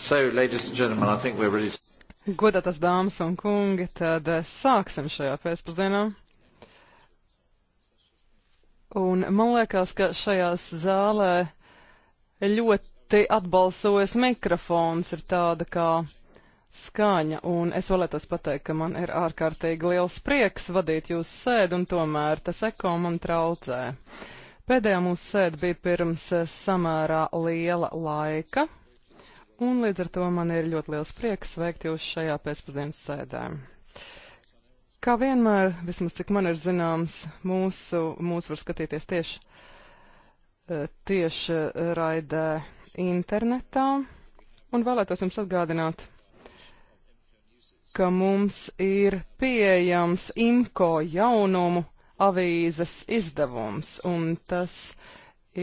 So, ladies and gentlemen, I think we're ready to... Godātas dāmas un kungi, tad eh, sāksim šajā pēcpusdienā. Un man liekas, ka šajās zālē ļoti atbalsojas mikrofons, ir tāda kā skaņa, un es vēlētos pateikt, ka man ir ārkārtīgi liels prieks vadīt jūsu sēdu, un tomēr tas eko man traucē. Pēdējā mūsu sēda bija pirms eh, samērā liela laika un līdz ar to man ir ļoti liels prieks sveikt jūs šajā pēcpusdienas sēdē. Kā vienmēr, vismaz cik man ir zināms, mūsu, mūsu var skatīties tieši, e, tieši raidē internetā, un vēlētos jums atgādināt, ka mums ir pieejams IMCO jaunumu avīzes izdevums, un tas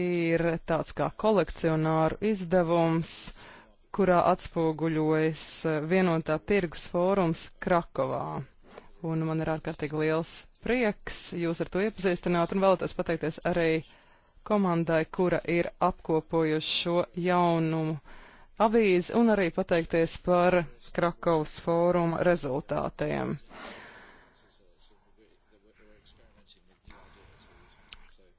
ir tāds kā kolekcionāru izdevums, uh, kurā atspoguļojas eh, vienotā tirgus fórums Krakovā. Un man ir ārkārtīgi liels prieks jūs ar to iepazīstināt un vēlētos pateikties arī komandai, kura ir apkopojuši šo jaunumu avīzi un arī pateikties par Krakovas fóruma rezultātiem. Uh,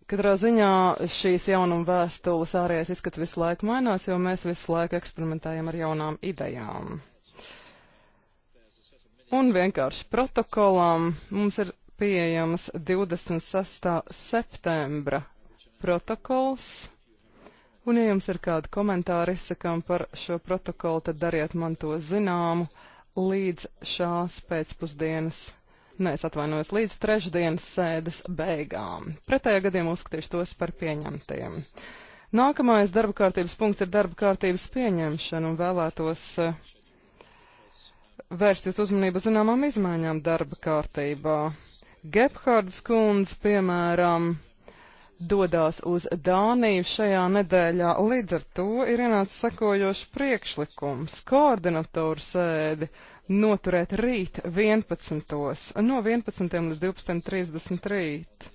Katrā ziņā šīs jaunuma vēstules ārējais izskats visu laiku mainās, jo mēs visu laiku eksperimentējam ar jaunām idejām. Un vienkārši protokolam mums ir pieejams 26. septembra protokols. Un, ja jums ir kādi komentāri izsakām par šo protokolu, tad dariet man to zināmu līdz šās pēcpusdienas nē, nu, es atvainojos, līdz trešdienas sēdes beigām. Pretējā gadījumā uzskatīšu tos par pieņemtiem. Nākamais darba kārtības punkts ir darba kārtības pieņemšana un vēlētos eh, vērst jūs uzmanību zināmām izmaiņām darba kārtībā. Gebhards kundze, piemēram, dodās uz Dāniju šajā nedēļā, līdz ar to ir ienācis sekojošs priekšlikums - koordinatoru sēdi noturēt rīt 11. no 11. līdz 12.30 rīt.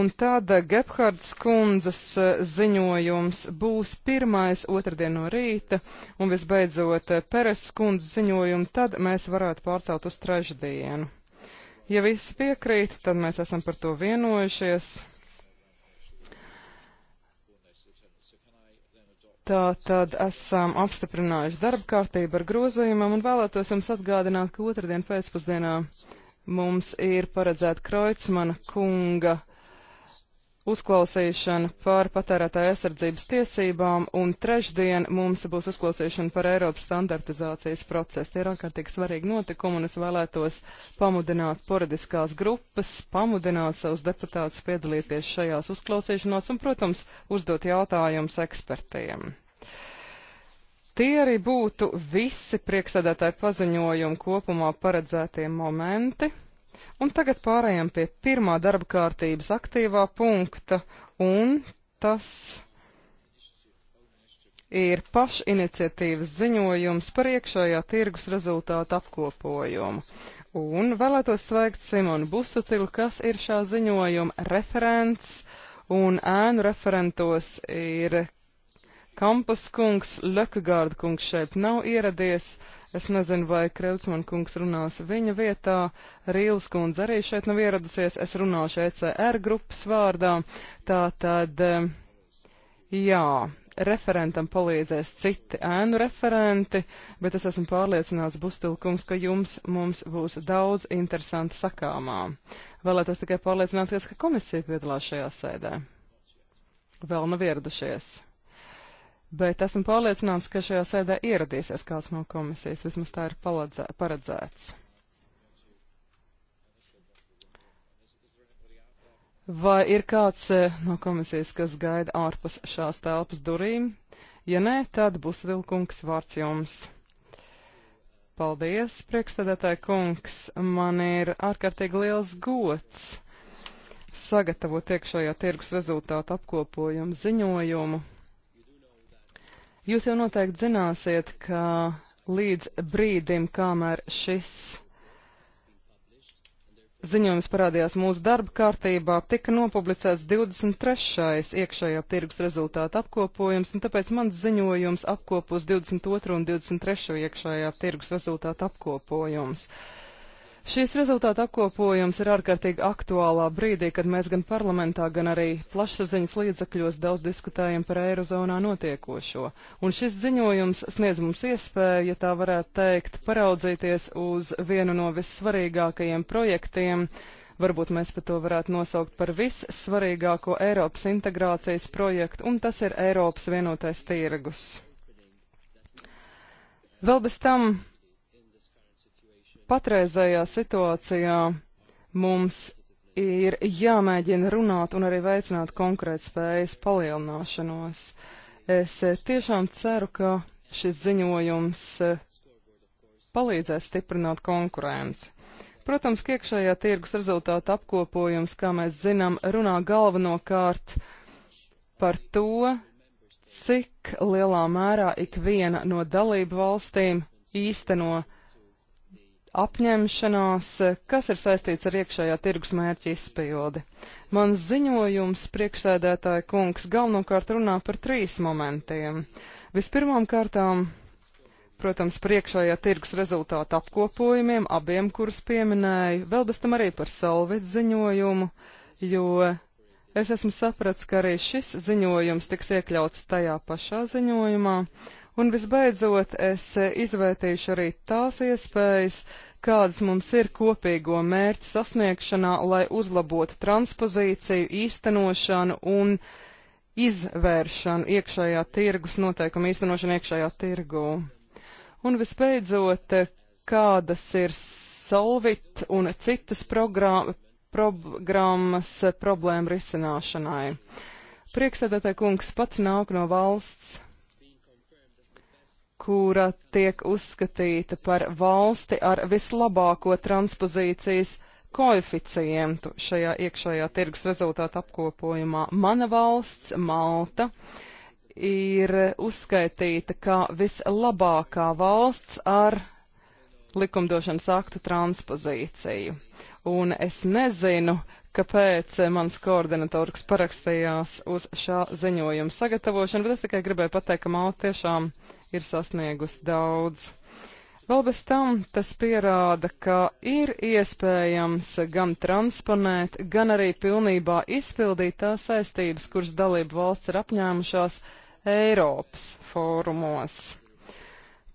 Un tad Gebhards kundzes eh, ziņojums būs pirmais otrdien no rīta, un visbeidzot eh, Peres kundzes ziņojumu, tad mēs varētu pārcelt uz trešdienu. Ja visi piekrīt, tad mēs esam par to vienojušies. Tā tad esam apstiprinājuši darba kārtību ar grozījumam un vēlētos jums atgādināt, ka otrdien pēcpusdienā mums ir paredzēta Kreutzmana kunga uzklausīšana par patērētāju aizsardzības tiesībām, un trešdien mums būs uzklausīšana par Eiropas standartizācijas procesu. Tie ir ārkārtīgi svarīgi notikumi, un es vēlētos pamudināt poradiskās grupas, pamudināt savus deputātus piedalīties šajās uzklausīšanās un, protams, uzdot jautājumus ekspertiem. Tie arī būtu visi prieksēdētāji paziņojumi kopumā paredzētie momenti. Un tagad pārējām pie pirmā darba kārtības aktīvā punkta, un tas ir pašiniciatīvas ziņojums par iekšējā tirgus rezultātu apkopojumu. Un vēlētos sveikt Simonu Busutilu, kas ir šā ziņojuma referents, un ēnu referentos ir Kampus kungs, Lekagārda kungs šeit nav ieradies, Es nezinu, vai Kreutzmann kungs runās viņa vietā. Rīles kundze arī šeit nav ieradusies. Es runāšu ECR grupas vārdā. Tātad, eh, jā, referentam palīdzēs citi ēnu referenti, bet es esmu pārliecināts, Bustilkungs, ka jums mums būs daudz interesanti sakāmā. Vēlētos tikai pārliecināties, ka komisija piedalās šajā sēdē. Vēl nav ieradušies bet esmu pārliecināts, ka šajā sēdē ieradīsies kāds no komisijas, vismaz tā ir paladzē, paredzēts. Vai ir kāds eh, no komisijas, kas gaida ārpus šās telpas durīm? Ja nē, tad būs vilkungs vārds jums. Paldies, priekšstādātāji kungs. Man ir ārkārtīgi liels gods sagatavot iekšējā tirgus rezultātu apkopojumu ziņojumu Jūs jau noteikti zināsiet, ka līdz brīdim, kamēr šis ziņojums parādījās mūsu darba kārtībā, tika nopublicēts 23. iekšējā tirgus rezultāta apkopojums, un tāpēc mans ziņojums apkopos 22. un 23. iekšējā tirgus rezultāta apkopojums. Uh, Šīs rezultātu apkopojums ir ārkārtīgi aktuālā brīdī, kad mēs gan parlamentā, gan arī plašsaziņas līdzakļos daudz diskutējam par eirozonā notiekošo. Un šis ziņojums sniedz mums iespēju, ja tā varētu teikt, paraudzīties uz vienu no vissvarīgākajiem projektiem. Varbūt mēs pat to varētu nosaukt par vissvarīgāko Eiropas integrācijas projektu, un tas ir Eiropas vienotais tirgus. Vēl bez tam patreizējā situācijā mums ir jāmēģina runāt un arī veicināt konkrētspējas palielināšanos. Es eh, tiešām ceru, ka šis ziņojums eh, palīdzēs stiprināt konkurenci. Protams, ka iekšējā tirgus rezultātu apkopojums, kā mēs zinām, runā galvenokārt par to, cik lielā mērā ikviena no dalību valstīm īsteno apņemšanās, kas ir saistīts ar iekšējā tirgus mērķa izpildi. Mans ziņojums, priekšsēdētāja kungs, galvenokārt runā par trīs momentiem. Vispirmām kārtām, protams, priekšējā tirgus rezultātu apkopojumiem, abiem, kurus pieminēju, vēl bez tam arī par Solvit ziņojumu, jo Es esmu sapratis, ka arī šis ziņojums tiks iekļauts tajā pašā ziņojumā, un visbeidzot es izvērtīšu arī tās iespējas, kādas mums ir kopīgo mērķu sasniegšanā, lai uzlabotu transpozīciju, īstenošanu un izvēršanu iekšējā tirgus noteikumu īstenošanu iekšējā tirgū. Un vispēdzot, kādas ir Solvit un citas programma, programmas problēmu risināšanai. Priekšsēdētāji kungs pats nāk no valsts kura tiek uzskatīta par valsti ar vislabāko transpozīcijas koeficientu šajā iekšējā tirgus rezultātu apkopojumā. Mana valsts, Malta, ir uzskaitīta kā vislabākā valsts ar likumdošanas aktu transpozīciju. Un es nezinu, kāpēc mans koordinators parakstījās uz šā ziņojuma sagatavošanu, bet es tikai gribēju pateikt, ka Malta tiešām uh, ir sasniegusi daudz. Vēl bez tam tas pierāda, ka ir iespējams gan transponēt, gan arī pilnībā izpildīt tās saistības, kuras dalību valsts ir apņēmušās Eiropas fórumos.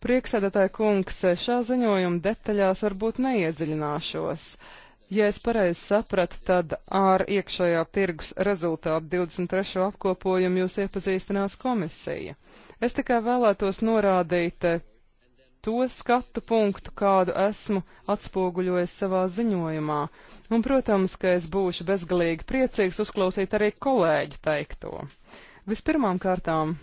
Prieksēdētāja kungs, šā ziņojuma detaļās varbūt neiedziļināšos. Ja es pareizi sapratu, tad ar iekšējā tirgus rezultātu 23. apkopojumu jūs iepazīstinās komisija. Es tikai vēlētos norādīt eh, to skatu punktu, kādu esmu atspoguļojis savā ziņojumā, un, protams, ka es būšu bezgalīgi priecīgs uzklausīt arī kolēģi teikto. Vispirmām kārtām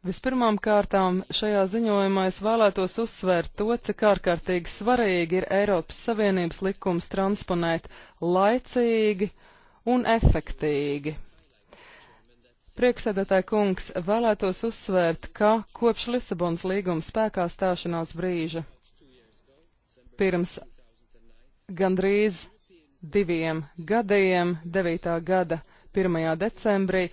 Vispirmām kārtām šajā ziņojumā es vēlētos uzsvērt to, cik ārkārtīgi svarīgi ir Eiropas Savienības likums transponēt laicīgi un efektīgi. Prieksēdētāji kungs vēlētos uzsvērt, ka kopš Lisabons līguma spēkā stāšanās brīža pirms gandrīz diviem gadiem, 9. gada 1. decembrī,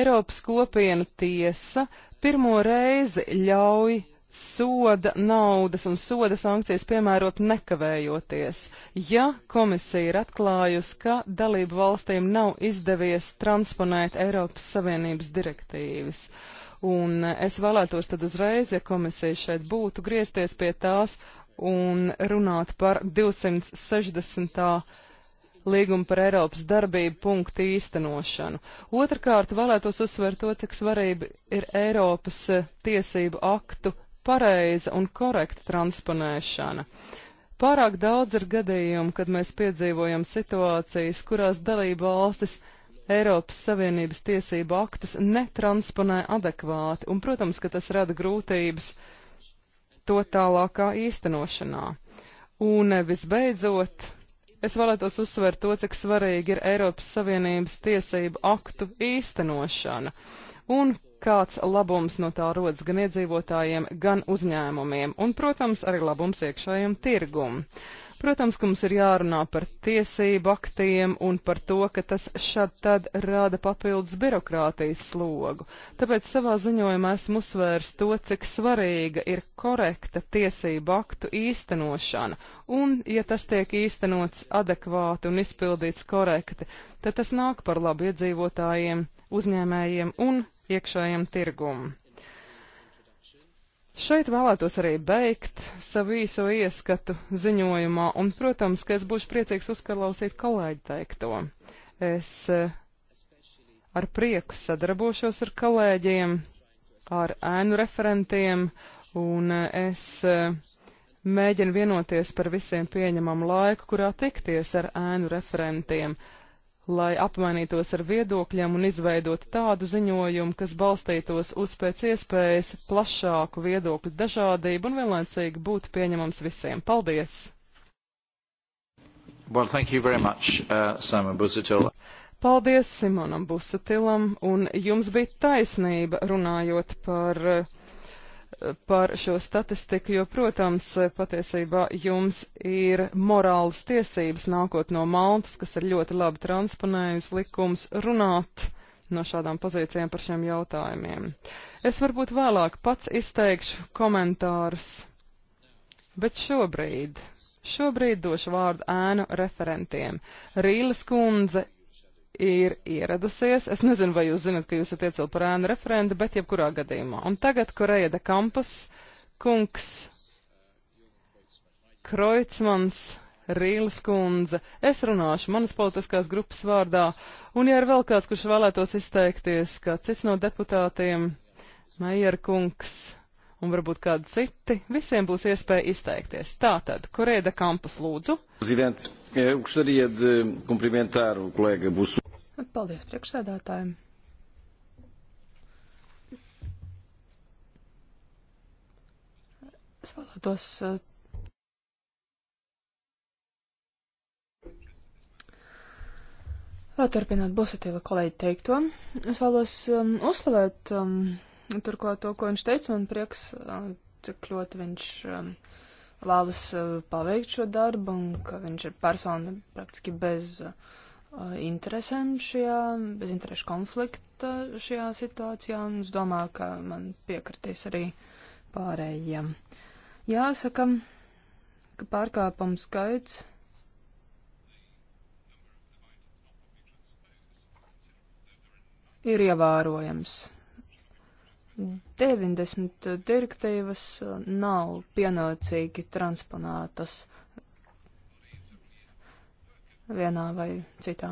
Eiropas kopienu tiesa pirmo reizi ļauj soda naudas un soda sankcijas piemērot nekavējoties, ja komisija ir atklājusi, ka dalību valstīm nav izdevies transponēt Eiropas Savienības direktīvas. Un es vēlētos tad uzreiz, ja komisija šeit būtu, griezties pie tās un runāt par 260 līguma par Eiropas darbību punktu īstenošanu. Otrakārt, vēlētos uzsvērt to, cik svarība ir Eiropas eh, tiesību aktu pareiza un korekta transponēšana. Pārāk daudz ir gadījumu, kad mēs piedzīvojam situācijas, kurās dalība valstis Eiropas Savienības tiesību aktus netransponē adekvāti, un, protams, ka tas rada grūtības to tālākā īstenošanā. Un eh, visbeidzot, Es vēlētos uzsvērt to, cik svarīgi ir Eiropas Savienības tiesību aktu īstenošana un kāds labums no tā rodas gan iedzīvotājiem, gan uzņēmumiem un, protams, arī labums iekšējiem tirgumam. Protams, ka mums ir jārunā par tiesību aktiem un par to, ka tas šad tad rada papildus birokrātijas slogu. Tāpēc savā ziņojumā esmu uzsvērs to, cik svarīga ir korekta tiesību aktu īstenošana. Un, ja tas tiek īstenots adekvāti un izpildīts korekti, tad tas nāk par labu iedzīvotājiem, uzņēmējiem un iekšējiem tirgumam. Šeit vēlētos arī beigt savu īso ieskatu ziņojumā, un, protams, ka es būšu priecīgs uzklausīt kolēģi teikto. Es eh, ar prieku sadarbošos ar kolēģiem, ar ēnu referentiem, un eh, es eh, mēģinu vienoties par visiem pieņemamu laiku, kurā tikties ar ēnu referentiem lai apmainītos ar viedokļiem un izveidot tādu ziņojumu, kas balstītos uz pēc iespējas plašāku viedokļu dažādību un vienlaicīgi būtu pieņemams visiem. Paldies! Well, thank you very much, uh, Simon Busutil. Paldies Simonam Busutilam, un jums bija taisnība runājot par uh, par šo statistiku, jo, protams, patiesībā jums ir morāls tiesības nākot no Maltas, kas ir ļoti labi transponējusi likums runāt no šādām pozīcijām par šiem jautājumiem. Es varbūt vēlāk pats izteikšu komentārus, bet šobrīd, šobrīd došu vārdu ēnu referentiem. Rīles kundze ir ieradusies. Es nezinu, vai jūs zinat, ka jūs esat iecēl par ēnu referendu, bet jebkurā gadījumā. Un tagad Koreja de Kampas, kungs Kreutzmans, Rīles kundze. Es runāšu manas politiskās grupas vārdā, un ja ir vēl kāds, kurš vēlētos izteikties, kā cits no deputātiem, Meijer kungs, un varbūt kādi citi, visiem būs iespēja izteikties. Tātad, Korēda Kampas lūdzu. Eh, Paldies priekšsēdētājiem. Es vēlētos Vēl eh, turpināt Busatīva kolēģi teikto. Es vēlos um, uzslavēt um, Turklāt to, ko viņš teica, man prieks, cik ļoti viņš vēlas paveikt šo darbu un ka viņš ir persona praktiski bez interesēm šajā, bez interešu konflikta šajā situācijā. Es domāju, ka man piekritīs arī pārējiem. Jāsaka, ka pārkāpumu skaits. Ir ievērojams. 90 direktīvas nav pienācīgi transponētas vienā vai citā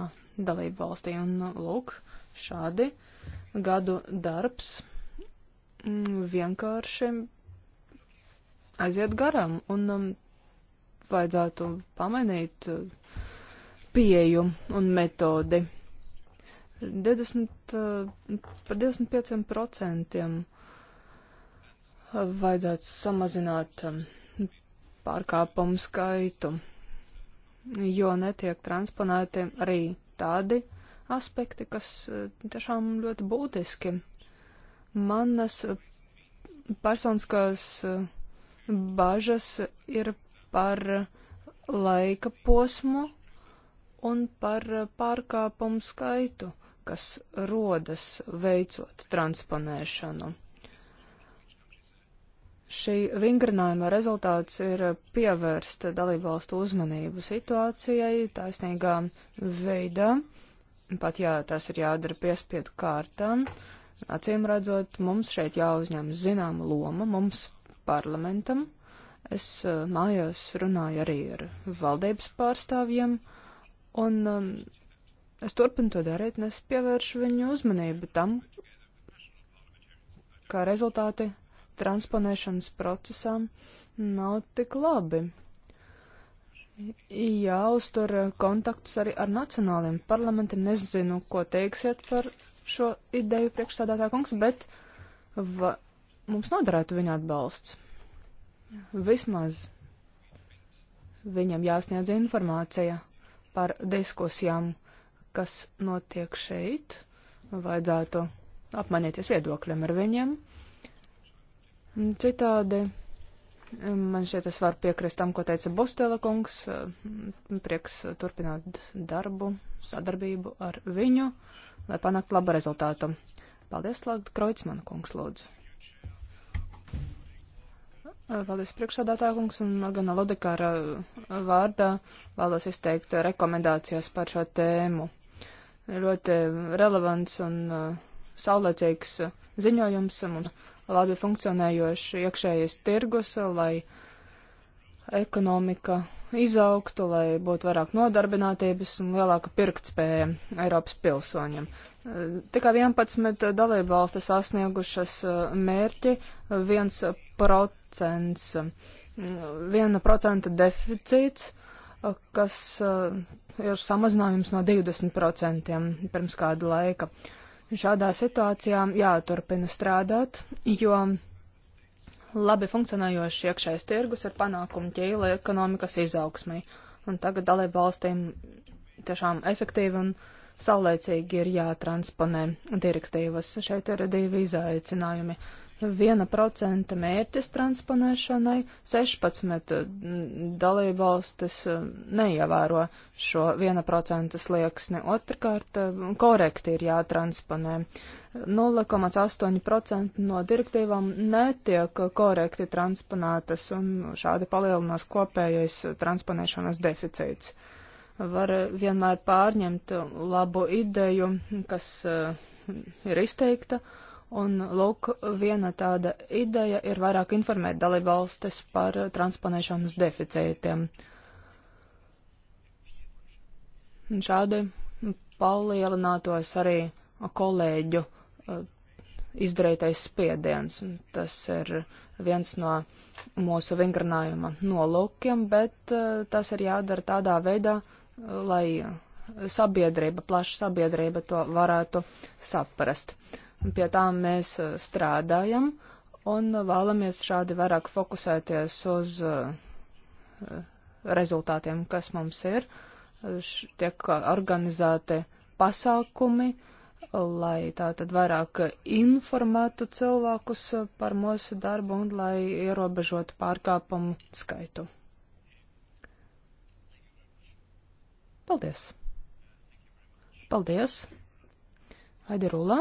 dalību valstī. Un lūk, šādi gadu darbs vienkārši aiziet garam un um, vajadzētu pamainīt uh, pieju un metodi. 20, eh, par 25% vajadzētu samazināt eh, pārkāpumu skaitu, jo netiek transponēti arī tādi aspekti, kas eh, tiešām ļoti būtiski. Manas personiskās bažas ir par laika posmu un par pārkāpumu skaitu kas rodas veicot transponēšanu. Šī vingrinājuma rezultāts ir pievērst dalībvalstu uzmanību situācijai taisnīgā veidā, pat ja tas ir jādara piespiedu kārtām. Acīm redzot, mums šeit jāuzņem zināma loma, mums parlamentam. Es eh, mājās runāju arī ar valdības pārstāvjiem, un um, Es turpinu to darīt, un es pievēršu viņu uzmanību tam, kā rezultāti transponēšanas procesām nav tik labi. Jāuztur kontaktus arī ar nacionāliem parlamentiem. Nezinu, ko teiksiet par šo ideju priekšstādātā kungs, bet va, mums noderētu viņa atbalsts. Vismaz viņam jāsniedz informācija par diskusijām kas notiek šeit. Vajadzētu apmainīties viedokļiem ar viņiem. Citādi man šķiet, es varu piekrist tam, ko teica Bostela kungs. Prieks turpināt darbu, sadarbību ar viņu, lai panāktu labu rezultātu. Paldies, Lagda Kreutzmana kungs, lūdzu. Paldies priekšādātāja kungs un Morgana Lodekāra vārdā vēlos izteikt rekomendācijas par šo tēmu ļoti relevants un uh, saulēcīgs uh, ziņojums. Mums labi funkcionējoši iekšējais tirgus, uh, lai ekonomika izaugtu, lai būtu vairāk nodarbinātības un lielāka pirktspēja Eiropas pilsoņiem. Tikai 11 dalība valstis sasniegušas mērķi 1%, 1 deficīts, kas ir samazinājums no 20% pirms kāda laika. Šādā situācijā jāturpina strādāt, jo labi funkcionējošs iekšējais tirgus ir panākumu ķīla ekonomikas izaugsmai. Un tagad dalību valstīm tiešām efektīvi un saulēcīgi ir jātransponē direktīvas. Šeit ir divi izaicinājumi. Uh, 1% mērķis transponēšanai, 16 mm, dalībvalstis mm, neievēro šo 1% slieksni. Otrkārt, mm, korekti ir jātransponē. 0,8% no direktīvām netiek korekti transponētas, un šādi palielinās kopējais transponēšanas deficīts. Var vienmēr pārņemt labu ideju, kas ir izteikta. Uh, Un, lūk, viena tāda ideja ir vairāk informēt dalībvalstis par transponēšanas deficītiem. Un šādi palielinātos arī kolēģu eh, izdarītais spiediens. Un tas ir viens no mūsu vingrinājuma nolūkiem, bet eh, tas ir jādara tādā veidā, lai sabiedrība, plaša sabiedrība to varētu saprast. Pie tām mēs uh, strādājam un vēlamies šādi vairāk fokusēties uz uh, uh, rezultātiem, kas mums ir. Tiek organizēti pasākumi, lai tā tad vairāk informētu cilvēkus par mūsu darbu un lai ierobežotu pārkāpumu skaitu. Paldies! Paldies! Haidi rullā!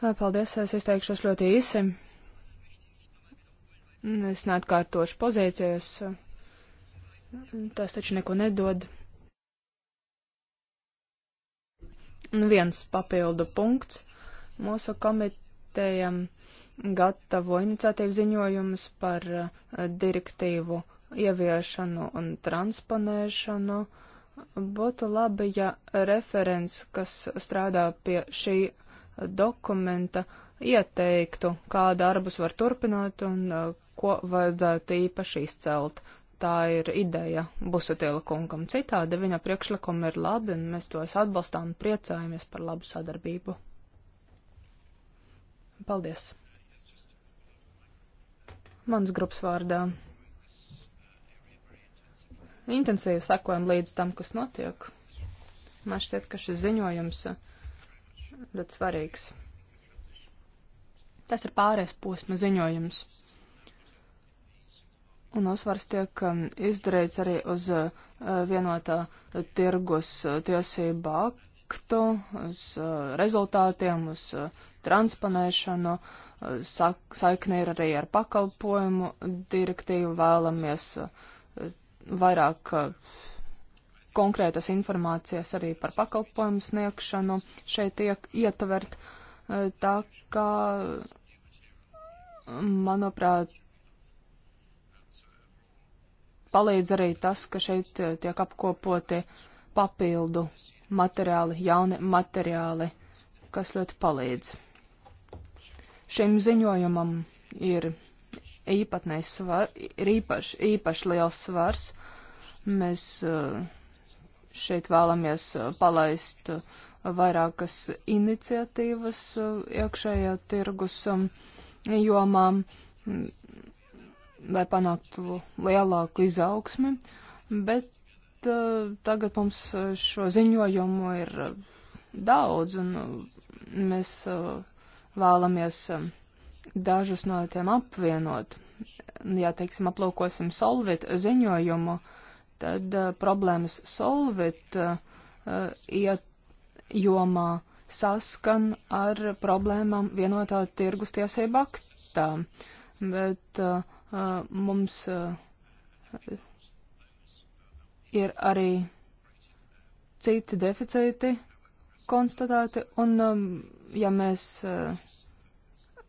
Paldies, es izteikšos ļoti īsi. Es neatkārtošu pozīcijas. Tas taču neko nedod. Un viens papildu punkts. Mūsu komitejam gatavo iniciatīvu ziņojumus par direktīvu ieviešanu un transponēšanu. Būtu labi, ja referents, kas strādā pie šī dokumenta ieteiktu, kā darbus var turpināt un uh, ko vajadzētu īpaši izcelt. Tā ir ideja Busutila kungam. Citādi viņa priekšlikumi ir labi, un mēs tos atbalstām un priecājamies par labu sadarbību. Paldies! Mans grupas vārdā. Intensīvi sekojam līdz tam, kas notiek. Man šķiet, ka šis ziņojums. Uh, ļoti svarīgs. Tas ir pārējais posma ziņojums. Un uzsvars tiek um, izdarīts arī uz uh, vienotā tirgus uh, tiesību aktu, uz uh, rezultātiem, uz transponēšanu, saikni ir arī ar pakalpojumu direktīvu, vēlamies vairāk konkrētas informācijas arī par pakalpojumu sniegšanu šeit tiek ietvert. Eh, tā kā, manuprāt, palīdz arī tas, ka šeit eh, tiek apkopoti papildu materiāli, jauni materiāli, kas ļoti palīdz. Šim ziņojumam ir, svar, ir īpaši, īpaši liels svars. Mēs uh, Šeit vēlamies uh, palaist uh, vairākas iniciatīvas uh, iekšējā tirgus um, jomā, mm, lai panāktu lielāku izaugsmi, bet tagad mums šo ziņojumu ir daudz, un mēs vēlamies um, dažus no tiem apvienot. Ja, teiksim, aplūkosim Solvit ziņojumu, uh, tad uh, problēmas solvit uh, jomā saskan ar problēmām vienotā tirgus tiesība aktā, bet uh, mums uh, ir arī citi deficīti konstatēti, un um, ja mēs uh,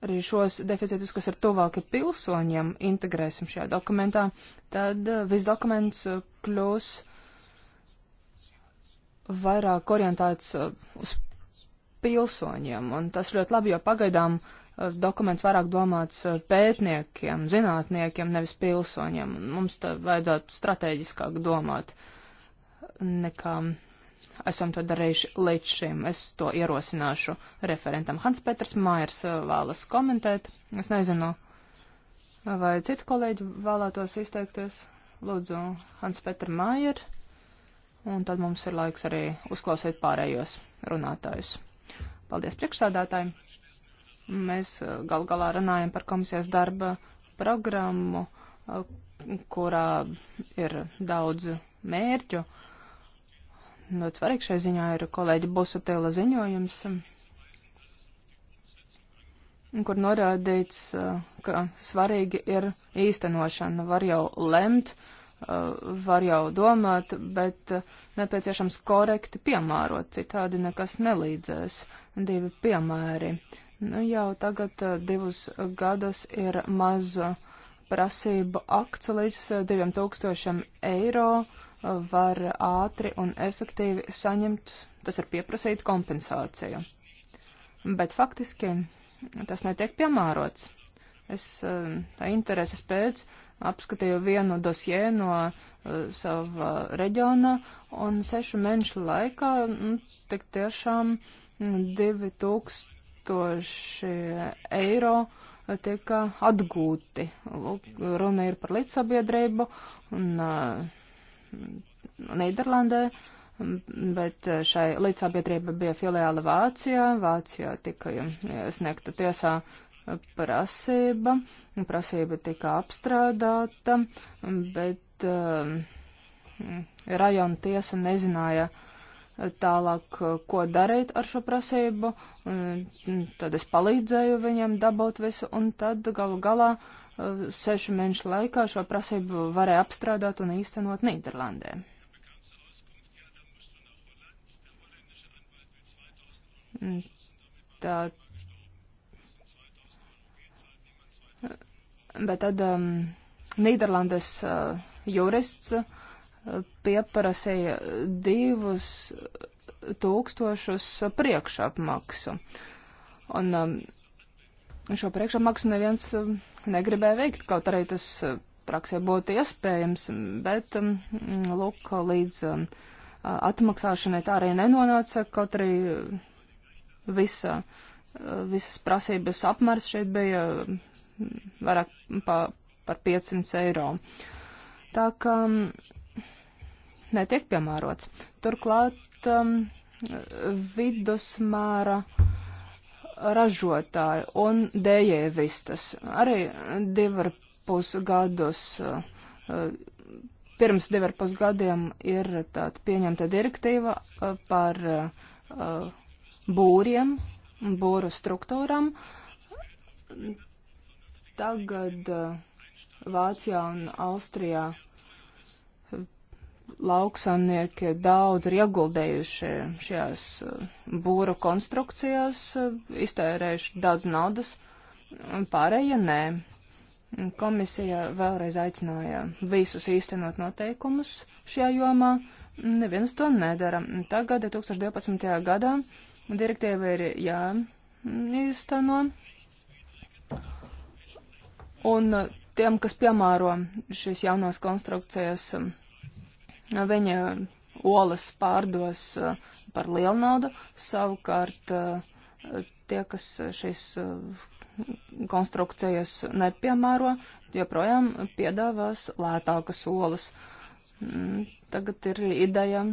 arī šos deficītus, kas ir tuvāki pilsoņiem, integrēsim šajā dokumentā, tad eh, viss dokuments eh, kļūs vairāk orientēts eh, uz pilsoņiem, un tas ļoti labi, jo pagaidām dokuments vairāk domāts pētniekiem, zinātniekiem, nevis pilsoņiem. Mums tā vajadzētu strateģiskāk domāt nekā esam to darījuši līdz šim. Es to ierosināšu referentam. Hans Peters Maiers eh, vēlas komentēt. Es nezinu, vai citi kolēģi vēlētos izteikties. Lūdzu, Hans Peters Maier. Un tad mums ir laiks arī uzklausīt pārējos runātājus. Paldies priekšsādātājiem. Mēs eh, gal galā runājam par komisijas darba programmu, eh, kurā ir daudz mērķu ļoti svarīgs šai ziņā ir kolēģi Busatela ziņojums, kur norādīts, uh, ka svarīgi ir īstenošana. Var jau lemt, uh, var jau domāt, bet uh, nepieciešams korekti piemērot, citādi nekas nelīdzēs. Divi piemēri. Nu, jau tagad divus gadus ir maza prasība akts līdz 2000 eiro var ātri un efektīvi saņemt, tas ir pieprasīt kompensāciju. Bet faktiski tas netiek piemērots. Es eh, tā intereses pēc apskatīju vienu dosjē no uh, sava reģiona un sešu mēnešu laikā nu, tik tiešām 2000 mm, eiro tika atgūti. Lūk, runa ir par līdzsabiedrību un uh, Nīderlandē, bet šai līdzsabiedrība bija filiāla Vācijā. Vācijā tika sniegta tiesā prasība, prasība tika apstrādāta, bet eh, rajona tiesa nezināja, tālāk, ko darīt ar šo prasību. Tad es palīdzēju viņiem dabūt visu, un tad galu galā Uh, sešu mēnešu laikā šo prasību varēja apstrādāt un īstenot Nīderlandē. Mm, tā. Bet tad um, Nīderlandes uh, jurists uh, pieprasīja divus tūkstošus priekšapmaksu. Un um, Šo priekšamaksu neviens um, negribēja veikt, kaut arī tas uh, praksē būtu iespējams, bet, um, lūk, līdz um, atmaksāšanai tā arī nenonāca, kaut arī uh, visa, uh, visas prasības apmērs šeit bija vairāk pa, par 500 eiro. Tā ka netiek piemērots. Turklāt um, vidusmēra ražotāju un dējēvistas. Arī divar pusgadus, eh, pirms divar pusgadiem ir tāda pieņemta direktīva eh, par eh, būriem, būru struktūram. Tagad Vācijā un Austrijā lauksaimnieki daudz ir ieguldējuši šajās uh, būru konstrukcijās, uh, iztērējuši daudz naudas, pārējie nē. Komisija vēlreiz aicināja visus īstenot noteikumus šajā jomā, neviens to nedara. Tagad, 2012. gadā, direktīva ir jāīsteno, un uh, tiem, kas piemēro šīs jaunās konstrukcijas, um, Nu, viņa olas pārdos uh, par lielu naudu, savukārt uh, tie, kas šīs uh, konstrukcijas nepiemēro, joprojām piedāvās lētākas olas. Mm, tagad ir ideja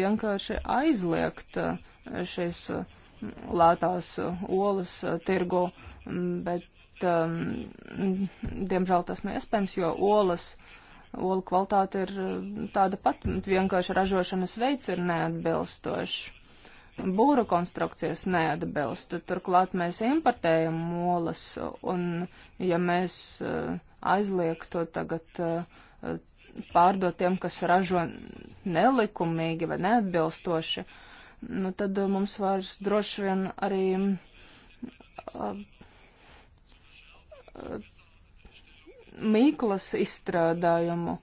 vienkārši aizliegt šīs lētās olas tirgu, mm, bet, um, diemžēl, tas neiespējams, jo olas uh, Olu kvalitāte ir eh, tāda pat, vienkārši ražošanas veids ir neatbilstošs. Būra konstrukcijas neatbilst. Turklāt mēs importējam olas, un ja mēs eh, aizliegtu tagad eh, pārdot tiem, kas ražo nelikumīgi vai neatbilstoši, nu tad mums vairs droši vien arī mīklas izstrādājumu.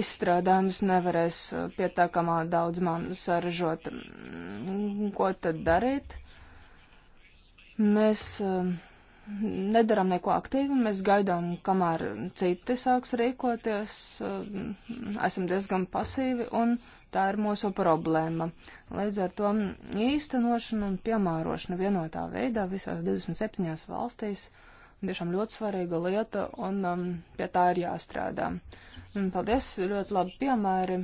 Izstrādājums nevarēs uh, pietiekamā daudz man saražot. Mm, ko tad darīt? Mēs um, nedaram neko aktīvi, mēs gaidām, kamēr citi sāks rīkoties, um, esam diezgan pasīvi un tā ir mūsu problēma. Līdz ar to īstenošana un piemērošana vienotā veidā visās 27 valstīs tiešām ļoti svarīga lieta, un um, pie tā ir jāstrādā. Un, paldies, ļoti labi piemēri.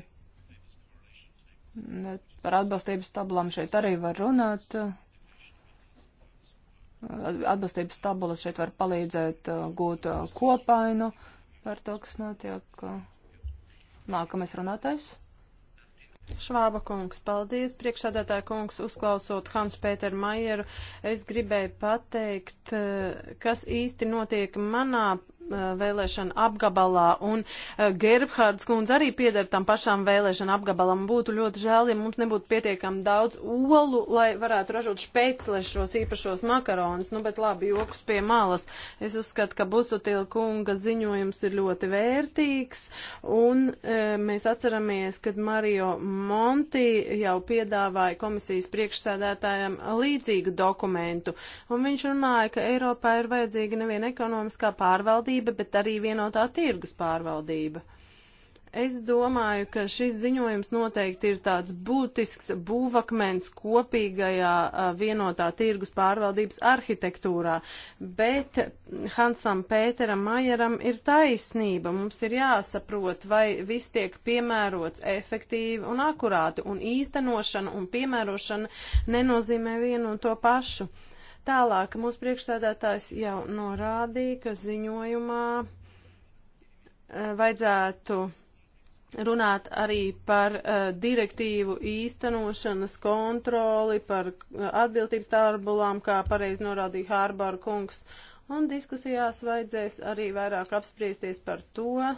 Par atbalstības tabulām šeit arī var runāt. Atbalstības tabulas šeit var palīdzēt uh, gūt uh, kopainu par to, kas notiek. Nākamais runātais. Švāba kungs, paldies. Priekšsādātāja kungs, uzklausot Hans Pēteru Maieru, es gribēju pateikt, eh, kas īsti notiek manā vēlēšana apgabalā, un Gerbhards kundze arī pieder tam pašām vēlēšana apgabalam. Būtu ļoti žēl, ja mums nebūtu pietiekami daudz olu, lai varētu ražot špeclešos īpašos makaronus, nu, bet labi, joks pie malas. Es uzskatu, ka Busutila kunga ziņojums ir ļoti vērtīgs, un e, mēs atceramies, kad Mario Monti jau piedāvāja komisijas priekšsēdētājiem līdzīgu dokumentu, un viņš runāja, ka Eiropā ir vajadzīga nevien ekonomiskā pārvaldība, pārvaldība, bet arī vienotā tirgus pārvaldība. Es domāju, ka šis ziņojums noteikti ir tāds būtisks būvakmens kopīgajā vienotā tirgus pārvaldības arhitektūrā, bet Hansam Pēteram Majeram ir taisnība. Mums ir jāsaprot, vai viss tiek piemērots efektīvi un akurāti, un īstenošana un piemērošana nenozīmē vienu un to pašu. Tālāk mūsu priekšsēdētājs jau norādīja, ka ziņojumā e, vajadzētu runāt arī par uh, direktīvu īstenošanas kontroli, par uh, atbildības tārbulām, kā pareizi norādīja Hārbāra kungs, un diskusijās vajadzēs arī vairāk apspriesties par to, uh,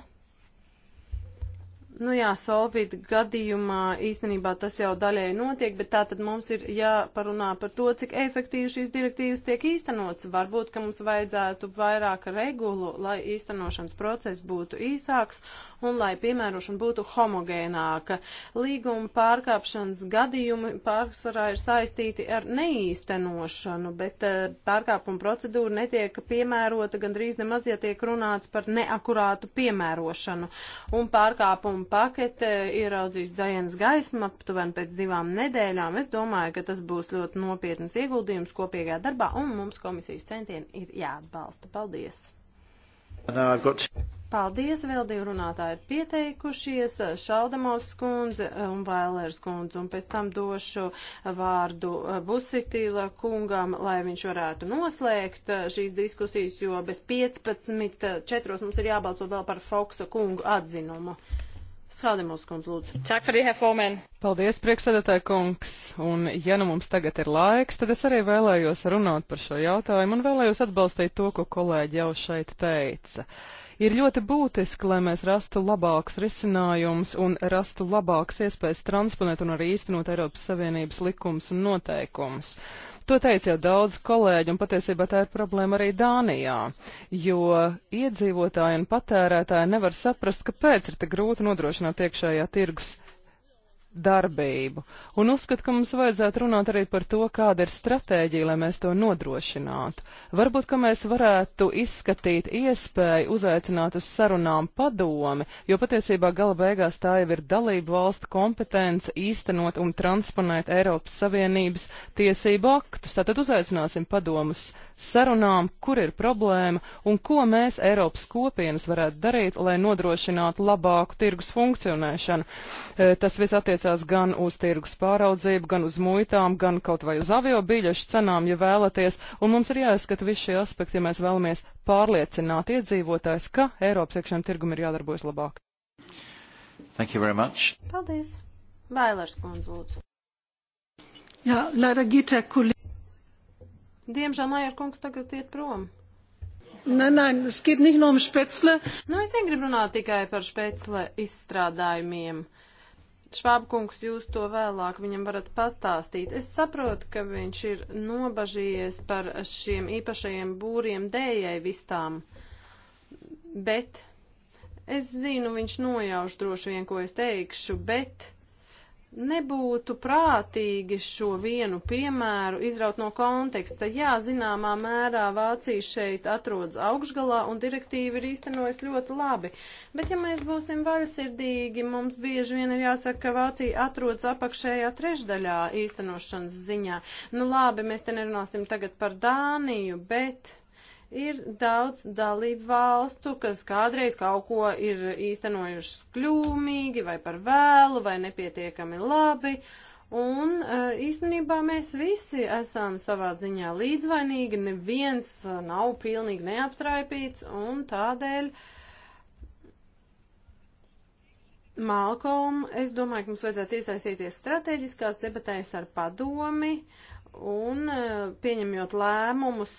Nu jā, Solvit gadījumā īstenībā tas jau daļēji notiek, bet tā tad mums ir jāparunā par to, cik efektīvi šīs direktīvas tiek īstenots. Varbūt, ka mums vajadzētu vairāk regulu, lai īstenošanas process būtu īsāks un lai piemērošana būtu homogēnāka. Līguma pārkāpšanas gadījumi pārsvarā ir saistīti ar neīstenošanu, bet eh, pārkāpuma procedūra netiek piemērota gandrīz nemaz, ja tiek runāts par neakurātu piemērošanu. Un pārkāpuma pasākumu pakete ieraudzīs dzēnas gaismu aptuveni pēc divām nedēļām. Es domāju, ka tas būs ļoti nopietnas ieguldījums kopīgā darbā, un mums komisijas centieni ir jāatbalsta. Paldies! Got... Paldies, vēl divi runātāji ir pieteikušies, Šaldamovs kundze un Vailērs kundze, un pēc tam došu vārdu Busitīla kungam, lai viņš varētu noslēgt šīs diskusijas, jo bez 15.4. mums ir jābalso vēl par Foksa kungu atzinumu. Svaldemos kundz, lūdzu. Tak par det, formand. Paldies, priekšsēdētāja kungs. Un ja nu mums tagad ir laiks, tad es arī vēlējos runāt par šo jautājumu un vēlējos atbalstīt to, ko kolēģi jau šeit teica. Ir ļoti būtiski, lai mēs rastu labākus risinājumus un rastu labākas iespējas transponēt un arī īstenot Eiropas Savienības likumus un noteikumus. To teica jau daudz kolēģi, un patiesībā tā ir problēma arī Dānijā, jo iedzīvotāji un patērētāji nevar saprast, kāpēc ir tik grūti nodrošināt iekšējā tirgus darbību. Un uzskatu, ka mums vajadzētu runāt arī par to, kāda ir stratēģija, lai mēs to nodrošinātu. Varbūt, ka mēs varētu izskatīt iespēju uzaicināt uz sarunām padomi, jo patiesībā gala beigās tā jau ir dalību valstu kompetence īstenot un transponēt Eiropas Savienības tiesību aktus. Tātad uzaicināsim padomus sarunām, kur ir problēma un ko mēs Eiropas kopienas varētu darīt, lai nodrošinātu labāku tirgus funkcionēšanu. E, tas viss attiec attiecās gan uz tirgus pāraudzību, gan uz muitām, gan kaut vai uz avio biļešu cenām, ja vēlaties, un mums ir jāizskata visi šie aspekti, ja mēs vēlamies pārliecināt iedzīvotājs, ka Eiropas iekšējiem tirgum ir jādarbojas labāk. Thank you very much. Paldies. Vailers kundze, lūdzu. Jā, Lara Gita, kuli. Diemžēl Maier kungs tagad iet prom. Nē, nē, es gribu nicht no špecle. Nu, es negribu runāt tikai par špecle izstrādājumiem. Švābkungs, jūs to vēlāk viņam varat pastāstīt. Es saprotu, ka viņš ir nobažījies par šiem īpašajiem būriem dējai vistām, bet es zinu, viņš nojauš droši vien, ko es teikšu, bet Nebūtu prātīgi šo vienu piemēru izraut no konteksta. Jā, zināmā mērā Vācija šeit atrodas augšgalā un direktīva ir īstenojas ļoti labi. Bet ja mēs būsim vaļasirdīgi, mums bieži vien ir jāsaka, ka Vācija atrodas apakšējā trešdaļā īstenošanas ziņā. Nu labi, mēs te nerunāsim tagad par Dāniju, bet Ir daudz dalību valstu, kas kādreiz kaut ko ir īstenojušas kļūmīgi vai par vēlu vai nepietiekami labi. Un e, īstenībā mēs visi esam savā ziņā līdzvainīgi, neviens e, nav pilnīgi neaptraipīts un tādēļ. Malkom, es domāju, ka mums vajadzētu iesaistīties strateģiskās debatēs ar padomi, uh, un e, pieņemjot lēmumus,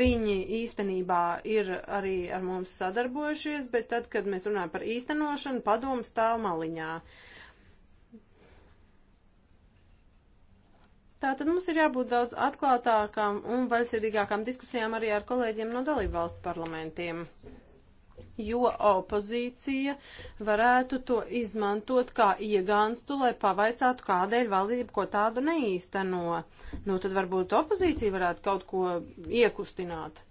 viņi īstenībā ir arī ar mums sadarbojušies, bet tad, kad mēs runājam par īstenošanu, padomu stāv maliņā. Tātad mums ir jābūt daudz atklātākām un vaļsirdīgākām diskusijām arī ar kolēģiem no dalību valstu parlamentiem jo opozīcija varētu to izmantot kā iegānstu, lai pavaicātu, kādēļ valdība ko tādu neīsteno. Nu, tad varbūt opozīcija varētu kaut ko iekustināt.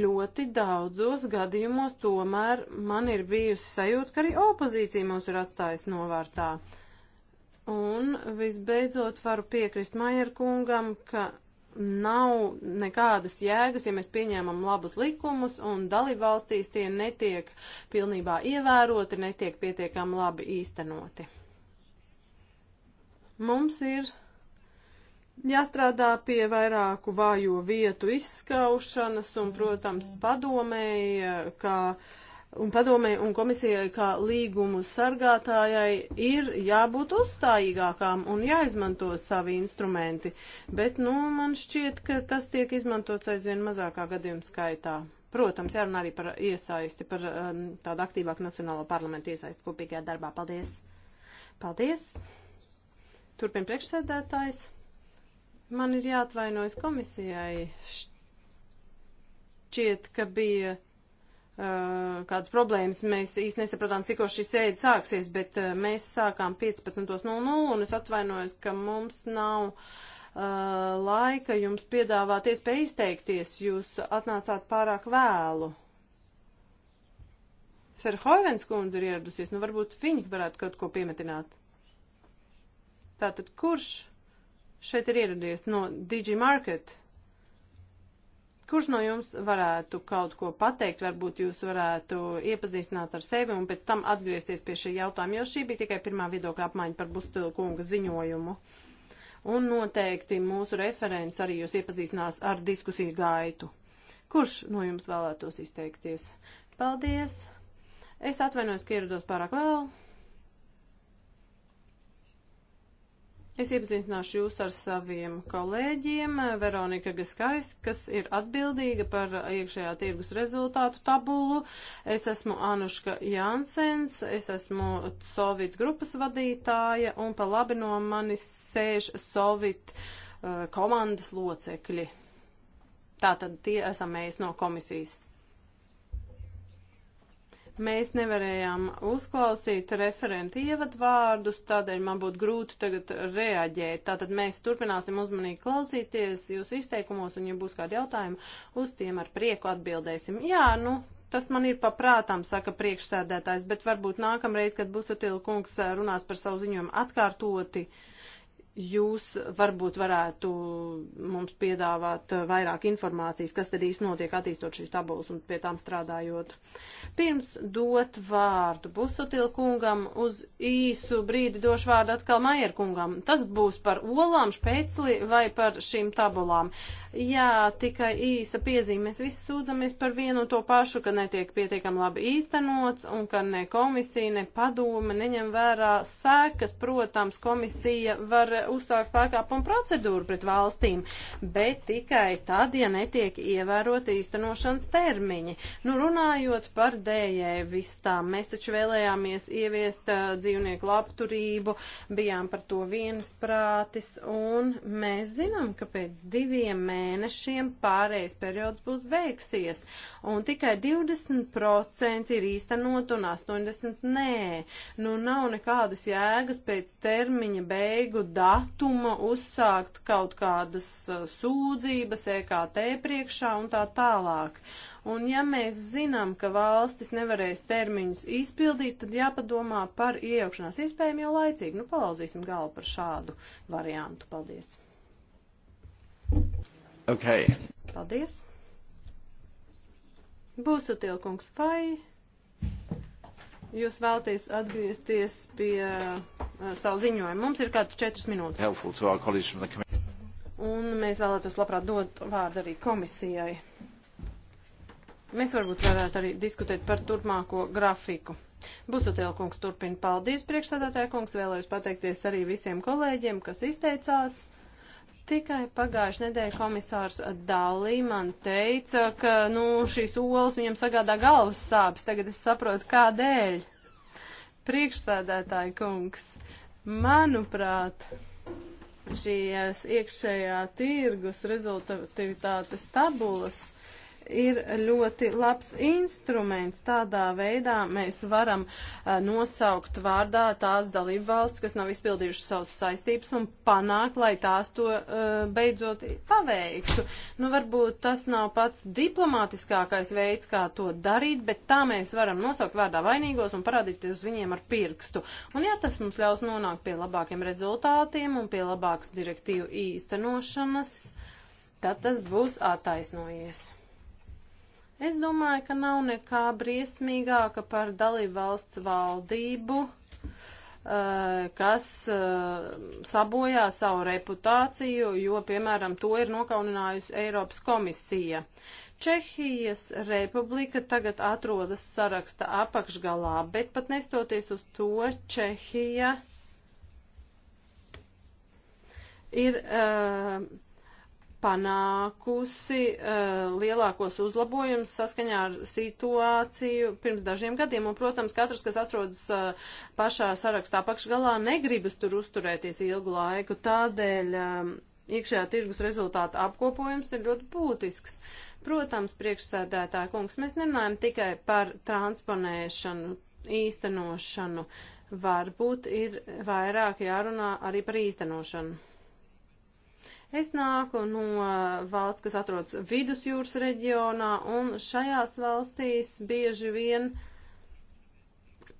Ļoti daudzos gadījumos tomēr man ir bijusi sajūta, ka arī opozīcija mūs ir atstājusi novārtā. Un visbeidzot varu piekrist Maierkungam, ka nav nekādas jēgas, ja mēs pieņēmam labus likumus un dalībvalstīs tie netiek pilnībā ievēroti, netiek pietiekami labi īstenoti. Mums ir jāstrādā pie vairāku vājo vietu izskaušanas un, protams, padomēja, ka uh, un padomē un komisijai kā līgumu sargātājai ir jābūt uzstājīgākām un jāizmanto savi instrumenti, bet, nu, man šķiet, ka tas tiek izmantots aizvien mazākā gadījuma skaitā. Protams, jārunā arī par iesaisti, par um, tādu aktīvāku nacionālo parlamentu iesaisti kopīgajā darbā. Paldies! Paldies! Turpin priekšsēdētājs. Man ir jāatvainojas komisijai. Šķiet, ka bija Eh, kādas problēmas. Mēs īsti nesapratām, cik šī sēde sāksies, bet eh, mēs sākām 15.00 un es atvainojos, ka mums nav uh, laika jums piedāvāt iespēju izteikties. Jūs atnācāt pārāk vēlu. Ferhovens kundze ir ieradusies, nu varbūt viņi varētu kaut ko piemetināt. Tātad kurš šeit ir ieradies no Digimarket? Market? Kurš no jums varētu kaut ko pateikt? Varbūt jūs varētu iepazīstināt ar sevi un pēc tam atgriezties pie šī jautājuma, jo šī bija tikai pirmā viedokļa apmaiņa par Bustilu kunga ziņojumu. Un noteikti mūsu referents arī jūs iepazīstinās ar diskusiju gaitu. Kurš no jums vēlētos izteikties? Paldies! Es atvainojos, ka ierados pārāk vēl. Es iepazīstināšu jūs ar saviem kolēģiem. Veronika Gaskais, kas ir atbildīga par iekšējā tirgus rezultātu tabulu. Es esmu Anuška Jānsens, es esmu Sovit grupas vadītāja un pa labi no manis sēž Sovit uh, komandas locekļi. Tātad tie esam mēs no komisijas. Mēs nevarējām uzklausīt referentu ievadvārdus, tādēļ man būtu grūti tagad reaģēt. Tātad mēs turpināsim uzmanīgi klausīties jūsu izteikumos, un ja būs kādi jautājumi, uz tiem ar prieku atbildēsim. Jā, nu, tas man ir paprātām, saka priekšsēdētājs, bet varbūt nākamreiz, kad būs Utila kungs runās par savu ziņojumu atkārtoti, uh, jūs varbūt varētu mums piedāvāt vairāk informācijas, kas tad īsti notiek attīstot šīs tabulas un pie tām strādājot. Pirms dot vārdu Busotil kungam, uz īsu brīdi došu vārdu atkal Maier kungam. Tas būs par olām, špēcli vai par šīm tabulām. Jā, tikai īsa piezīme. Mēs visi sūdzamies par vienu un to pašu, ka netiek pietiekami labi īstenots un ka ne komisija, ne padome neņem vērā sekas. Protams, komisija var uzsākt pārkāpumu procedūru pret valstīm, bet tikai tad, ja netiek ievērot īstenošanas termiņi. Nu, runājot par dējēju vistām, mēs taču vēlējāmies ieviest uh, dzīvnieku labturību, bijām par to viensprātis un mēs zinām, ka pēc diviem mēnešiem mēnešiem pārējais periods būs beigsies, un tikai 20% ir īstenot un 80% nē. Nu, nav nekādas jēgas pēc termiņa beigu datuma uzsākt kaut kādas uh, sūdzības EKT priekšā un tā tālāk. Un ja mēs zinām, ka valstis nevarēs termiņus izpildīt, tad jāpadomā par iejaukšanās iespējām jau laicīgi. Nu, palauzīsim galvu par šādu variantu. Paldies! Okay. Paldies. Būsu tilkungs, vai jūs vēlties atgriezties pie uh, savu ziņojumu? Mums ir kāds četras minūtes. Un mēs vēlētos labprāt dot vārdu arī komisijai. Mēs varbūt varētu arī diskutēt par turpmāko grafiku. Busutēla kungs turpina paldies priekšsādātāja kungs, vēlējos pateikties arī visiem kolēģiem, kas izteicās. Tikai pagājuši nedēļa komisārs Dalī man teica, ka, nu, šīs olas viņam sagādā galvas sāpes. Tagad es saprotu, kādēļ. Priekšsēdētāji kungs, manuprāt, šīs iekšējā tirgus rezultatīvitātes tabulas uh, ir ļoti labs instruments. Tādā veidā mēs varam uh, nosaukt vārdā tās dalību valsts, kas nav izpildījušas savas saistības un panākt, lai tās to uh, beidzot paveiktu. Nu, varbūt tas nav pats diplomātiskākais veids, kā to darīt, bet tā mēs varam nosaukt vārdā vainīgos un parādīt uz viņiem ar pirkstu. Un ja tas mums ļaus nonākt pie labākiem rezultātiem un pie labākas direktīvu īstenošanas, tad tas būs attaisnojies. Es domāju, ka nav nekā briesmīgāka par dalību valsts valdību, eh, kas eh, sabojā savu reputāciju, jo, piemēram, to ir nokauninājusi Eiropas komisija. Čehijas republika tagad atrodas saraksta apakšgalā, bet pat nestoties uz to, Čehija ir uh, panākusi uh, lielākos uzlabojumus saskaņā ar situāciju pirms dažiem gadiem. Un, protams, katrs, kas atrodas uh, pašā sarakstā pakšgalā, negribas tur uzturēties ilgu laiku. Tādēļ um, iekšējā tirgus rezultāta apkopojums ir ļoti būtisks. Protams, priekšsēdētāja kungs, mēs nerunājam tikai par transponēšanu, īstenošanu. Varbūt ir vairāk jārunā arī par īstenošanu. Es nāku no eh, valsts, kas atrodas vidusjūras reģionā, un šajās valstīs bieži vien uh,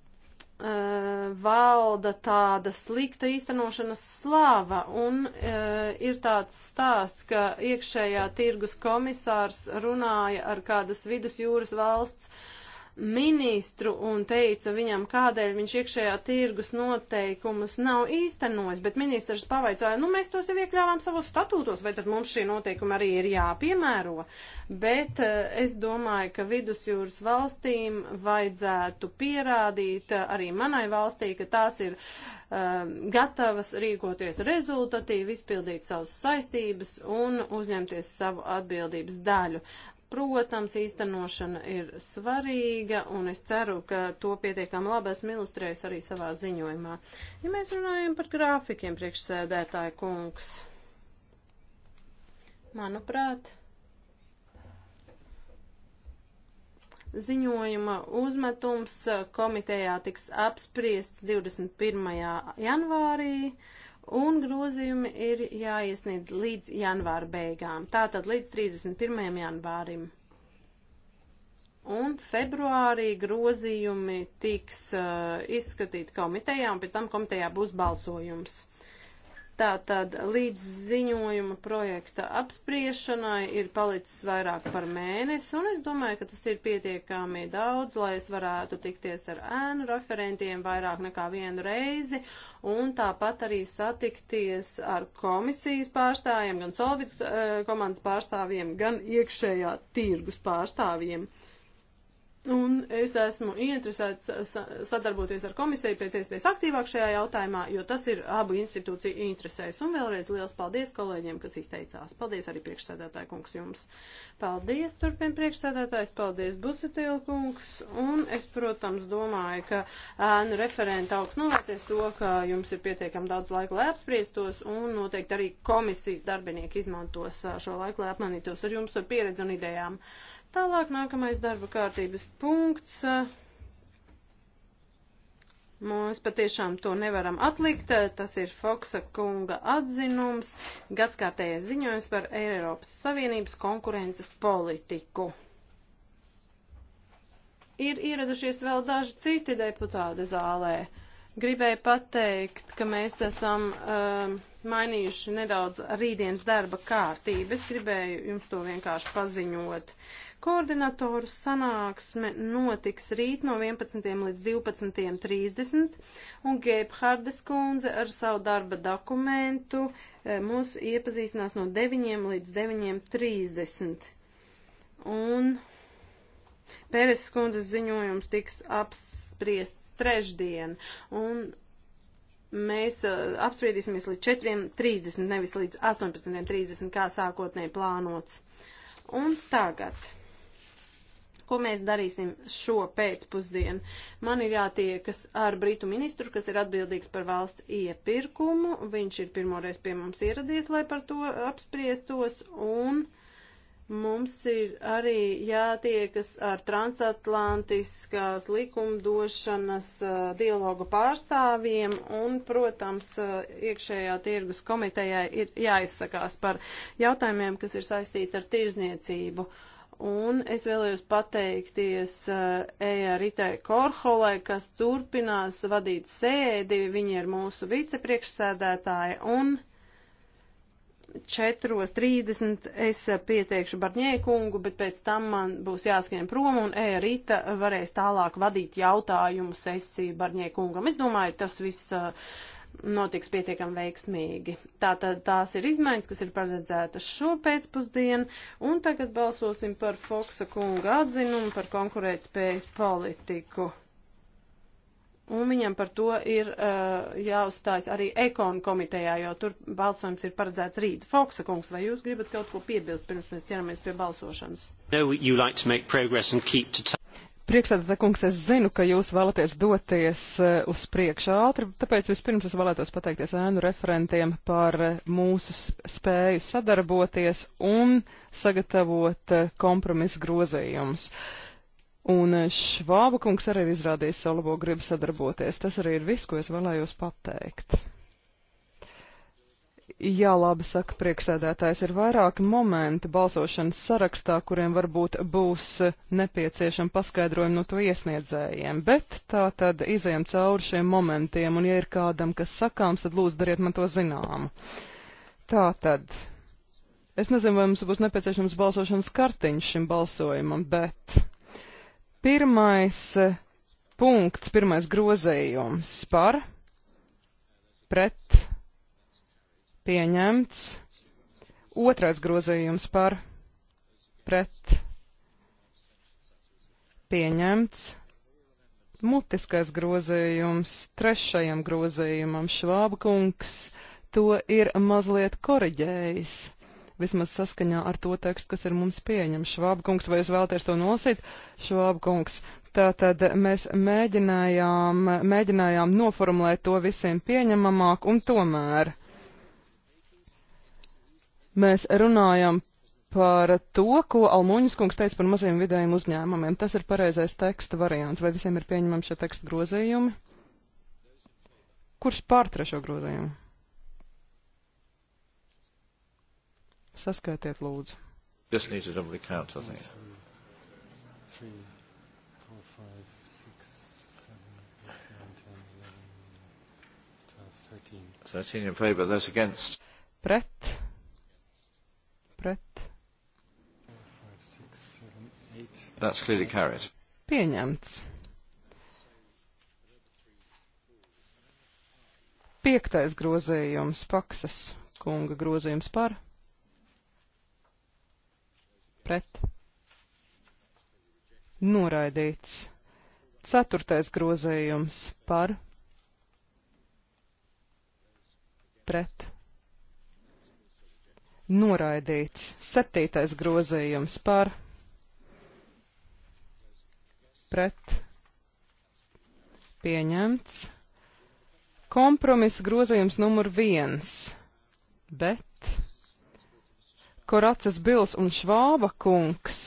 valda tāda slikta īstenošanas slava, un uh, ir tāds stāsts, ka iekšējā tirgus komisārs runāja ar kādas vidusjūras valsts uh, ministru un teica viņam, kādēļ viņš iekšējā tirgus noteikumus nav īstenojis, bet ministrs pavaicāja, nu mēs tos jau iekļāvām savos statūtos, vai tad mums šie noteikumi arī ir jāpiemēro. Bet eh, es domāju, ka vidusjūras valstīm vajadzētu pierādīt eh, arī manai valstī, ka tās ir um, gatavas rīkoties rezultatīvi, izpildīt savas saistības un uzņemties savu atbildības daļu. Protams, īstenošana ir svarīga, un es ceru, ka to pietiekam labi esmu ilustrējis arī savā ziņojumā. Ja mēs runājam par grāfikiem, priekšsēdētāja kungs, manuprāt, ziņojuma uzmetums komitejā tiks apspriests 21. janvārī. Uh, un grozījumi ir jāiesniedz līdz janvāra beigām, tātad līdz 31. janvārim. Un februārī grozījumi tiks uh, izskatīti komitejā, un pēc tam komitejā būs balsojums. Tātad līdz ziņojuma projekta apspriešanai ir palicis vairāk par mēnesi, un es domāju, ka tas ir pietiekami daudz, lai es varētu tikties ar ēnu referentiem vairāk nekā vienu reizi, un tāpat arī satikties ar komisijas pārstāvjiem, gan Solvit uh, komandas pārstāvjiem, gan iekšējā tirgus pārstāvjiem. Uh, Un es esmu ieinteresēts sadarboties ar komisiju pēc iespējas aktīvāk šajā jautājumā, jo tas ir abu institūciju interesēs. Un vēlreiz liels paldies kolēģiem, kas izteicās. Paldies arī priekšsēdētāju kungs jums. Paldies, turpin priekšsēdētājs, paldies Busutil kungs. Un es, protams, domāju, ka ēnu referenta augsts novērties to, ka jums ir pietiekam daudz laika, lai apspriestos, un noteikti arī komisijas darbinieki izmantos šo laiku, lai apmanītos ar jums ar pieredzi un idejām. Tālāk nākamais darba kārtības punkts. Mēs patiešām to nevaram atlikt. Tas ir Foksa kunga atzinums, gadskārtējais ziņojums par Eiropas Savienības konkurences politiku. Ir ieradušies vēl daži citi deputāti zālē. Gribēju pateikt, ka mēs esam um, mainījuši nedaudz rītdienas darba kārtību. Es gribēju jums to vienkārši paziņot. Koordinatoru sanāksme notiks rīt no 11. līdz 12.30, un Gebhardes kundze ar savu darba dokumentu e, mūs iepazīstinās no 9. līdz 9.30. Un Pēres kundzes ziņojums tiks apspriests trešdien, un mēs uh, apspriedīsimies līdz 4.30, nevis līdz 18.30, kā sākotnēji plānots. Un tagad. Ko mēs darīsim šo pēcpusdienu? Man ir jātiekas ar Britu ministru, kas ir atbildīgs par valsts iepirkumu. Viņš ir pirmoreiz pie mums ieradies, lai par to apspriestos, un mums ir arī jātiekas ar transatlantiskās likumdošanas uh, dialogu pārstāvjiem, un, protams, uh, iekšējā tirgus komitejai ir jāizsakās par jautājumiem, kas ir saistīti ar tirzniecību. Uh, Un es vēlējos pateikties uh, Eja Ritai Korholē, kas turpinās vadīt sēdi. Viņa ir mūsu vicepriekšsēdētāja. Un 4.30 es pieteikšu Barņēkungu, bet pēc tam man būs jāskrien prom un Eja Rita varēs tālāk vadīt jautājumu sesiju Barņēkungam. Es domāju, tas viss. Uh, notiks pietiekami veiksmīgi. Tātad tās ir izmaiņas, kas ir paredzētas šo pēcpusdienu, un tagad balsosim par Foksa kunga atzinumu par konkurētspējas politiku. Un viņam par to ir uh, jāuzstājas arī ekonu komitejā, jo tur balsojums ir paredzēts rīt. Foksa kungs, vai jūs gribat kaut ko piebilst, pirms mēs ķeramies pie balsošanas? No, Priekšsēdētāj, kungs, es zinu, ka jūs vēlaties doties e, uz priekšu ātri, tāpēc vispirms es vēlētos pateikties ēnu referentiem par e, mūsu spēju sadarboties un sagatavot e, kompromisu grozījumus. Un Švāba kungs arī ir izrādījis savu labo gribu sadarboties. Tas arī ir viss, ko es vēlējos pateikt. Jā, labi, saka priekšsēdētājs, ir vairāki momenti balsošanas sarakstā, kuriem varbūt būs nepieciešama paskaidrojuma no to iesniedzējiem, bet tā tad izējam cauri šiem momentiem, un ja ir kādam, kas sakāms, tad lūdzu dariet man to zināmu. Tā tad. Es nezinu, vai mums būs nepieciešams balsošanas kartiņš šim balsojumam, bet pirmais eh, punkts, pirmais grozējums par pret pieņemts. Otrais grozījums par pret pieņemts. Mutiskais grozījums trešajam grozījumam Švābkungs to ir mazliet koriģējis. Vismaz saskaņā ar to tekstu, kas ir mums pieņemts. Švābkungs, vai jūs vēlaties to nolasīt? Švābkungs, Tātad mēs mēģinājām, mēģinājām noformulēt to visiem pieņemamāk, un tomēr mēs runājam par to, ko Almuņas kungs teica par maziem vidējiem uzņēmumiem. Tas ir pareizais teksta variants. Vai visiem ir pieņemami šie teksta grozījumi? Kurš pār trešo grozījumu? Saskaitiet, lūdzu. Just need to double count, I think. Three, four, five, six, seven, eight, nine, ten, eleven, twelve, thirteen. Thirteen in favour, those against. Pret. That's clearly carried. Pieņemts. Piektais grozījums paksas kunga grozījums par pret noraidīts. Ceturtais grozījums par pret noraidīts. Septītais grozījums par pret pret pieņemts. Kompromiss grozījums numur viens, bet Koracas Bils un Švāba kungs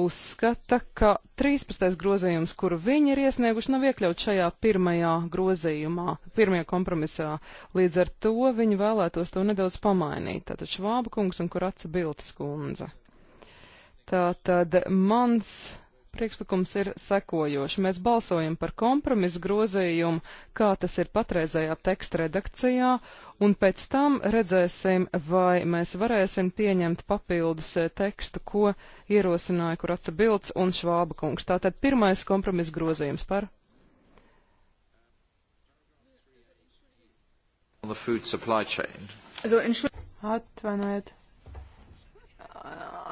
uzskata, ka 13. grozījums, kuru viņi ir iesnieguši, nav iekļauts šajā pirmajā grozījumā, pirmajā kompromisā. Līdz ar to viņi vēlētos to nedaudz pamainīt. Tātad Švāba kungs un Koraca Biltas kundze. Tātad mans Priekšlikums ir sekojoši. Mēs balsojam par kompromisu grozījumu, kā tas ir patreizējā teksta redakcijā, un pēc tam redzēsim, vai mēs varēsim pieņemt papildus eh, tekstu, ko ierosināja Kuratsa Bilds un Švāba kungs. Tātad pirmais kompromisu grozījums par. Atvainojiet,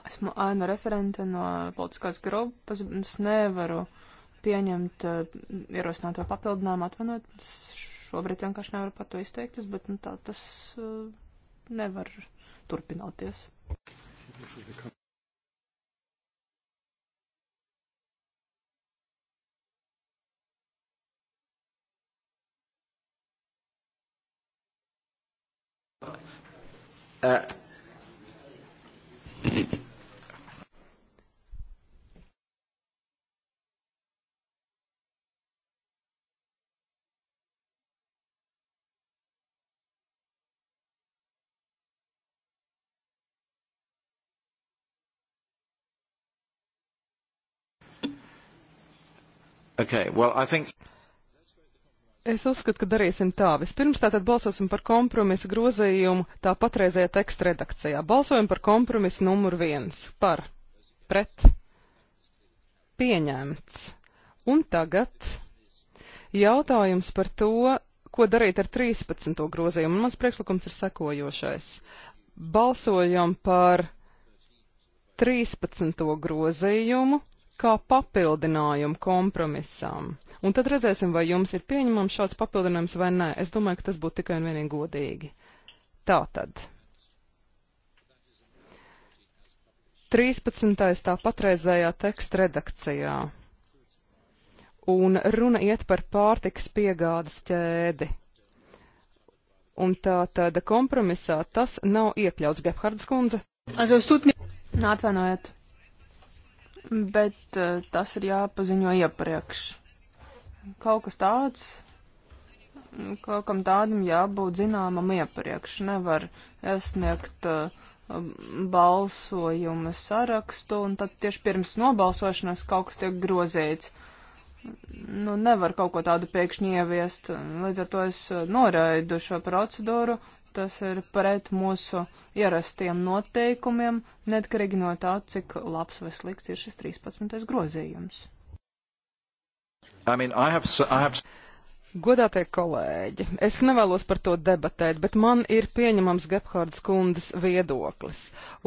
esmu ēnu referente no politiskās grupas, es nevaru pieņemt eh, ierosināto papildinājumu, atvainot, šobrīd vienkārši nevaru par to izteikties, bet nu, tā tas eh, nevar turpināties. Uh, Okay, well, I think... Es uzskatu, ka darīsim tā. Vispirms tātad balsosim par kompromisu grozījumu tā patreizajā teksta redakcijā. Balsojam par kompromisu numur viens. Par. Pret. Pieņemts. Un tagad jautājums par to, ko darīt ar 13. grozījumu. Un mans priekšlikums ir sekojošais. Balsojam par 13. grozījumu kā papildinājumu kompromisam. Un tad redzēsim, vai jums ir pieņemams šāds papildinājums vai nē. Es domāju, ka tas būtu tikai un vienīgi godīgi. Tā tad. 13. tā patreizējā teksta redakcijā. Un runa iet par pārtiks piegādes ķēdi. Un tā tāda kompromisā tas nav iekļauts, Gebhards kundze. Atvainojiet bet uh, tas ir jāpaziņo iepriekš. Kaut kas tāds, kaut kam tādam jābūt zināmam iepriekš. Nevar iesniegt uh, balsojuma sarakstu, un tad tieši pirms nobalsošanas kaut kas tiek grozīts. Nu, nevar kaut ko tādu pēkšņi ieviest, līdz ar to es eh, noraidu šo procedūru tas ir pret mūsu ierastiem noteikumiem, neatkarīgi no tā, cik labs vai slikts ir šis 13. grozījums. I mean, I have, I have... Godātie kolēģi, es nevēlos par to debatēt, bet man ir pieņemams Gephardas kundas viedoklis.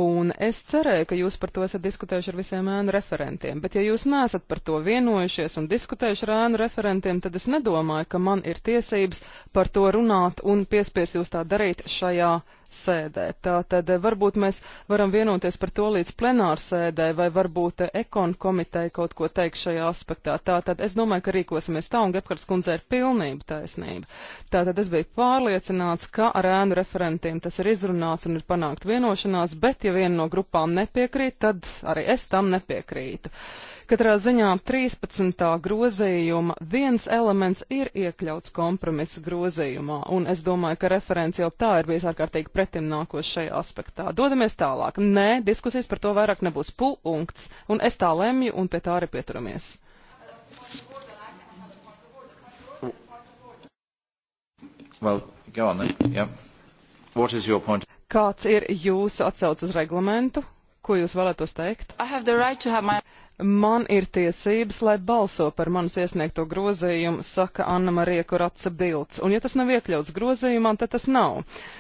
Un es cerēju, ka jūs par to esat diskutējuši ar visiem ēnu referentiem, bet ja jūs nesat par to vienojušies un diskutējuši ar ēnu referentiem, tad es nedomāju, ka man ir tiesības par to runāt un piespiest jūs tā darīt šajā sēdē. Tātad eh, varbūt mēs varam vienoties par to līdz plenārsēdē vai varbūt eh, ekonu komiteja kaut ko teikt šajā aspektā. Tātad es domāju, ka rīkosimies tā un Gepkards kundze ir pilnība taisnība. Tātad es biju pārliecināts, ka ar ēnu referentiem tas ir izrunāts un ir panākt vienošanās, bet ja viena no grupām nepiekrīt, tad arī es tam nepiekrītu. Uh, Katrā ziņā 13. grozījuma viens elements ir iekļauts kompromisa grozījumā, un es domāju, ka referents jau tā ir bijis ārkārtīgi pretim nākošs šajā aspektā. Dodamies tālāk. Nē, diskusijas par to vairāk nebūs punkts, un es tā lemju, un pie tā arī pieturamies. Well, go on then. Yeah. What is your point? Kāds ir jūsu atsauc uz reglamentu? Ko jūs vēlētos teikt? Right my... Man ir tiesības, lai balso par manas iesniegto grozījumu, saka Anna Marija Kuratsa Bilds. Un ja tas nav iekļauts grozījumā, tad tas nav.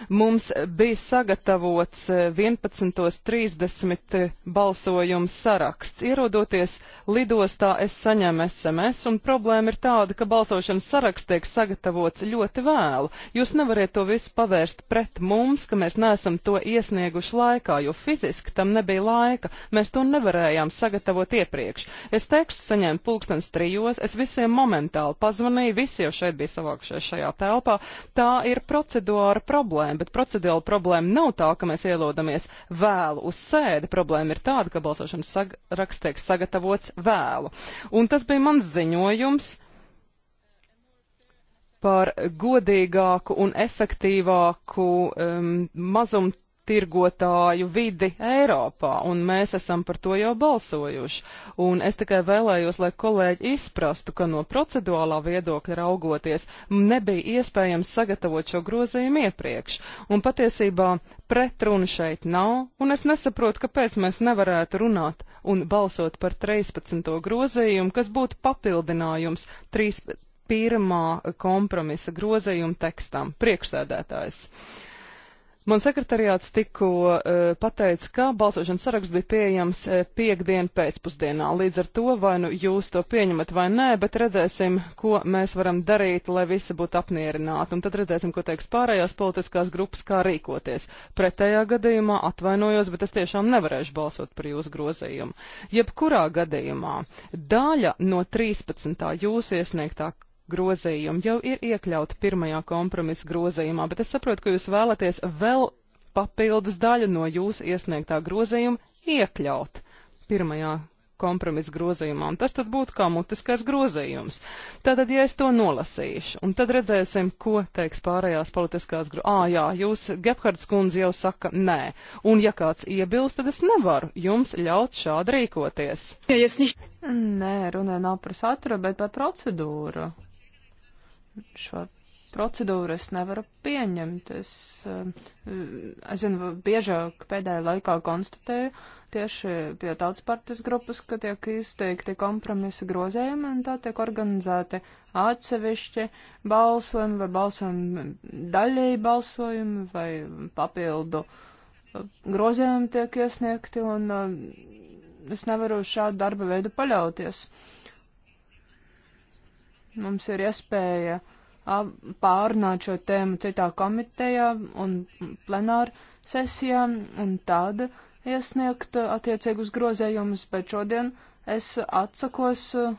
Mums bija sagatavots 11.30 eh, eh, balsojums saraksts. Ierodoties lidostā, es saņēmu SMS, un problēma ir tāda, ka balsošanas saraksts tiek sagatavots ļoti vēlu. Jūs nevariet to visu pavērst pret mums, ka mēs neesam to iesnieguši laikā, jo fiziski tam nebija laika. Mēs to nevarējām sagatavot iesniegumu iepriekš. Es tekstu saņēmu pulkstens trijos, es visiem momentāli pazvanīju, visi jau šeit bija savākušies šajā telpā. Tā ir procedūra problēma, bet procedūra problēma nav tā, ka mēs ielodamies vēlu uz sēdi. Problēma ir tāda, ka balsošanas saraksts tiek sagatavots vēlu. Un tas bija mans ziņojums par godīgāku un efektīvāku um, mazuma tirgotāju vidi Eiropā, un mēs esam par to jau balsojuši. Un es tikai vēlējos, lai kolēģi izprastu, ka no procedūrālā viedokļa raugoties nebija iespējams sagatavot šo grozījumu iepriekš. Un patiesībā pretruna šeit nav, un es nesaprotu, kāpēc mēs nevarētu runāt un balsot par 13. grozījumu, kas būtu papildinājums 3. pirmā kompromisa grozījuma tekstam. Priekšsēdētājs. Uh, Man sekretariāts tikko uh, pateica, ka balsošanas saraksts bija pieejams uh, piekdien pēcpusdienā. Līdz ar to vai nu jūs to pieņemat vai nē, bet redzēsim, ko mēs varam darīt, lai visi būtu apmierināti. Un tad redzēsim, ko teiks pārējās politiskās grupas, kā rīkoties. Pretējā gadījumā atvainojos, bet es tiešām nevarēšu balsot par jūsu grozījumu. Jebkurā gadījumā daļa no 13. jūsu iesniegtā grozījumi jau ir iekļauti pirmajā kompromisa grozījumā, bet es saprotu, ka jūs vēlaties vēl papildus daļu no jūsu iesniegtā grozījuma iekļaut pirmajā kompromisa grozījumā, un tas tad būtu kā mutiskais grozījums. Tātad, ja es to nolasīšu, un tad redzēsim, ko teiks pārējās politiskās grupas. Ā, jā, jūs, Gebhards kundze, jau saka nē, un ja kāds iebilst, tad es nevaru jums ļaut šādi rīkoties. Ja es niš... Nē, runa nav par saturu, bet par procedūru šo procedūru es nevaru pieņemt. Es, eh, es zinu, biežāk pēdējā laikā konstatēju tieši pie tautas partijas grupas, ka tiek izteikti kompromisa grozējumi un tā tiek organizēti atsevišķi balsojumi vai balsojumi daļēji balsojumi vai papildu eh, grozējumi tiek iesniegti un eh, es nevaru šādu darba veidu paļauties. Uh, Mums ir iespēja pārnāt šo tēmu citā komitejā un plenāru sesijā un tad iesniegt uh, attiecīgus grozējumus, bet šodien es atsakos uh,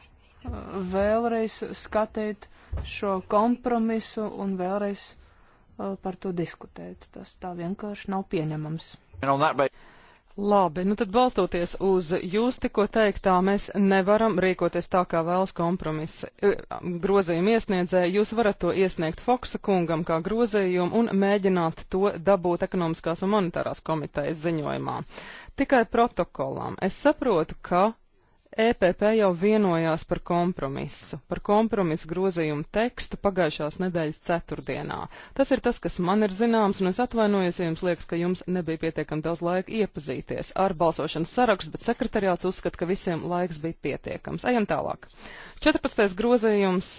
vēlreiz skatīt šo kompromisu un vēlreiz uh, par to diskutēt. Tas tā vienkārši nav pieņemams. Labi, nu tad balstoties uz jūs tikko teiktā, mēs nevaram rīkoties tā, kā vēlas kompromisa e, grozījuma iesniedzēja. Jūs varat to iesniegt Foksa kungam kā grozījumu un mēģināt to dabūt ekonomiskās un monetārās komitejas ziņojumā. Tikai protokolām. Es saprotu, ka EPP jau vienojās par kompromisu, par kompromisu grozījumu tekstu pagājušās nedēļas ceturtdienā. Tas ir tas, kas man ir zināms, un es atvainojos, ja jums liekas, ka jums nebija pietiekami daudz laika iepazīties ar balsošanas sarakstu, bet sekretariāts uzskata, ka visiem laiks bija pietiekams. Ejam tālāk. 14. grozījums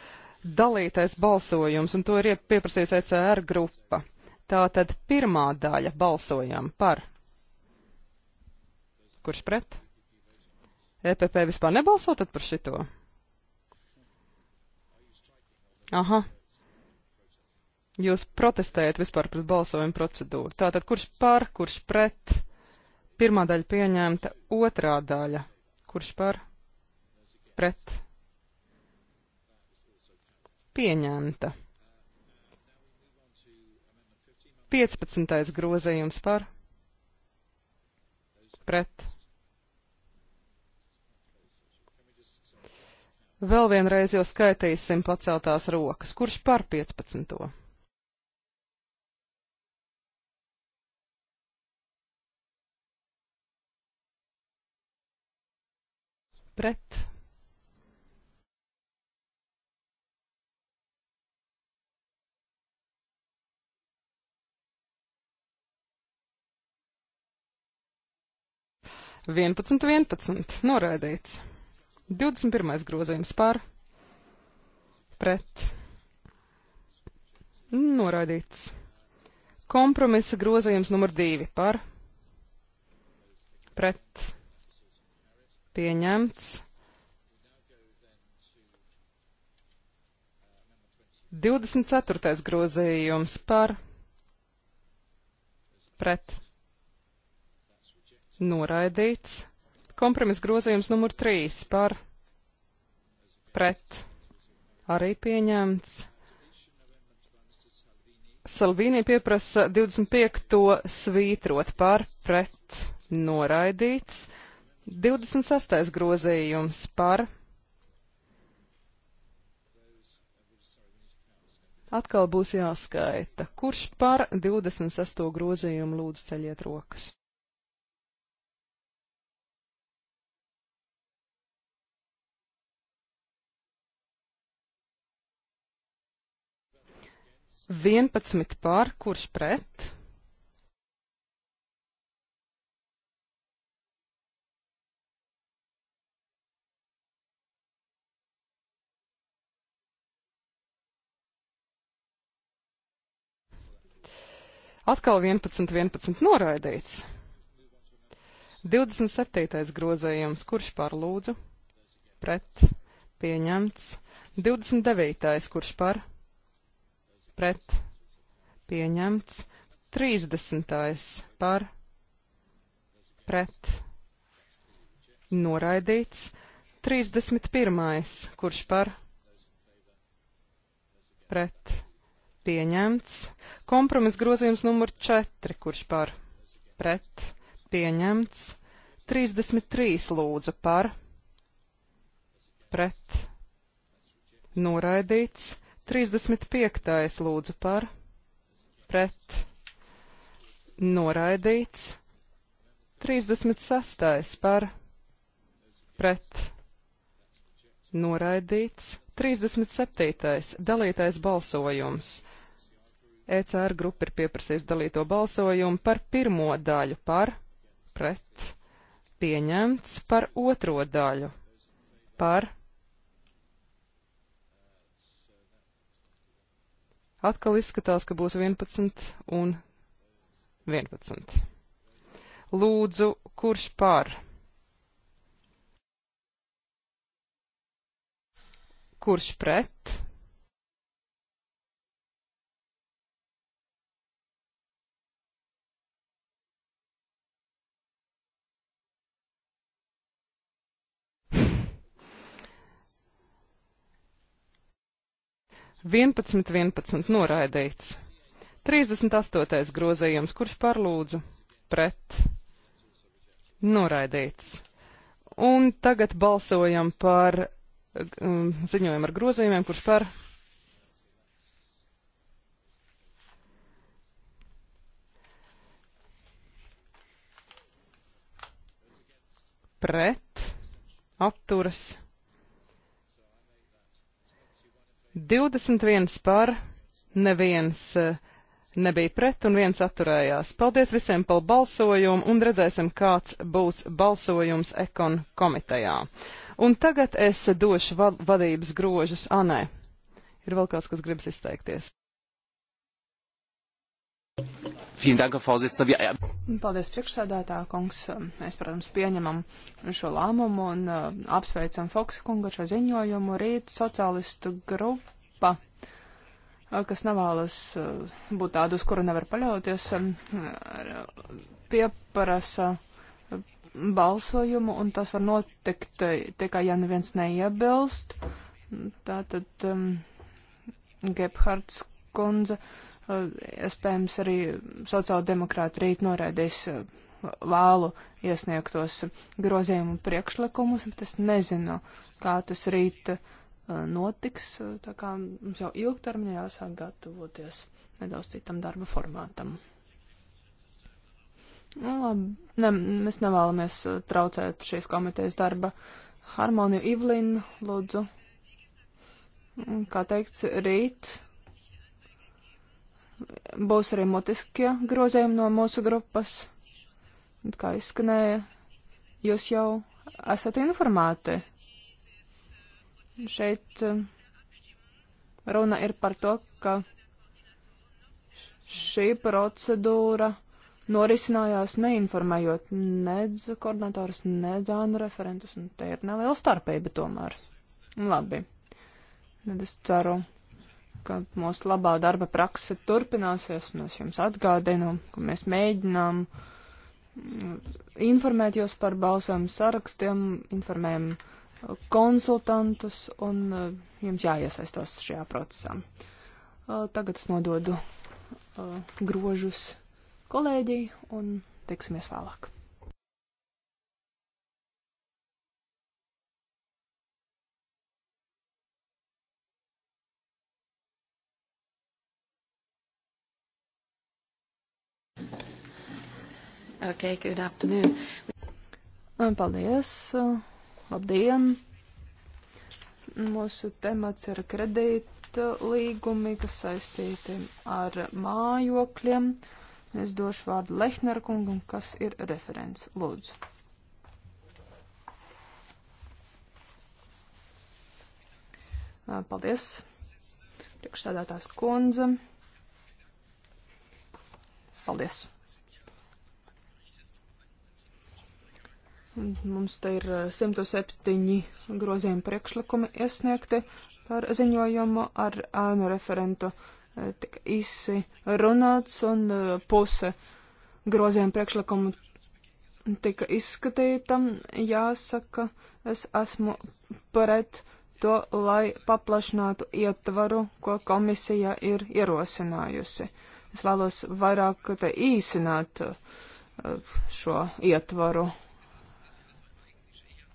- dalītais balsojums, un to ir pieprasījusi ECR grupa. Tātad pirmā daļa balsojam par. Kurš pret? EPP vispār nebalso tad par šito? Aha. Jūs protestējat vispār pret balsojumu procedūru. Tātad kurš par, kurš pret? Pirmā daļa pieņemta, otrā daļa. Kurš par? Pret. Pieņemta. 15. grozījums par. Pret. Vēl vienreiz jau skaitīsim paceltās rokas. Kurš par 15? Pret. Vienpadsmit, vienpadsmit, noraidīts. 21. grozījums par pret noraidīts. Kompromisa grozījums numur 2 par pret pieņemts. 24. grozījums par pret noraidīts. Kompromis grozījums numur 3 par pret arī pieņemts. Salvīnī pieprasa 25. svītrot par pret noraidīts, 26. grozījums par Atkal būs jāskaita, kurš par 26. grozījumu lūdzu ceļiet rokas. 11 pār, kurš pret? Atkal 11, 11 noraidīts. 27. grozējums, kurš par lūdzu? Pret. Pieņemts. 29. kurš par? pret pieņemts. 30. par pret noraidīts. 31. kurš par pret pieņemts. Kompromis grozījums numur 4, kurš par pret pieņemts. 33 lūdzu par pret noraidīts. 35. lūdzu par, pret, noraidīts. 36. par, pret, noraidīts. 37. dalītais balsojums. ECR grupa ir pieprasījusi dalīto balsojumu par pirmo daļu par, pret, pieņemts par otro daļu par, atkal izskatās, ka būs 11 un 11. Lūdzu, kurš par? Kurš pret? 11, 11 noraidīts. 38. grozījums, kurš parlūdzu pret noraidīts. Un tagad balsojam par um, ziņojumu ar grozījumiem, kurš par pret, atturas, 21 par, neviens eh, nebija pret un viens atturējās. Paldies visiem par balsojumu un redzēsim, kāds būs balsojums ekon komitejā. Un tagad es došu vadības grožus Anē. Ir vēl kāds, kas gribas izteikties. Äh, Paldies, priekšsēdētā kungs. Mēs, protams, pieņemam šo lēmumu un uh, apsveicam Foksa kunga šo ziņojumu. Rīt sociālistu grupa, uh, kas nevēlas uh, būt tādu, uz kuru nevar paļauties, um, uh, pieprasa balsojumu, un tas var notikt uh, tikai, ja neviens neiebilst. Tātad um, Gebhards kundze. Uh, Eh, iespējams, arī sociāldemokrāti rīt noraidīs eh, vālu iesniegtos grozījumu priekšlikumus, bet es nezinu, kā tas rīt eh, notiks. Tā kā mums jau ilgtermiņā jāsāk gatavoties nedaudz citam darba formātam. Nu, labi, ne, mēs nevēlamies traucēt šīs komitejas darba harmoniju. Ivlin, lūdzu. Kā teikts, rīt Būs arī motiskie grozējumi no mūsu grupas. Un kā izskanēja, jūs jau esat informēti. Šeit um, runa ir par to, ka šī procedūra norisinājās neinformējot nedz koordinatorus, nedz ānu referentus, un te ir neliela starpība tomēr. Labi. Tad es ceru, ka mūsu labā darba prakse turpināsies, un es jums atgādinu, ka mēs mēģinām mm, informēt jūs par balsojumu sarakstiem, informējam konsultantus, un eh, jums jāiesaistās šajā procesā. Eh, tagad es nododu eh, grožus kolēģi un tiksimies vēlāk. Okay, good afternoon. Un paldies. Labdien. Mūsu temats ir kredīta līgumi, kas saistīti ar mājokļiem. Es došu vārdu Lehner kungam, kas ir referents. Lūdzu. Paldies. Priekšstādātās kundze. Paldies. Mums te ir 107 eh, grozījuma priekšlikumi iesniegti par ziņojumu ar ēnu referentu. Eh, tik īsi runāts un eh, puse grozījuma priekšlikumu tika izskatīta. Jāsaka, es esmu pret to, lai paplašinātu ietvaru, ko komisija ir ierosinājusi. Es vēlos vairāk te īsināt šo ietvaru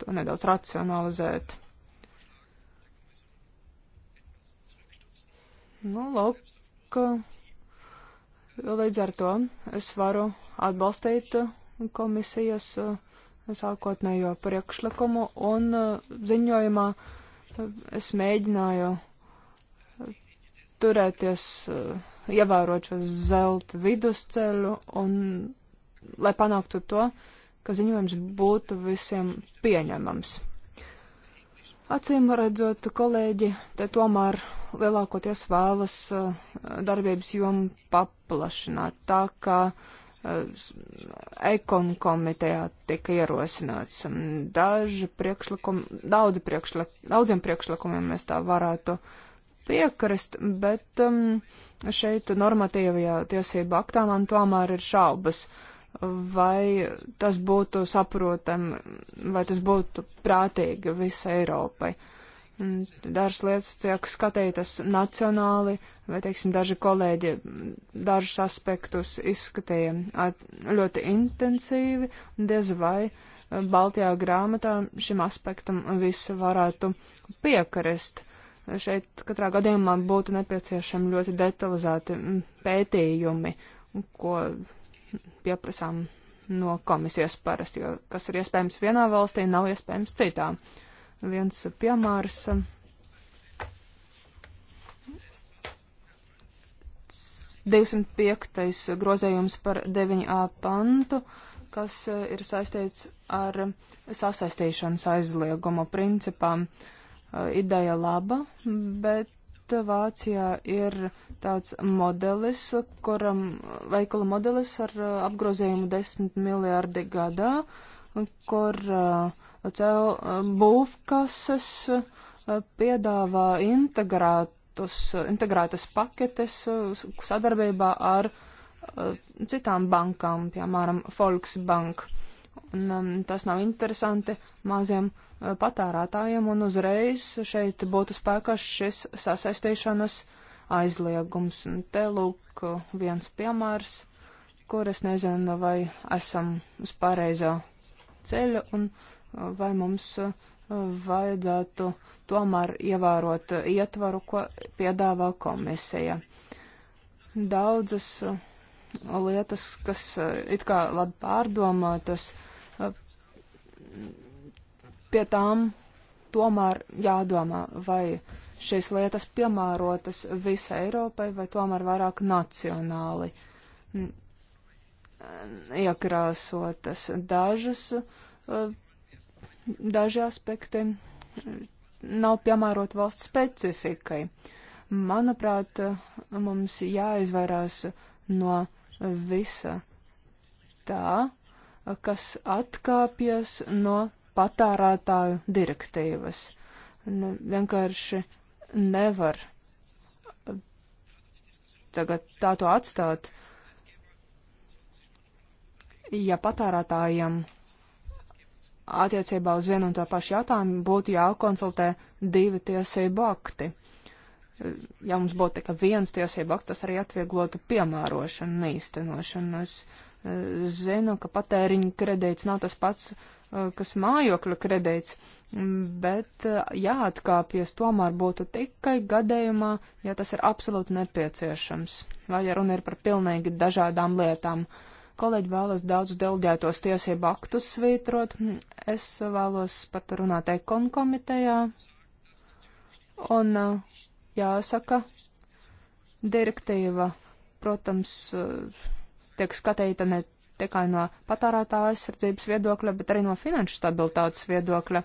to nedaudz racionalizēt. Nu, lūk, līdz ar to es varu atbalstīt komisijas sākotnējo priekšlikumu un ziņojumā es mēģināju turēties, ievērot šo zelta vidusceļu un lai panāktu to, uh, ka ziņojums būtu visiem pieņemams. Acīm redzot, kolēģi te tomēr lielākoties vēlas eh, darbības jomu paplašināt, tā kā eh, ekon komitejā tika ierosināts. Daži priekšlikumi, daudzi priekšlik, daudziem priekšlikumiem mēs tā varētu piekrist, bet um, šeit normatīvajā tiesība aktā man tomēr ir šaubas. Uh, vai tas būtu saprotami, vai tas būtu prātīgi visai Eiropai. Dažas lietas tiek skatītas nacionāli, vai, teiksim, daži kolēģi dažus aspektus izskatīja at, ļoti intensīvi, diez vai Baltijā grāmatā šim aspektam visi varētu piekarist. Šeit katrā gadījumā būtu nepieciešami ļoti detalizēti pētījumi, ko pieprasām no komisijas parasti, jo kas ir iespējams vienā valstī, nav iespējams citā. Viens piemērs. C 205. grozējums par 9a pantu, kas eh, ir saistīts ar sasaistīšanas aizliegumu principām. Eh, ideja laba, bet bet Vācijā ir tāds modelis, kuram veikala modelis ar uh, apgrozējumu 10 miljārdi gadā, kur uh, cel uh, būvkases piedāvā integrētus, integrētas paketes sadarbībā ar citām bankām, piemēram, Volksbank un um, tas nav interesanti maziem uh, patērētājiem, un uzreiz šeit būtu spēkā šis sasaistīšanas aizliegums. Un te lūk viens piemērs, kur es nezinu, vai esam uz pareizā ceļa, un uh, vai mums uh, vajadzētu tomēr ievērot uh, ietvaru, ko piedāvā komisija. Daudzas uh, lietas, kas eh, it kā labi pārdomātas, eh, pie tām tomēr jādomā, vai šīs lietas piemērotas visai Eiropai vai tomēr vairāk nacionāli eh, iekrāsotas dažas, daži aspekti nav piemērot valsts specifikai. Manuprāt, mums jāizvairās no uh, visa tā, kas atkāpjas no patārātāju direktīvas. Ne, nu, vienkārši nevar tagad tā to atstāt. Ja patērētājiem attiecībā uz vienu un to pašu jautājumu būtu jākonsultē divi tiesību akti ja mums būtu tikai viens tiesību akts, tas arī atvieglotu piemērošanu un īstenošanu. Es eh, zinu, ka patēriņa kredīts nav tas pats, eh, kas mājokļa kredīts, mm, bet eh, jāatkāpjas tomēr būtu tikai gadījumā, ja tas ir absolūti nepieciešams, vai ja runa ir par pilnīgi dažādām lietām. Kolēģi vēlas daudz delģētos tiesību aktus svītrot, es vēlos par to runāt ekonkomitejā, un uh, jāsaka, direktīva, protams, tiek skatīta ne tikai no patārētāja aizsardzības viedokļa, bet arī no finanšu stabilitātes viedokļa,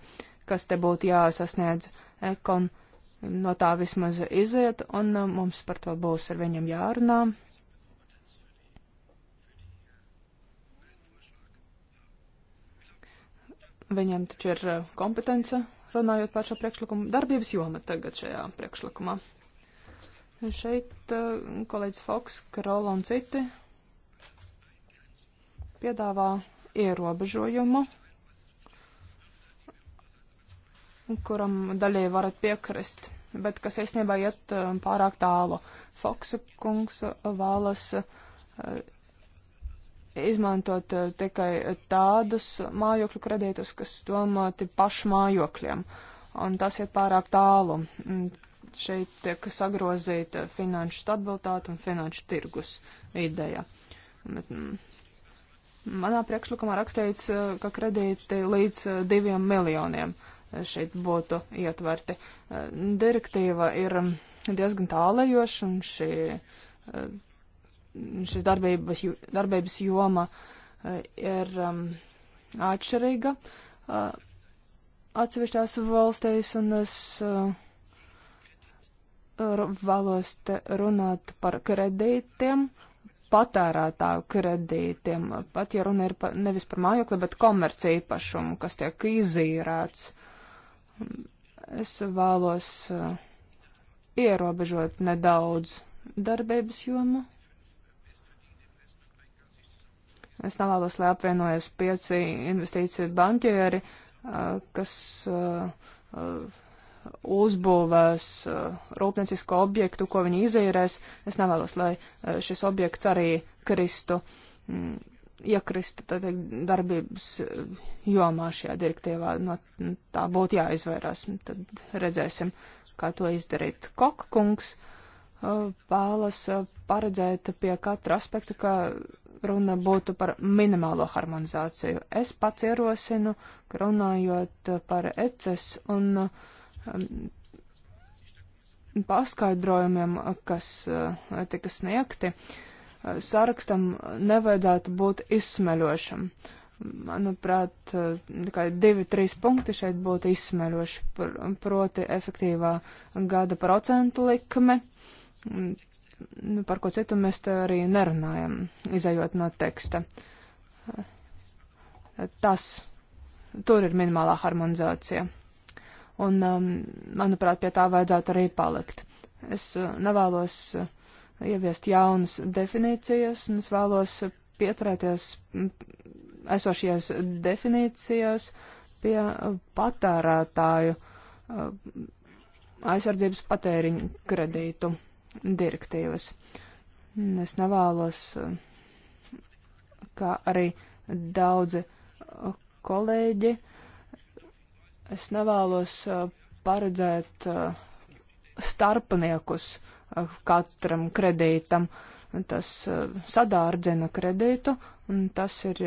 kas te būtu jāsasniedz ekon. No tā vismaz iziet, un uh, mums par to būs ar viņam jārunā. Viņam taču ir uh, kompetence runājot par šo priekšlikumu, darbības joma tagad šajā priekšlikumā. Un šeit eh, kolēģis Foks, Karola un citi piedāvā ierobežojumu, kuram daļai varat piekrist, bet kas īstenībā iet eh, pārāk tālu. Foksa kungs eh, vēlas izmantot eh, tikai tādus mājokļu kredītus, kas domāti pašmājokļiem. Un tas ir pārāk tālu. Mm, šeit tiek sagrozīta finanšu stabilitāte un finanšu tirgus ideja. Bet, mm, manā priekšlikumā rakstīts, eh, ka kredīti līdz eh, diviem miljoniem šeit būtu ietverti. Direktīva ir mm, diezgan tālajoša un šī šis darbības, darbības joma e, ir um, atšķirīga uh, atsevišķās valstīs, un es uh, vēlos te runāt par kredītiem, patērētāju kredītiem, pat ja runa ir pa, nevis par mājokli, bet komerci īpašumu, kas tiek izīrēts. Es vēlos uh, ierobežot nedaudz darbības jomu Es nevēlos, lai apvienojas pieci investīciju banķieri, kas uzbūvēs rūpniecisku objektu, ko viņi izīrēs. Es nevēlos, lai šis objekts arī kristu, mm, iekristu teikt, darbības jomā šajā direktīvā. No tā būtu jāizvairās. Tad redzēsim, kā to izdarīt. Kokkungs vēlas paredzēt pie katra aspekta, ka runa būtu par minimālo harmonizāciju. Es pats ierosinu, ka runājot par ECES un um, paskaidrojumiem, kas uh, tika sniegti, uh, sarakstam nevajadzētu būt izsmeļošam. Manuprāt, uh, tikai divi, trīs punkti šeit būtu izsmeļoši, pr proti efektīvā gada procentu likme, Nu, par ko citu mēs te arī nerunājam, izējot no teksta. Tas, tur ir minimālā harmonizācija. Un, um, manuprāt, pie tā vajadzētu arī palikt. Es uh, nevēlos uh, ieviest jaunas definīcijas, un es vēlos pieturēties esošajās definīcijās pie uh, patērētāju aizsardzības patēriņu kredītu direktīvas. Es nevēlos, kā arī daudzi kolēģi, es nevēlos eh, paredzēt eh, starpniekus eh, katram kredītam. Tas sadārdzina kredītu, un tas ir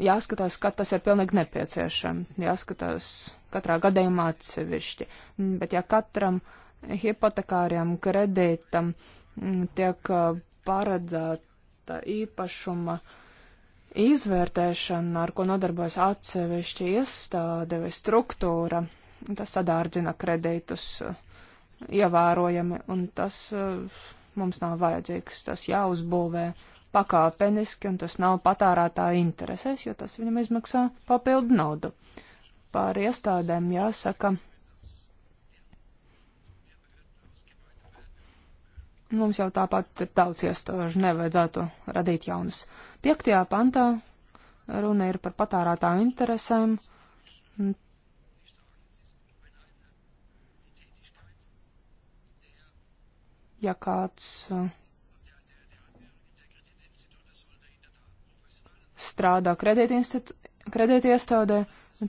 jāskatās, ka tas ir pilnīgi nepieciešams. Jāskatās katrā gadījumā atsevišķi. Bet ja katram uh, hipotekāriem kredītam mm, tiek paredzēta īpašuma izvērtēšana, ar ko nodarbojas atsevišķi iestāde vai struktūra. Tas sadārdzina kredītus ievērojami, un tas mums nav vajadzīgs. Tas jāuzbūvē pakāpeniski, un tas nav patērētāja interesēs, jo tas viņam izmaksā papildu naudu. Par iestādēm jāsaka, Mums jau tāpat ir daudz iestāžu, nevajadzētu radīt jaunas. Piektajā pantā runa ir par patārātāju interesēm. Ja kāds uh, strādā kredītiestādē, kredīt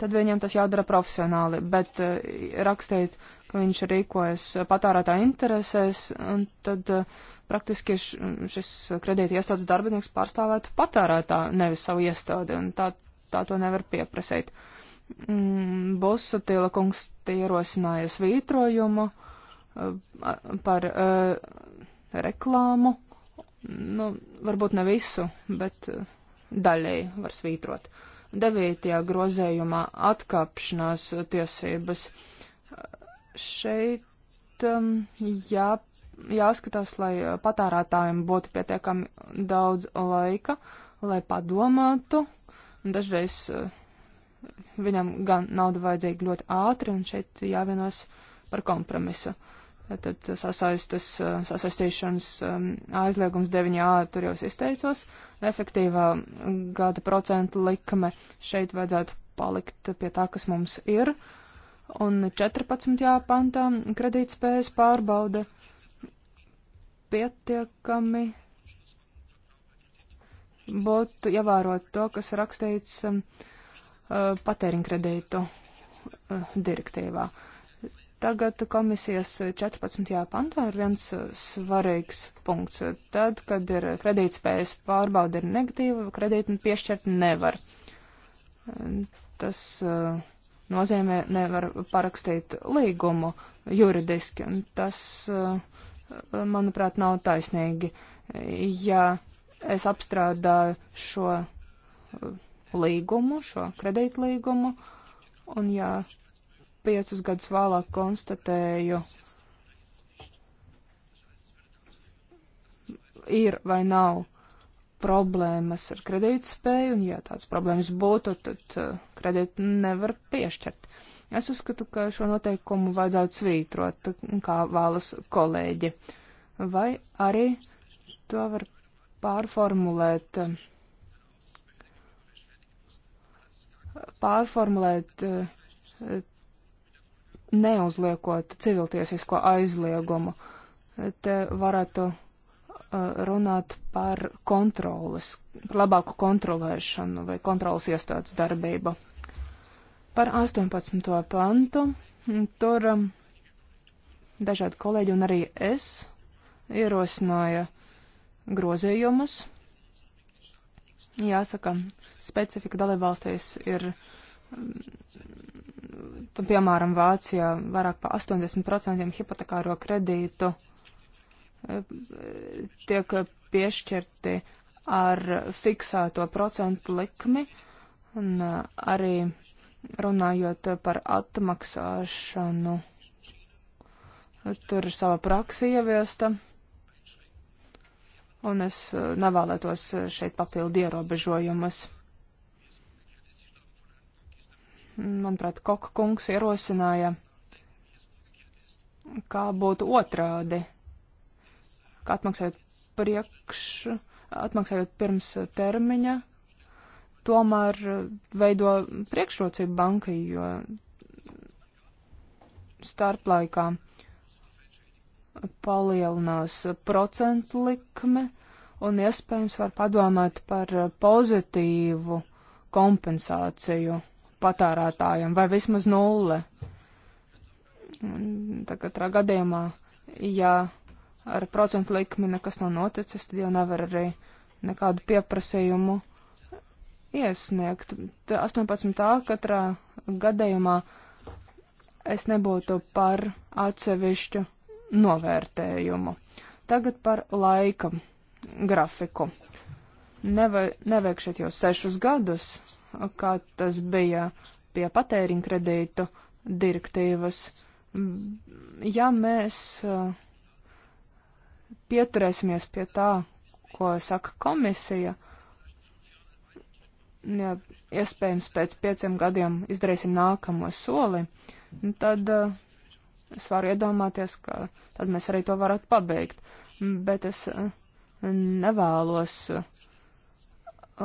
tad viņiem tas jādara profesionāli, bet uh, rakstīt ka viņš rīkojas patārātā interesēs, un tad eh, praktiski šis kredīti iestādes darbinieks pārstāvētu patārātā, nevis savu iestādi, un tā, tā to nevar pieprasīt. Mm, Bosatila kungs ierosināja svītrojumu eh, par eh, reklāmu, nu, varbūt ne visu, bet daļēji var svītrot. Devītajā grozējumā atkāpšanās tiesības. Uh, šeit um, jā, jāskatās, lai patērētājiem būtu pietiekami daudz laika, lai padomātu. Un dažreiz uh, viņam gan nauda vajadzīga ļoti ātri, un šeit jāvienos par kompromisu. Tad sasaistas, uh, sasaistīšanas um, aizliegums 9a, tur jau es izteicos, efektīvā gada procentu likme šeit vajadzētu palikt pie tā, kas mums ir, un 14. pantā kredītspējas pārbauda pietiekami būtu ievērot to, kas rakstīts um, uh, patēriņkredītu uh, direktīvā. Tagad komisijas 14. pantā ir viens uh, svarīgs punkts. Tad, kad ir kredītspējas pārbauda ir negatīva, kredītu piešķirt nevar. Tas uh, nozīmē nevar parakstīt līgumu juridiski. Un tas, eh, manuprāt, nav taisnīgi. Ja es apstrādāju šo eh, līgumu, šo kredītlīgumu, un ja piecus gadus vēlāk konstatēju, ir vai nav problēmas ar kredītspēju, un ja tāds problēmas būtu, tad uh, kredītu nevar piešķirt. Es uzskatu, ka šo noteikumu vajadzētu svītrot, kā vēlas kolēģi, vai arī to var pārformulēt, pārformulēt neuzliekot civiltiesisko aizliegumu. Te varētu Uh, runāt par kontrolas, par labāku kontrolēšanu vai kontrolas iestādes darbību. Par 18. pantu tur um, dažādi kolēģi un arī es ierosināja grozējumus. Jāsaka, specifika dalībvalstīs ir, um, piemēram, Vācijā vairāk pa 80% hipotekāro kredītu uh, tiek piešķirti ar fiksēto procentu likmi un uh, arī runājot par atmaksāšanu. Tur ir sava praksa ieviesta, un es uh, nevēlētos uh, šeit papildu ierobežojumus. Manuprāt, Koka kungs ierosināja, kā būtu otrādi atmaksājot priekš, atmaksājot pirms termiņa, tomēr veido priekšrocību bankai, jo starplaikā palielinās procentu likme un iespējams var padomāt par pozitīvu kompensāciju patērētājiem vai vismaz nulle. Tā katrā gadījumā, ja ar procentu likmi nekas nav noticis, tad jau nevar arī nekādu pieprasījumu iesniegt. Te 18. katrā gadījumā es nebūtu par atsevišķu novērtējumu. Tagad par laika grafiku. Neva, nevajag šeit jau sešus gadus, kā tas bija pie patēriņa kredītu direktīvas. Ja mēs uh, pieturēsimies pie tā, ko saka komisija. Ja iespējams pēc pieciem gadiem izdarīsim nākamo soli, nu tad uh, es varu iedomāties, ka tad mēs arī to varētu pabeigt. Bet es uh, nevēlos uh,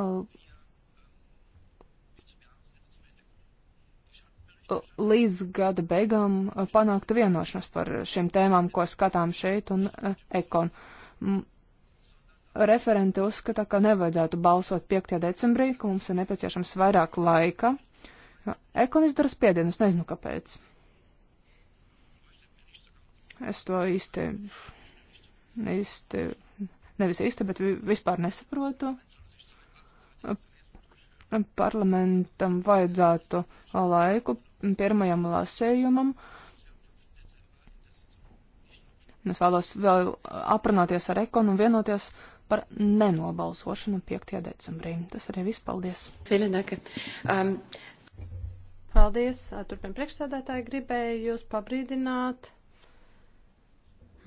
līdz gada beigām uh, panāktu vienošanos par šīm tēmām, ko skatām šeit un uh, ekon. Referenti uzskata, ka nevajadzētu balsot 5. decembrī, ka mums ir nepieciešams vairāk laika. Ekon izdara spiedienu, es nezinu kāpēc. Es to īsti, īsti, nevis īsti, bet vispār nesaprotu uh, parlamentam vajadzētu laiku pirmajam lasējumam. Es vēlos vēl aprunāties ar ekonu un vienoties par nenobalsošanu 5. decembrī. Tas arī viss. Paldies! Filinaka. Um, paldies! Turpin priekšsēdētāji gribēju jūs pabrīdināt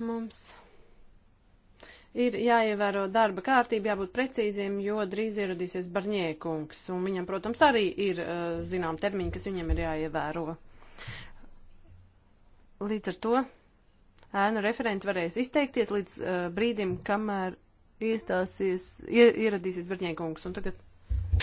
mums. Ir jāievēro darba kārtība, jābūt precīziem, jo drīz ieradīsies Barņēkungs, un viņam, protams, arī ir uh, zinām termiņi, kas viņam ir jāievēro. Līdz ar to ēnu referenti varēs izteikties līdz uh, brīdim, kamēr iestāsies, ie, ieradīsies Barņēkungs, un tagad.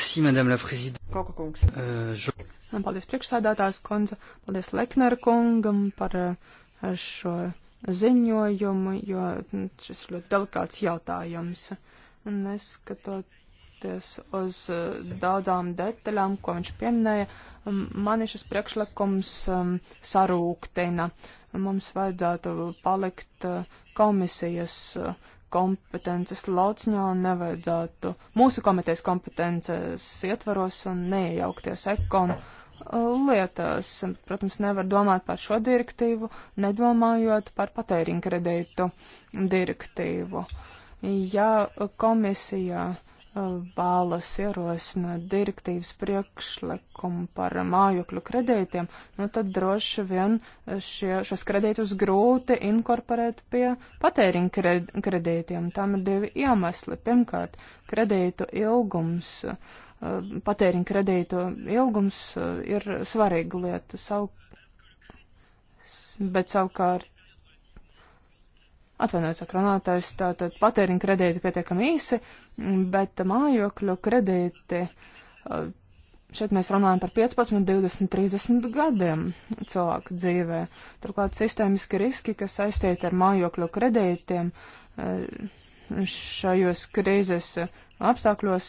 Si, madame la présidente. Koka kungs. Uh, jo... Paldies priekšsādātājs kundze, paldies Leknera kungam par uh, šo. Uh, ziņojumu, jo nu, šis ir ļoti delikāts jautājums. Neskatoties uz eh, daudzām detaļām, ko viņš pieminēja, mani šis priekšlikums sarūktina. Mums vajadzētu palikt eh, komisijas eh, kompetences lauciņā un nevajadzētu mūsu komitejas kompetences ietvaros un neiejaukties ekonu lietās. Protams, nevar domāt par šo direktīvu, nedomājot par patēriņa kredītu direktīvu. Ja komisija uh, vēlas ierosināt direktīvas priekšlikumu par mājokļu kredītiem, nu tad droši vien šie, šos kredītus grūti inkorporēt pie patēriņa kred, kredītiem. Tam ir divi iemesli. Pirmkārt, kredītu ilgums, eh, patēriņa kredītu ilgums eh, ir svarīga lieta, savu, bet savukārt Atvainojiet, saka runātājs, tātad patēriņa kredīti pietiekami īsi, mm, bet mājokļu kredīti. Uh, šeit mēs runājam par 15, 20, 30 gadiem cilvēku dzīvē. Turklāt sistēmiski riski, kas saistīti ar mājokļu kredītiem, uh, šajos krīzes apstākļos,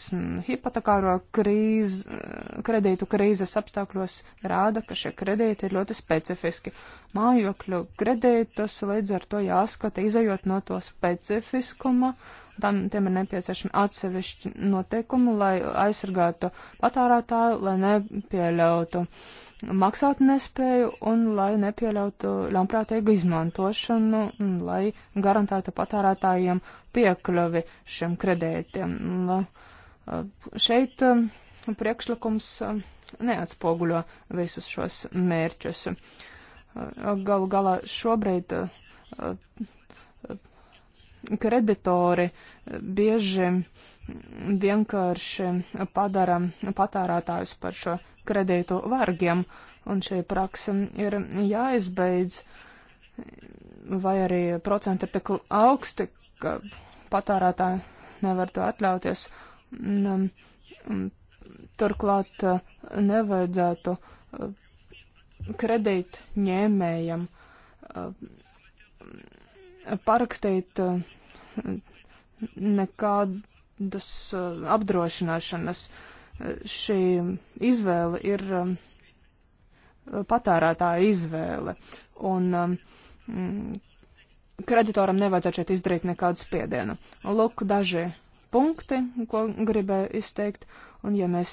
hipotekāro krīz, kredītu krīzes apstākļos rāda, ka šie kredīti ir ļoti specifiski. Mājokļu kredītus līdz ar to jāskata, izējot no to specifiskuma, tam tiem ir nepieciešami atsevišķi noteikumi, lai aizsargātu patārātāju, lai nepieļautu uh, maksāt nespēju un lai nepieļautu ļaunprātīgu izmantošanu, lai garantētu patērētājiem piekļuvi šiem kredētiem. Eh, šeit eh, priekšlikums eh, neatspoguļo visus šos mērķus. Galu galā šobrīd kreditori bieži vienkārši padara patērētājus par šo kredītu vargiem, un šī praksa ir jāizbeidz, vai arī procenti ir tik augsti, ka patērētāji nevar to atļauties. Un, um, un, turklāt uh, nevajadzētu uh, kredītņēmējam uh, parakstīt eh, nekādas eh, apdrošināšanas. Eh, šī izvēle ir patērētāja izvēle, un kreditoram nevajadzētu šeit izdarīt nekādu spiedienu. Lūk, daži punkti, ko gribēju izteikt, un ja mēs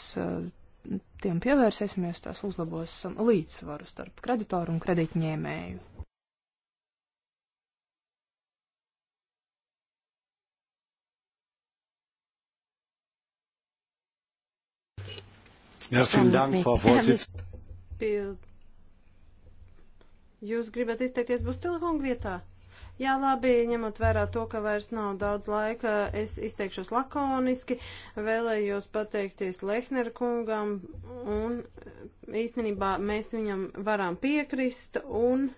tiem pievērsīsimies, tas uzlabos um, līdzsvaru starp kreditoru un kredītņēmēju. Ja, vielen Dank, Frau Vorsitzende. Jūs gribat izteikties būs telefonu vietā? Jā, labi, ņemot vērā to, ka vairs nav daudz laika, es izteikšos lakoniski, vēlējos pateikties Lehner kungam, un īstenībā mēs viņam varam piekrist, un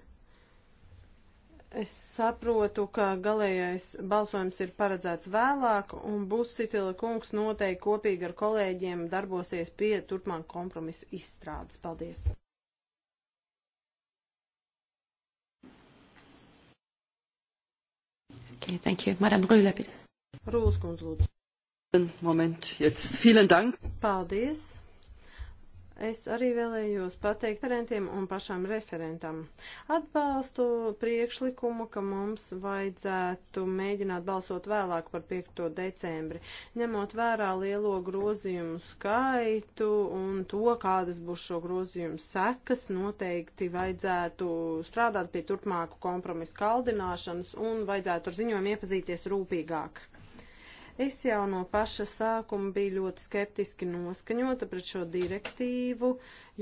Es saprotu, ka galējais balsojums ir paredzēts vēlāk, un Busitila kungs noteikti kopīgi ar kolēģiem darbosies pie turpmāk kompromisu izstrādes. Paldies! Okay, thank you. Madam Rūla, bitte. Rūlas kundz, lūdzu. Moment, jetzt vielen Dank. Paldies. Es arī vēlējos pateikt referentiem un pašam referentam. Atbalstu priekšlikumu, ka mums vajadzētu mēģināt balsot vēlāk par 5. decembri, ņemot vērā lielo grozījumu skaitu un to, kādas būs šo grozījumu sekas, noteikti vajadzētu strādāt pie turpmāku kompromisu kaldināšanas un vajadzētu ar ziņojumu iepazīties rūpīgāk. Es jau no paša sākuma biju ļoti skeptiski noskaņota pret šo direktīvu,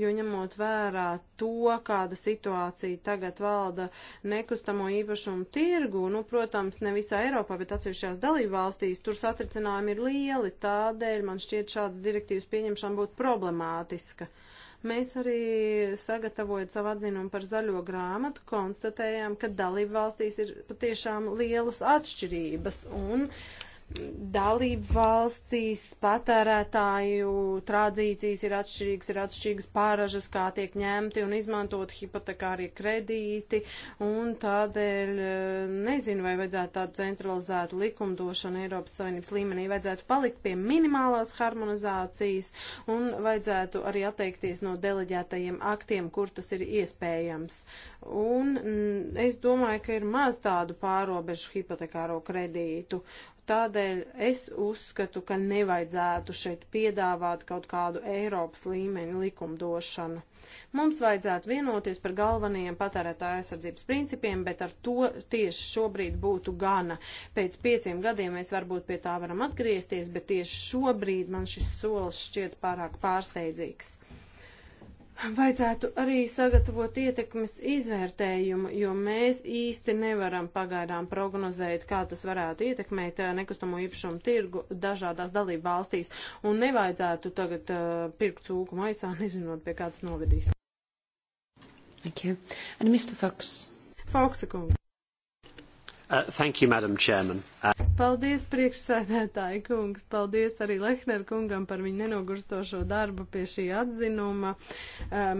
jo ņemot vērā to, kāda situācija tagad valda nekustamo īpašumu tirgu, nu, protams, ne visā Eiropā, bet atsevišķās dalībvalstīs, tur satricinājumi ir lieli, tādēļ man šķiet šādas direktīvas pieņemšana būtu problemātiska. Mēs arī sagatavojot savu atzinumu par zaļo grāmatu, konstatējām, ka dalību valstīs ir patiešām lielas atšķirības un uh, dalību valstīs patērētāju tradīcijas ir atšķirīgas, ir atšķirīgas pāražas, kā tiek ņemti un izmantot hipotekārie kredīti, un tādēļ eh, nezinu, vai vajadzētu tādu centralizētu likumdošanu Eiropas Savienības līmenī, vajadzētu palikt pie minimālās harmonizācijas un vajadzētu arī atteikties no deleģētajiem aktiem, kur tas ir iespējams. Un mm, es domāju, ka ir maz tādu pārobežu hipotekāro kredītu, Tādēļ es uzskatu, ka nevajadzētu šeit piedāvāt kaut kādu Eiropas līmeņa likumdošanu. Mums vajadzētu vienoties par galvenajiem patērētāja aizsardzības principiem, bet ar to tieši šobrīd būtu gana. Pēc pieciem gadiem mēs varbūt pie tā varam atgriezties, bet tieši šobrīd man šis solis šķiet pārāk pārsteidzīgs. Vajadzētu arī sagatavot ietekmes izvērtējumu, jo mēs īsti nevaram pagaidām prognozēt, kā tas varētu ietekmēt eh, nekustamo īpašumu tirgu dažādās dalību valstīs, un nevajadzētu tagad uh, pirkt cūku maisā, nezinot, pie kādas novedīs. Thank you. And Mr. Fox. Fox, kungs. Uh, thank you, Madam Chairman. Uh... Paldies, priekšsēdētāji kungs, paldies arī Lehner kungam par viņu nenogurstošo darbu pie šī atzinuma.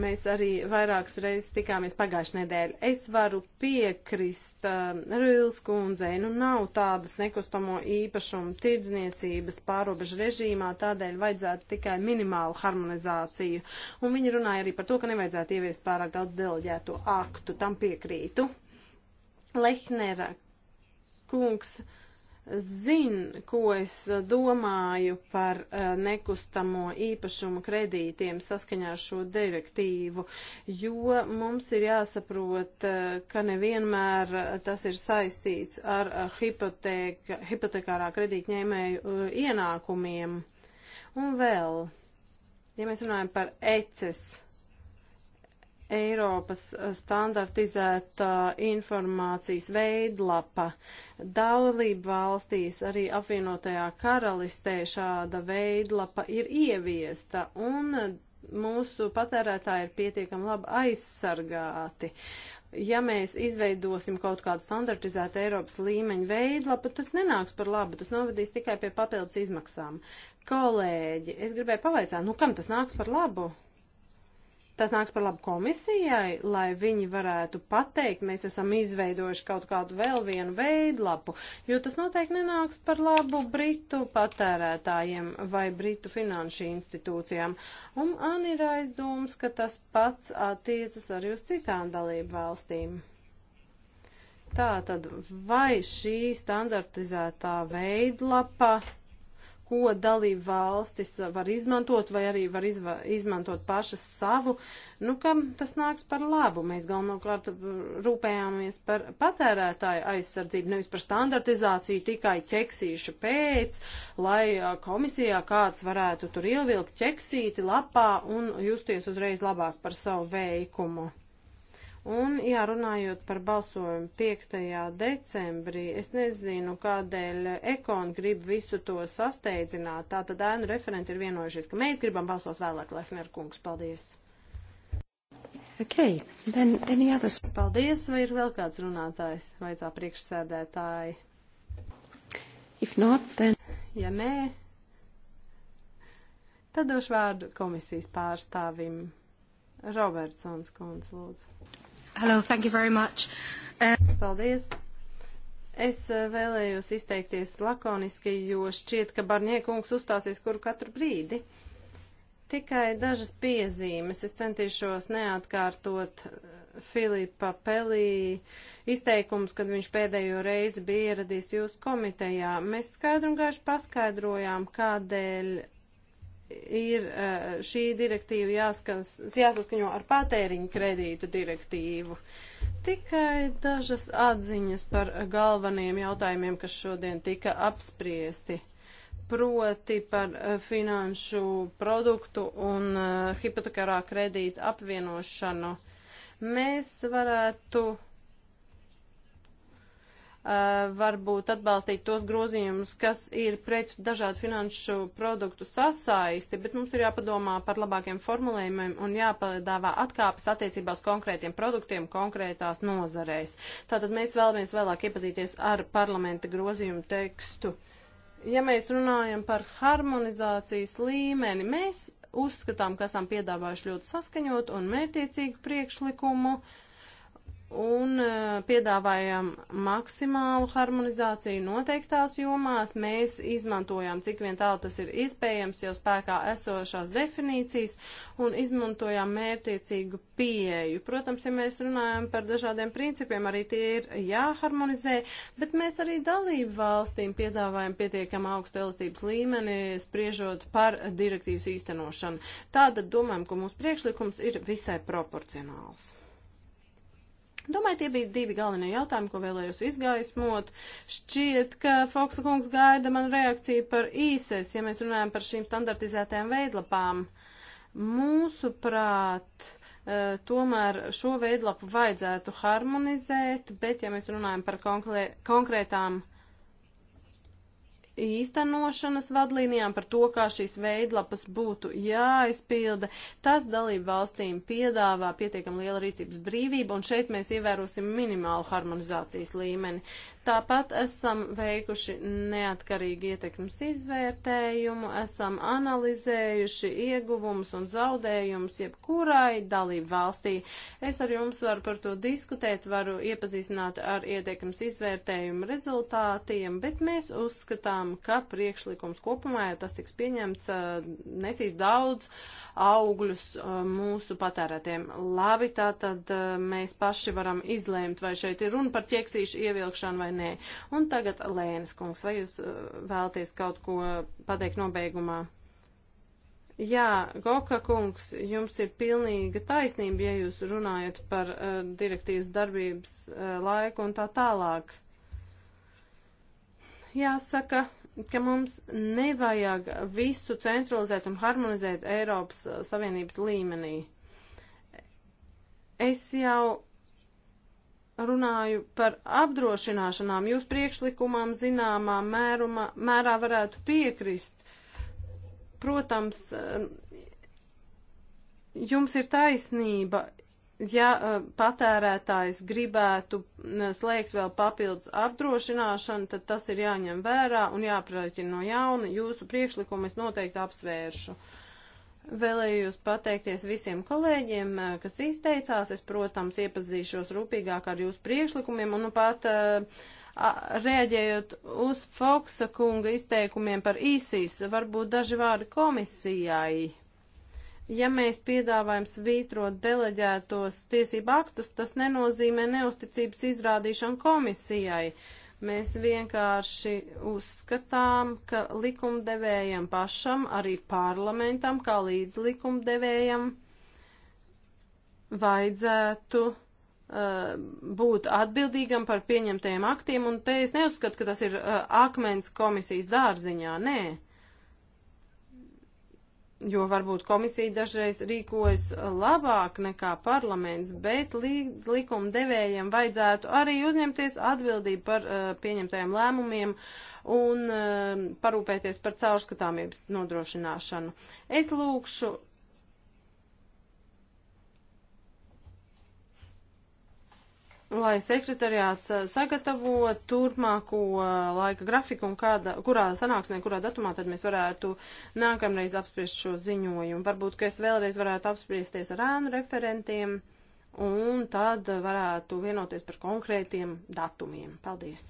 Mēs arī vairākas reizes tikāmies pagājušajā nedēļā. Es varu piekrist Rīls kundzei, nu nav tādas nekustamo īpašumu tirdzniecības pārobežu režīmā, tādēļ vajadzētu tikai minimālu harmonizāciju. Un viņi runāja arī par to, ka nevajadzētu ieviest pārāk daudz deleģēto aktu, tam piekrītu. Lehnera kungs. Uh, zina, ko es eh, domāju par eh, nekustamo īpašumu kredītiem saskaņā ar šo direktīvu, jo mums ir jāsaprot, eh, ka nevienmēr tas ir saistīts ar hipoteka, hipotekārā kredītņēmēju ienākumiem. Un vēl, ja mēs runājam par ECES Eiropas eh, standartizēta informācijas veidlapa. Dalību valstīs, arī apvienotajā karalistē šāda veidlapa ir ieviesta un eh, mūsu patērētāji ir pietiekami labi aizsargāti. Ja mēs izveidosim kaut kādu standartizētu Eiropas līmeņu veidlapu, tas nenāks par labu, tas novedīs tikai pie papildus izmaksām. Kolēģi, es gribēju pavaicāt, nu kam tas nāks par labu? Tas nāks par labu komisijai, lai viņi varētu pateikt, mēs esam izveidojuši kaut kādu vēl vienu veidlapu, jo tas noteikti nenāks par labu Britu patērētājiem vai Britu finanšu institūcijām. Un man ir aizdoms, ka tas pats attiecas arī uz citām dalību valstīm. Tātad, vai šī standartizētā veidlapa ko dalību valstis var izmantot, vai arī var izva izmantot pašas savu, nu, kam tas nāks par labu. Mēs galvenokārt rūpējāmies par patērētāju aizsardzību, nevis par standartizāciju tikai ķeksīšu pēc, lai komisijā kāds varētu tur ievilkt ķeksīti lapā un justies uzreiz labāk par savu veikumu. Un, jā, runājot par balsojumu 5. decembrī, es nezinu, kādēļ Ekon grib visu to sasteidzināt. Tātad ēnu referenti ir vienojušies, ka mēs gribam balsot vēlāk, Lehner kungs. Paldies! Okay, then any others? Paldies, vai ir vēl kāds runātājs, vajadzā priekšsēdētāji? If not, then... Ja nē, tad došu vārdu komisijas pārstāvim. Robertsons kundze, lūdzu. Hello, thank you very much. Uh... Paldies. Es uh, vēlējos izteikties lakoniski, jo šķiet, ka Barņiekungs uzstāsies kuru katru brīdi. Tikai dažas piezīmes. Es centīšos neatkārtot uh, Filipa Pelī izteikums, kad viņš pēdējo reizi bija ieradies jūsu komitejā. Mēs skaidru un gaišu paskaidrojām, kādēļ ir eh, šī direktīva jāskas, jāsaskaņo ar patēriņu kredītu direktīvu. Tikai dažas atziņas par galvenajiem jautājumiem, kas šodien tika apspriesti, proti par eh, finanšu produktu un eh, hipotekārā kredīta apvienošanu. Mēs varētu Uh, varbūt atbalstīt tos grozījumus, kas ir pret dažādu finanšu produktu sasaisti, bet mums ir jāpadomā par labākiem formulējumiem un jāpadāvā atkāpes attiecībās konkrētiem produktiem konkrētās nozarēs. Tātad mēs vēlamies vēlāk iepazīties ar parlamenta grozījumu tekstu. Ja mēs runājam par harmonizācijas līmeni, mēs uzskatām, ka esam piedāvājuši ļoti saskaņot un mērtiecīgu priekšlikumu. Uh, un eh, piedāvājam maksimālu harmonizāciju noteiktās jomās. Mēs izmantojām, cik vien tālu tas ir iespējams, jau spēkā esošās definīcijas un izmantojām mērtiecīgu pieeju. Protams, ja mēs runājam par dažādiem principiem, arī tie ir jāharmonizē, bet mēs arī dalību valstīm piedāvājam pietiekam augstu elastības līmeni, spriežot par direktīvas īstenošanu. Tātad domājam, ka mūsu priekšlikums ir visai proporcionāls. Domāju, tie bija divi galvenie jautājumi, ko vēlējos izgaismot. Šķiet, ka Foksa kungs gaida man reakciju par īses, ja mēs runājam par šīm standartizētajām veidlapām. Mūsuprāt, eh, tomēr šo veidlapu vajadzētu harmonizēt, bet ja mēs runājam par konkrē, konkrētām uh, īstenošanas vadlīnijām, par to, kā šīs veidlapas būtu jāizpilda. Tas dalību valstīm piedāvā pietiekam liela rīcības brīvība, un šeit mēs ievērosim minimālu harmonizācijas līmeni. Tāpat esam veikuši neatkarīgi ietekmes izvērtējumu, esam analizējuši ieguvumus un zaudējumus jebkurai dalību valstī. Es ar jums varu par to diskutēt, varu iepazīstināt ar ietekmes izvērtējumu rezultātiem, bet mēs uzskatām, ka priekšlikums kopumā, ja tas tiks pieņemts, eh, nesīs daudz uh, augļus uh, mūsu patērētiem. Labi, tā tad uh, mēs paši varam izlēmt, vai šeit ir runa par ķeksīšu ievilkšanu vai nē. Un tagad Lēnas kungs, vai jūs uh, vēlties kaut ko pateikt nobeigumā? Jā, Goka kungs, jums ir pilnīga taisnība, ja jūs runājat par uh, direktīvas darbības uh, laiku un tā tālāk jāsaka, ka mums nevajag visu centralizēt un harmonizēt Eiropas uh, Savienības līmenī. Es jau runāju par apdrošināšanām. Jūs priekšlikumām zināmā mēruma, mērā varētu piekrist. Protams, uh, jums ir taisnība, ja eh, patērētājs gribētu mm, slēgt vēl papildus apdrošināšanu, tad tas ir jāņem vērā un jāprēķina no jauna. Jūsu priekšlikumu es noteikti apsvēršu. Vēlējos pateikties visiem kolēģiem, eh, kas izteicās. Es, protams, iepazīšos rūpīgāk ar jūsu priekšlikumiem un nu pat eh, reaģējot uz Foksa kunga izteikumiem par īsīs, varbūt daži vārdi komisijai Ja mēs piedāvājam svītrot deleģētos tiesību aktus, tas nenozīmē neusticības izrādīšanu komisijai. Mēs vienkārši uzskatām, ka likumdevējam pašam, arī parlamentam, kā līdz likumdevējam, vajadzētu uh, būt atbildīgam par pieņemtajiem aktiem, un te es neuzskatu, ka tas ir uh, akmens komisijas dārziņā, nē jo varbūt komisija dažreiz rīkojas labāk nekā parlaments, bet līdz likuma devējiem vajadzētu arī uzņemties atbildību par uh, pieņemtajiem lēmumiem un uh, parūpēties par caurskatāmības nodrošināšanu. Es lūkšu lai sekretariāts eh, sagatavo turpmāko eh, laika grafiku un kāda, kurā sanāksmē, kurā datumā tad mēs varētu nākamreiz apspriest šo ziņojumu. Varbūt, ka es vēlreiz varētu apspriesties ar ēnu referentiem un tad varētu vienoties par konkrētiem datumiem. Paldies!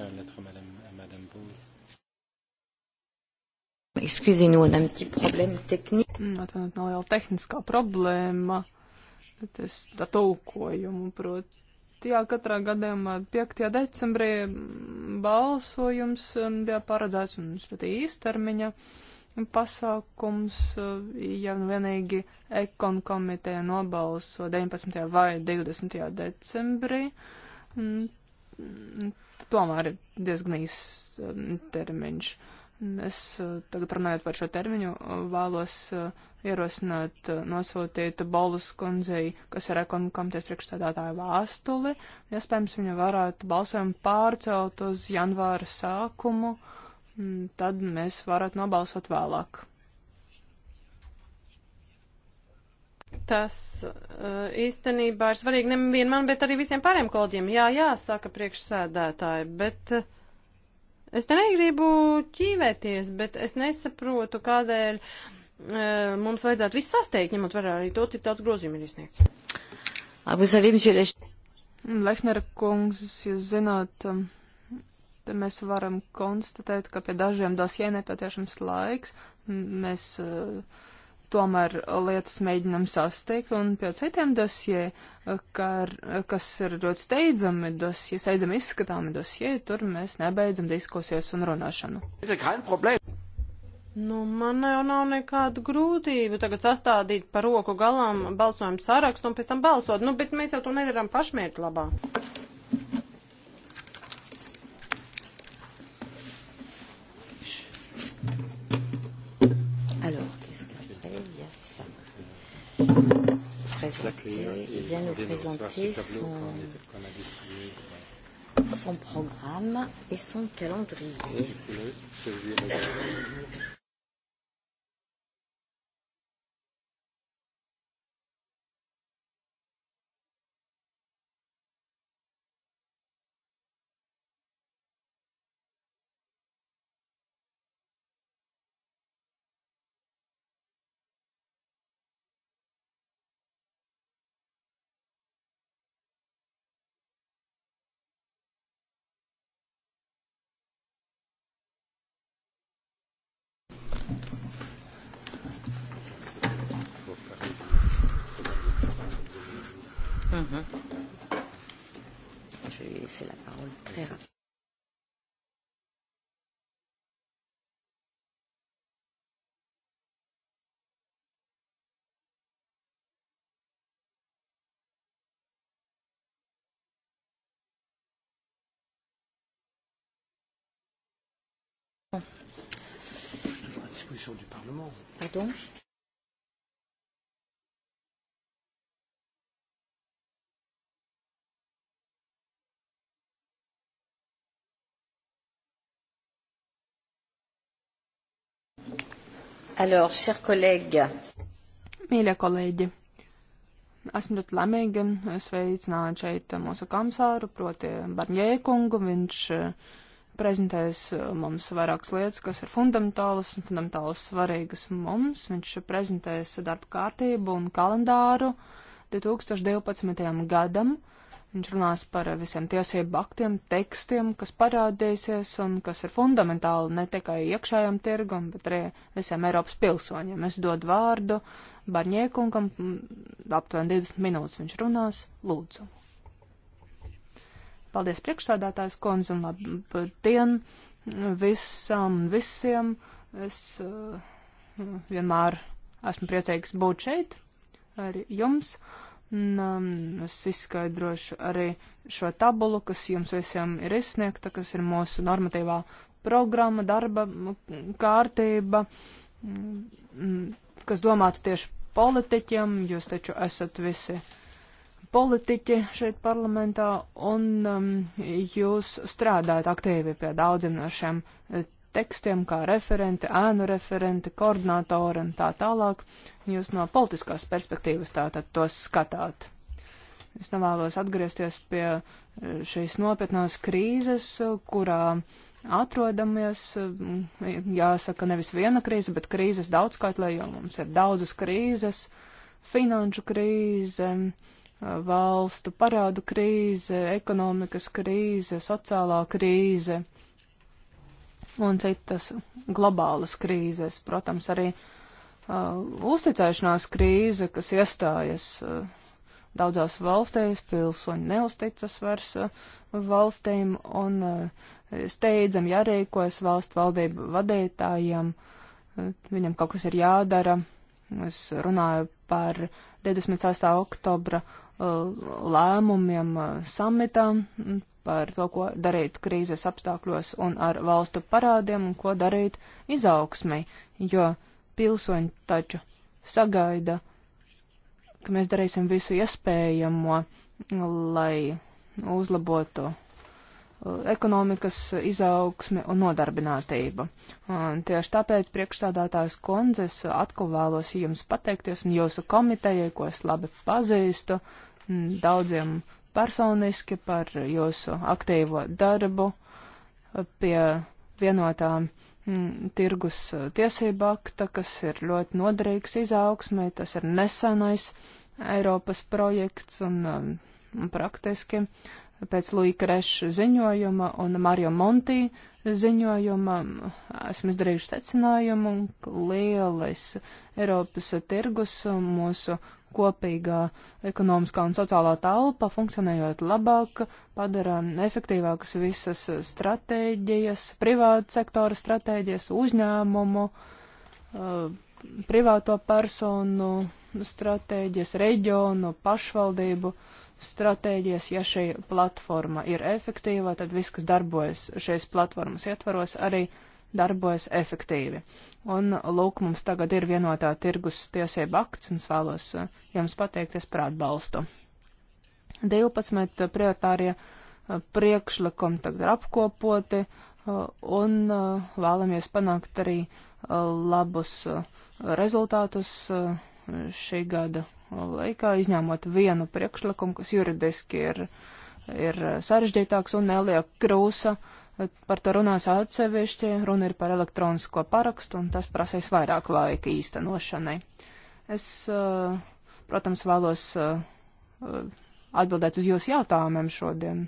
contraire lettre à Madame, à Madame Bose. Excusez-nous, on a un petit problème technique. Mm, Atvainojiet, nav jau tehniskā problēma, bet es tā tulkojumu, proti, jā, katrā gadījumā 5. decembrī balsojums mm, bija paredzēts un ļoti īstermiņa pasākums, mm, ja nu vienīgi ekon komiteja nobalso 19. vai 20. decembrī tomēr ir diezgan īss um, termiņš. Es uh, tagad runājot par šo termiņu, uh, vēlos uh, ierosināt nosūtīt Bolus kundzei, kas ir ekonomikas priekšstādātāja vēstuli. Iespējams, viņa varētu balsojumu pārcelt uz janvāra sākumu, mm, tad mēs varētu nobalsot vēlāk. Tas eh, īstenībā ir svarīgi nevien man, bet arī visiem pāriem kolģiem. Jā, jā, saka priekšsēdētāji, bet eh, es te negribu ķīvēties, bet es nesaprotu, kādēļ eh, mums vajadzētu visu sasteikt, ņemot vērā arī to, cik daudz grozījumu ir izsniegts. Lehnera kungs, jūs zināt, um, te mēs varam konstatēt, ka pie dažiem dosjē nepieciešams laiks. Mēs uh, tomēr lietas mēģinam sasteigt, un pie citiem dosie, kar, kas ir ļoti steidzami dosie, steidzami izskatāmi dosie, tur mēs nebeidzam diskusijas un runāšanu. Nu, man jau nav nekāda grūtība tagad sastādīt par roku galām balsojumu sarakstu un pēc tam balsot, nu, bet mēs jau to nedaram pašmērķi labā. présenter, il vient nous présenter son, son programme et son calendrier. laisser la parole très rapidement. Pardon Alors, chers collègues. Mīļie kolēģi, esmu ļoti laimīga sveicināt šeit mūsu komisāru, proti Barņēkungu. Viņš eh, prezentēs eh, mums vairākas lietas, kas ir fundamentālas un fundamentāli svarīgas mums. Viņš prezentēs darba kārtību un kalendāru 2012. gadam. Uh, Viņš runās par visiem tiesību aktiem, tekstiem, kas parādīsies un kas ir fundamentāli ne tikai iekšējam tirgum, bet arī visiem Eiropas pilsoņiem. Es dodu vārdu Barņiekungam, mm, aptuveni 20 minūtes viņš runās, lūdzu. Paldies priekšsādātājs kundze un labdien visam, visiem. Es uh, vienmēr esmu priecīgs būt šeit ar jums. Uh, Un um, es izskaidrošu arī šo tabulu, kas jums visiem ir izsniegta, kas ir mūsu normatīvā programma, darba kārtība, mm, mm, kas domāta tieši politiķiem. Jūs taču esat visi politiķi šeit parlamentā, un um, jūs strādājat aktīvi pie daudziem no šiem tekstiem, kā referente, ēnu referente, koordinātori un tā tālāk. Jūs no politiskās perspektīvas tātad tos skatāt. Es nevēlos atgriezties pie eh, šīs nopietnās krīzes, eh, kurā atrodamies. Eh, jāsaka, nevis viena krīze, bet krīzes daudzskaitlē, jo mums ir daudzas krīzes - finanšu krīze, valstu parādu krīze, ekonomikas krīze, sociālā krīze un citas globālas krīzes, protams, arī uh, uzticēšanās krīze, kas iestājas uh, daudzās valstīs, pilsoņi neusticas vairs uh, valstīm un uh, steidzam jārīkojas valstu valdību vadītājiem, uh, viņam kaut kas ir jādara. Es runāju par 26. oktobra uh, lēmumiem uh, samitā par to, ko darīt krīzes apstākļos un ar valstu parādiem un ko darīt izaugsmai, jo pilsoņi taču sagaida, ka mēs darīsim visu iespējamo, lai uzlabotu uh, ekonomikas izaugsmi un nodarbinātību. Un tieši tāpēc priekšstādātājs kundzes atkal vēlos jums pateikties un jūsu komitejai, ko es labi pazīstu, daudziem personiski par jūsu aktīvo darbu pie vienotā mm, tirgus eh, tiesība akta, kas ir ļoti noderīgs izaugsmai, tas ir nesenais Eiropas projekts un um, praktiski pēc Luika Reša ziņojuma un Mario Monti ziņojuma eh, esmu izdarījuši secinājumu, ka lielais Eiropas tirgus mūsu kopīgā ekonomiskā un sociālā telpa, funkcionējot labāk, padara efektīvākas visas stratēģijas, privāta sektora stratēģijas, uzņēmumu, eh, privāto personu stratēģijas, reģionu, pašvaldību stratēģijas. Ja šī platforma ir efektīva, tad viss, kas darbojas šīs platformas ietvaros, arī uh, darbojas efektīvi. Un lūk, mums tagad ir vienotā tirgus tiesība akts, un es vēlos uh, jums pateikties par atbalstu. 12 prioritārie uh, priekšlikumi tagad ir apkopoti, uh, un vēlamies panākt arī labus rezultātus šī gada laikā, izņemot vienu priekšlikumu, kas juridiski ir, ir sarežģītāks un neliek krūsa Par to runās atsevišķi, runa ir par elektronisko parakstu, un tas prasīs vairāk laika īstenošanai. Es, eh, protams, vēlos eh, atbildēt uz jūsu jautājumiem šodien.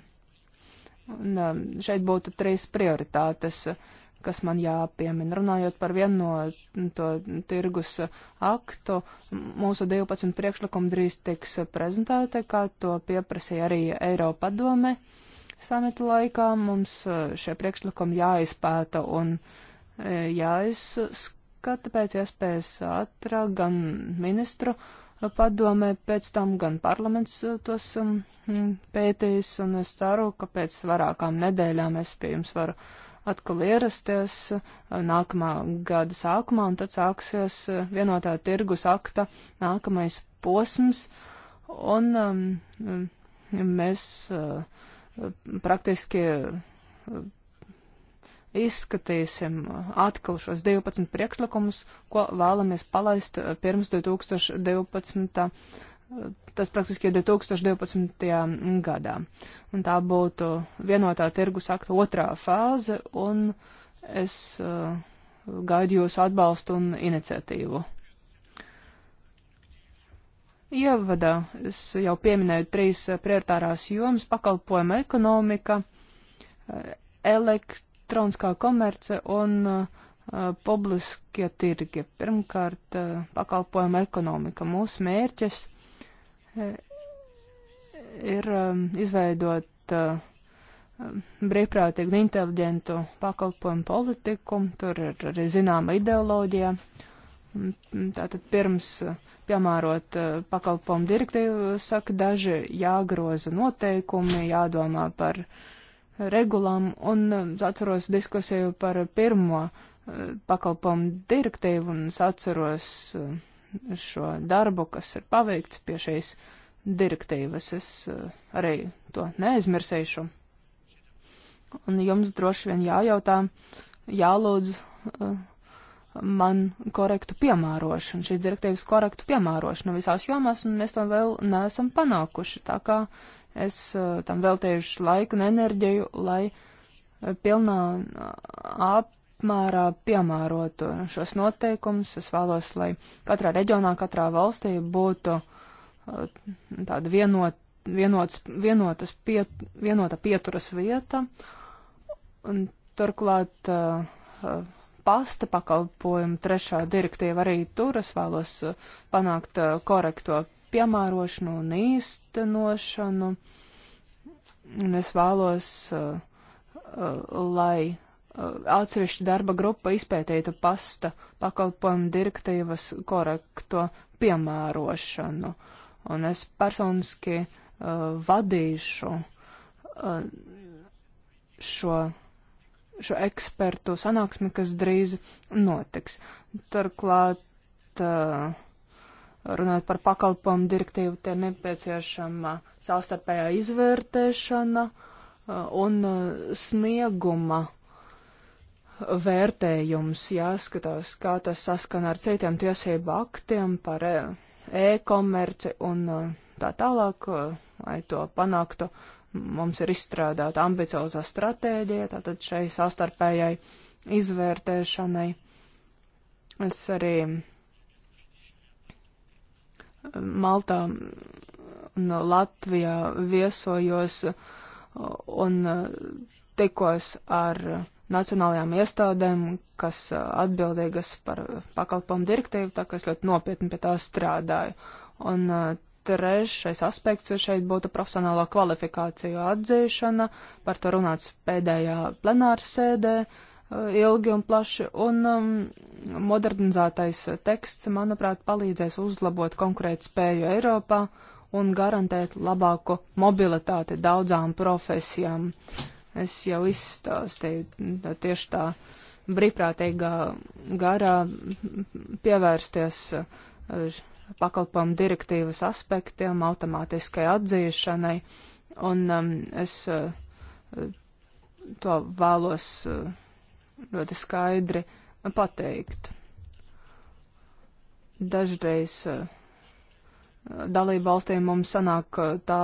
Un eh, šeit būtu trīs prioritātes, kas man jāpiemina. Runājot par vienu no to tirgus aktu, mūsu 12 priekšlikumu drīz tiks prezentēta, kā to pieprasīja arī Eiropa padome. Uh, samita laikā mums eh, šie priekšlikumi jāizpēta un eh, jāizskata pēc iespējas ātrāk gan ministru padomē, pēc tam gan parlaments eh, tos um, mm, pētīs, un es ceru, ka pēc vairākām nedēļām es pie jums varu atkal ierasties nākamā gada sākumā, un tad sāksies vienotā tirgus akta nākamais posms, un um, mm, mēs uh, praktiski eh, izskatīsim atkal šos 12 priekšlikumus, ko vēlamies palaist eh, pirms 2012. Eh, tas praktiski ir 2012. gadā. Un tā būtu vienotā tirgus akta otrā fāze, un es uh, gaidu jūsu atbalstu un iniciatīvu ievadā es jau pieminēju trīs eh, prioritārās jomas - pakalpojuma ekonomika, eh, elektroniskā komerce un eh, publiskie tirgi. Pirmkārt, pakalpojuma ekonomika. Mūsu mērķis ir izveidot brīvprātīgu un inteliģentu pakalpojumu politiku, tur ir arī zināma ideoloģija. Uh, Tātad pirms eh, piemērot eh, pakalpojumu direktīvu, saka daži jāgroza noteikumi, jādomā par regulām, un eh, atceros diskusiju par pirmo pakalpojumu direktīvu, un es atceros šo darbu, kas ir paveikts pie šīs direktīvas. Es arī to neaizmirsīšu. Un jums droši vien jājautā, jālūdz man korektu piemērošanu, šīs direktīvas korektu piemērošanu visās jomās, un mēs to vēl neesam panākuši. Tā kā es eh, tam veltījuši laiku un enerģiju, lai eh, pilnā apmērā piemērotu šos noteikumus. Es vēlos, lai katrā reģionā, katrā valstī būtu eh, tāda vienot, vienots, vienotas piet, vienota pieturas vieta. Un turklāt uh, pasta pakalpojumu trešā direktīva arī tur es vēlos uh, panākt uh, korekto piemērošanu un īstenošanu. Un es vēlos, uh, lai atsevišķa darba grupa izpētītu pasta pakalpojumu direktīvas korekto piemērošanu. Un es personiski uh, vadīšu uh, šo šo ekspertu sanāksmi, kas drīz notiks. Turklāt, runājot par pakalpojumu direktīvu, te nepieciešama savstarpējā izvērtēšana un snieguma vērtējums jāskatās, kā tas saskana ar citiem tiesību aktiem par e-komerci e un tā tālāk, lai to panāktu Mums ir izstrādāta ambiciozā stratēģija, tātad šai sastarpējai izvērtēšanai. Es arī um, Maltā un Latvijā viesojos uh, un uh, tikos ar nacionālajām iestādēm, kas uh, atbildīgas par pakalpojumu direktīvu, tā kā es ļoti nopietni pie tā strādāju. Un Trešais aspekts šeit būtu profesionālā kvalifikācija atzīšana, par to runāts pēdējā plenāra sēdē eh, ilgi un plaši, un um, modernizētais teksts, manuprāt, palīdzēs uzlabot konkrētu spēju Eiropā un garantēt labāku mobilitāti daudzām profesijām. Es jau izstāstīju tā, tieši tā brīvprātīgā garā pievērsties uh, pakalpojumu direktīvas aspektiem, automātiskai atzīšanai, un um, es uh, to vēlos uh, ļoti skaidri pateikt. Dažreiz uh, dalību valstīm mums sanāk uh, tā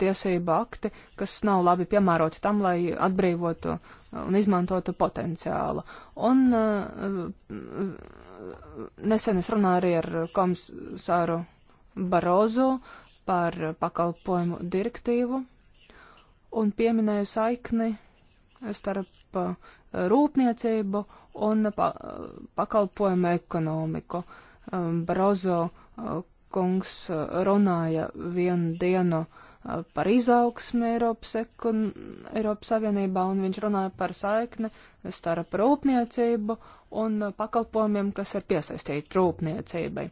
tiesība akti, kas nav labi piemēroti tam, lai atbrīvotu un izmantotu potenciālu. Un uh, nesen es runāju arī ar komisāru Barozu par pakalpojumu direktīvu un pieminēju saikni starp uh, rūpniecību un pa, uh, pakalpojumu ekonomiku. Um, Barozo uh, kungs runāja vienu dienu par izaugsmi Eiropas, ekon, Eiropas Savienībā, un viņš runāja par saikni starp rūpniecību un pakalpojumiem, kas ir piesaistīti rūpniecībai.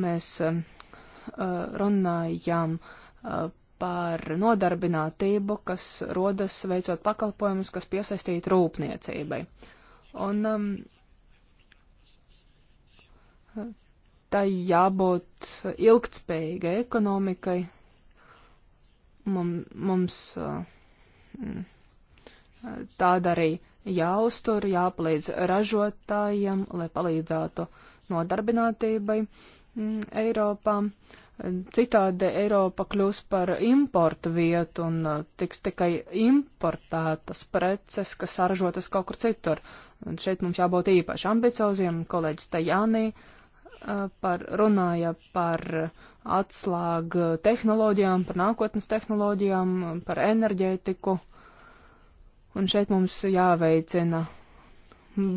Mēs um, uh, runājām uh, par nodarbinātību, kas rodas veicot pakalpojumus, kas piesaistīti rūpniecībai. Un um, tai jābūt ilgtspējīgai ekonomikai. Mums, mums uh, mm, tāda arī uh, jāuztur, jāpalīdz ražotājiem, lai palīdzētu nodarbinātībai mm, Eiropā. Citādi Eiropa kļūs par importu vietu un uh, tiks tikai importētas preces, kas saražotas kaut kur citur. Un šeit mums jābūt īpaši ambicioziem. Kolēģis Tajānī uh, par, runāja par atslēgu tehnoloģijām, par nākotnes tehnoloģijām, par enerģētiku Un šeit mums jāveicina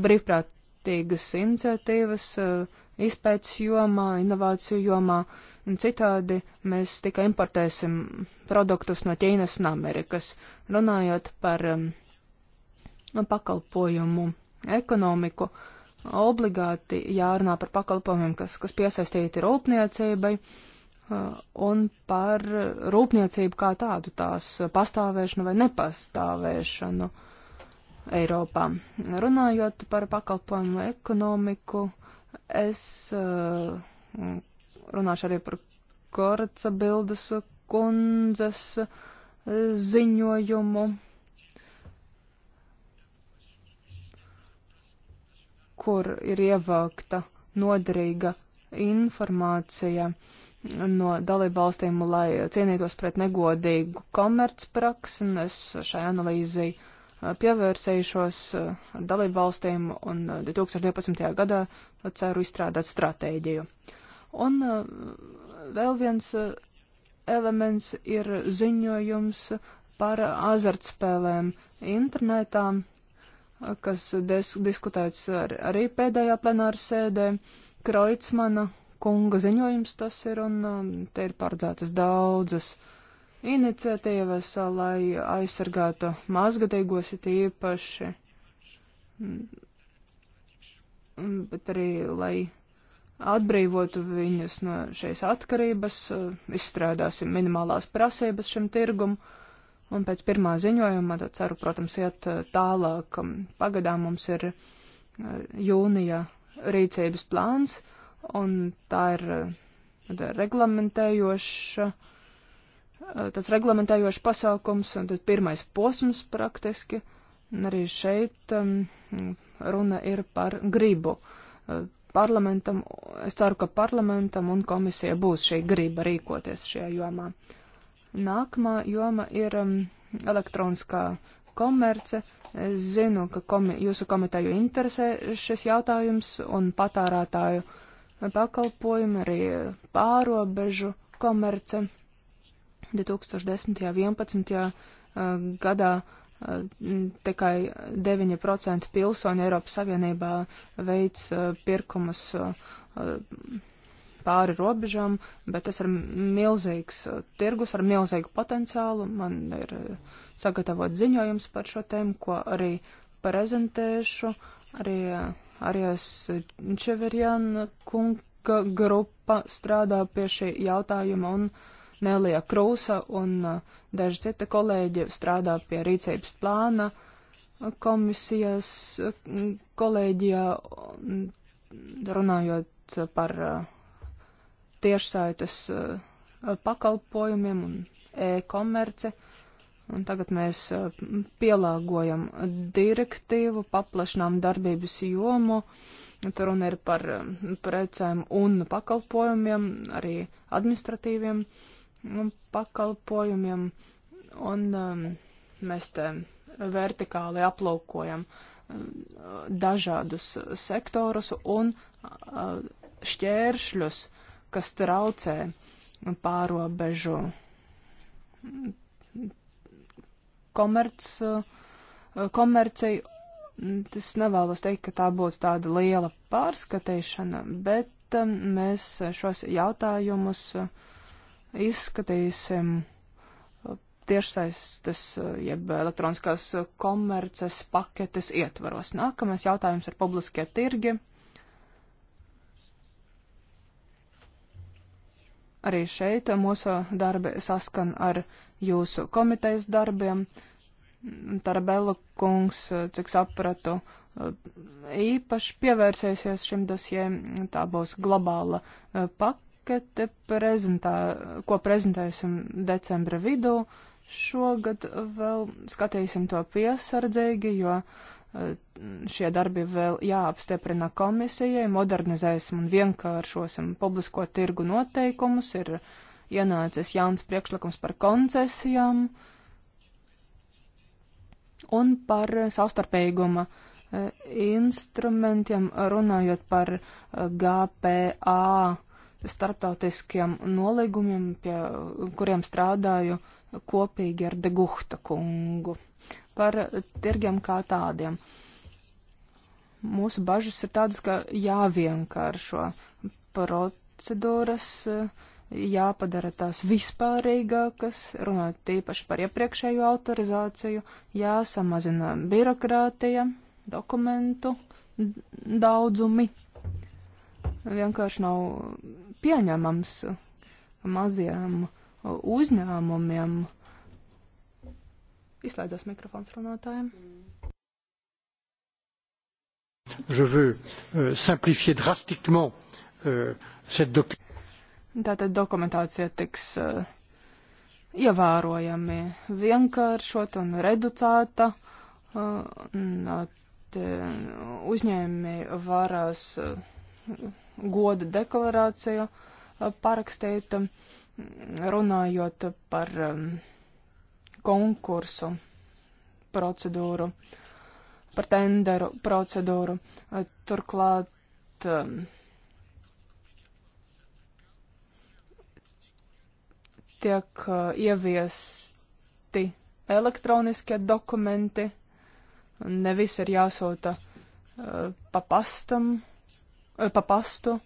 brīvprātīgas iniciatīvas eh, izpētes jomā, inovāciju jomā, un citādi mēs tikai importēsim produktus no Ķīnas un Amerikas. Runājot par um, pakalpojumu ekonomiku, obligāti jārunā par pakalpojumiem, kas, kas piesaistīti rūpniecībai. Uh, un par rūpniecību kā tādu tās pastāvēšanu vai nepastāvēšanu Eiropā. Runājot par pakalpojumu ekonomiku, es runāšu arī par Korca bildes kundzes ziņojumu, kur ir ievākta noderīga informācija. Uh, no dalībvalstīm, lai cienītos pret negodīgu komercpraksi, un es šai analīzai uh, pievērsīšos ar uh, dalībvalstīm un 2012. Uh, gadā ceru izstrādāt stratēģiju. Un vēl viens elements ir ziņojums par azartspēlēm internetā, kas diskutēts ar, arī pēdējā plenāra sēdē Kreutzmana kunga ziņojums tas ir, un um, te ir paredzētas daudzas iniciatīvas, lai aizsargātu mazgadīgos it īpaši, mm, bet arī, lai atbrīvotu viņus no šīs atkarības, uh, izstrādāsim minimālās prasības šim tirgum, un pēc pirmā ziņojuma, tad ceru, protams, iet uh, tālāk. Um, Pagadām mums ir uh, jūnija rīcības plāns, uh, un tā ir tā reglamentējoša, eh, tas reglamentējošs pasākums, un tad pirmais posms praktiski, un arī šeit um, runa ir par gribu. Eh, parlamentam, es ceru, ka parlamentam un komisija būs šī griba rīkoties šajā jomā. Nākamā joma ir um, elektroniskā komerce. Es zinu, ka komi jūsu komiteju interesē šis jautājums un patārātāju uh, pakalpojumi, arī pārobežu komerce. 2010. un 2011. gadā eh, tikai 9% pilsoņu Eiropas Savienībā veids eh, pirkumus eh, pāri robežām, bet tas ir milzīgs tirgus ar milzīgu potenciālu. Man ir sagatavot ziņojums par šo tēmu, ko arī prezentēšu. Arī Arijas Čeverjana kunga grupa strādā pie šī jautājuma un Nelija Krūsa un uh, daži citi kolēģi strādā pie rīcības plāna komisijas uh, kolēģijā, runājot par uh, tiešsaites pakalpojumiem un e-komerci. Uh, Un tagad mēs pielāgojam direktīvu, paplašinām darbības jomu. Tur runa ir par precēm un pakalpojumiem, arī administratīviem pakalpojumiem. Un um, mēs te vertikāli aplaukojam dažādus sektorus un šķēršļus, kas traucē pārobežu komerc, eh, komercei. Es mm, nevēlos teikt, ka tā būtu tāda liela pārskatīšana, bet eh, mēs šos jautājumus eh, izskatīsim tiešsaistes jeb elektroniskās komerces paketes ietvaros. Nākamais jautājums ir publiskie tirgi. Arī šeit mūsu darbi saskan ar jūsu komitejas darbiem. Tarabela kungs, cik sapratu, īpaši pievērsīsies šim dosiem. Tā būs globāla e, pakete, prezentā, ko prezentēsim decembra vidū. Šogad vēl skatīsim to piesardzīgi, jo e, šie darbi vēl jāapstiprina komisijai, modernizēsim un vienkāršosim publisko tirgu noteikumus, ir ienācis jauns priekšlikums par koncesijām un par savstarpējuma e, instrumentiem, runājot par e, GPA starptautiskiem nolīgumiem, pie kuriem strādāju kopīgi ar Degukta kungu. Par tirgiem kā tādiem. Mūsu bažas ir tādas, ka jāvienkāršo procedūras, uh, jāpadara tās vispārīgākas, runāt tīpaši par iepriekšējo autorizāciju, jāsamazina birokrātija, dokumentu daudzumi. Vienkārši nav pieņemams maziem uzņēmumiem. Izslēdzās mikrofons runātājiem. Je veux euh, simplifier drastiquement euh, cette documentation. Tātad dokumentācija tiks uh, ievērojami vienkāršot un reducēta. Uh, un, eh, uzņēmēji varēs goda deklarāciju parakstīt, runājot par konkursu procedūru, par tenderu procedūru. Turklāt tiek eh, ieviesti elektroniskie dokumenti, nevis ir jāsūta eh, pa pastam, eh, pa pastu,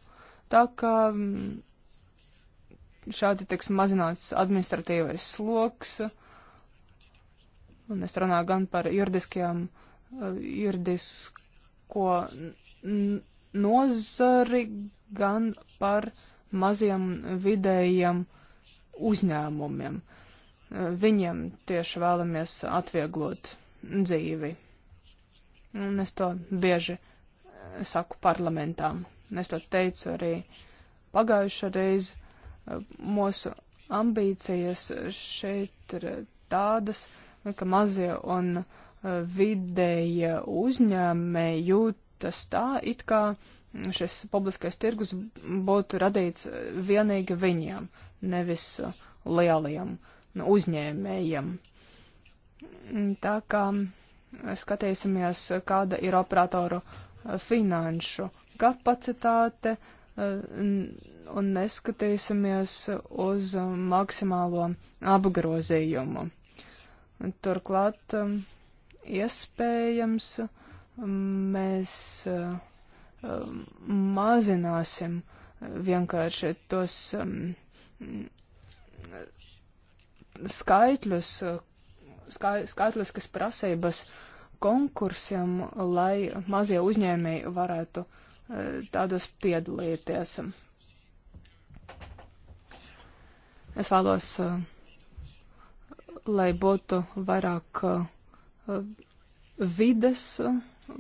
tā kā mm, šādi tiks mazināts administratīvais sloks, un es runāju gan par juridiskajām, juridisko nozari, gan par maziem vidējiem uzņēmumiem. Viņiem tieši vēlamies atvieglot dzīvi. Un es to bieži saku parlamentā. Es to teicu arī pagājušā reize. Mūsu ambīcijas šeit ir tādas, ka mazie un vidējie uzņēmēji jūtas tā, it kā šis publiskais tirgus būtu radīts vienīgi viņiem. Uh, nevis lieliem uzņēmējiem. Tā kā skatīsimies, kāda ir operatoru finanšu kapacitāte un neskatīsimies uz maksimālo apgrozījumu. Turklāt iespējams mēs mazināsim vienkārši tos um, skaitļus, skai, skaitliskas prasības konkursiem, lai mazie uzņēmēji varētu e, tādos piedalīties. Es vēlos, e, lai būtu vairāk e, vides,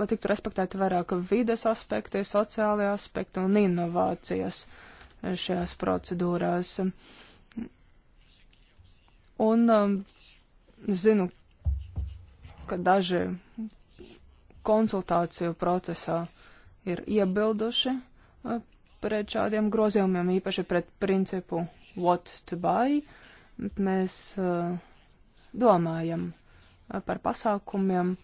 lai tiktu respektēti vairāk vides aspekti, sociālajie aspekti un inovācijas. Uh, šajās procedūrās. Un um, zinu, ka daži konsultāciju procesā ir iebilduši uh, pret šādiem grozījumiem, īpaši pret principu what to buy. Mēs uh, domājam uh, par pasākumiem,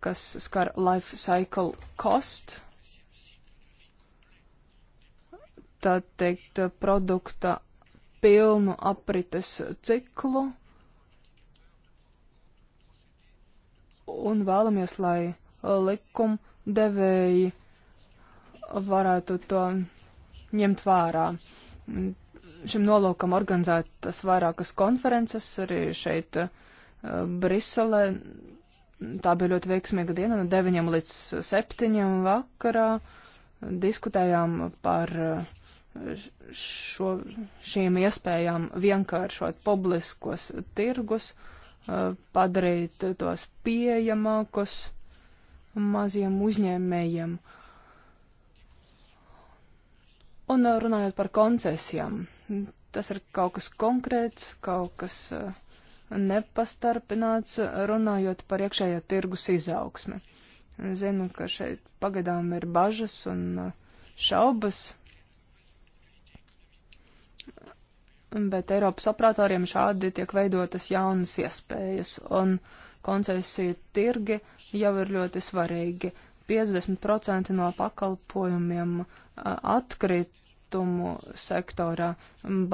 kas skar life cycle cost tā teikt, produkta pilnu aprites ciklu un vēlamies, lai uh, likumdevēji varētu to ņemt vērā. Šim nolūkam organizētas vairākas konferences arī šeit uh, Briselē. Tā bija ļoti veiksmīga diena, no 9 līdz 7 vakarā diskutējām par uh, šo, šīm iespējām vienkāršot publiskos tirgus, uh, padarīt tos pieejamākus maziem uzņēmējiem. Un uh, runājot par koncesijām, tas ir kaut kas konkrēts, kaut kas uh, nepastarpināts, runājot par iekšējā tirgus izaugsmi. Zinu, ka šeit pagaidām ir bažas un šaubas bet Eiropas operatoriem šādi tiek veidotas jaunas iespējas, un koncesiju tirgi jau ir ļoti svarīgi. 50% no pakalpojumiem atkritumu sektorā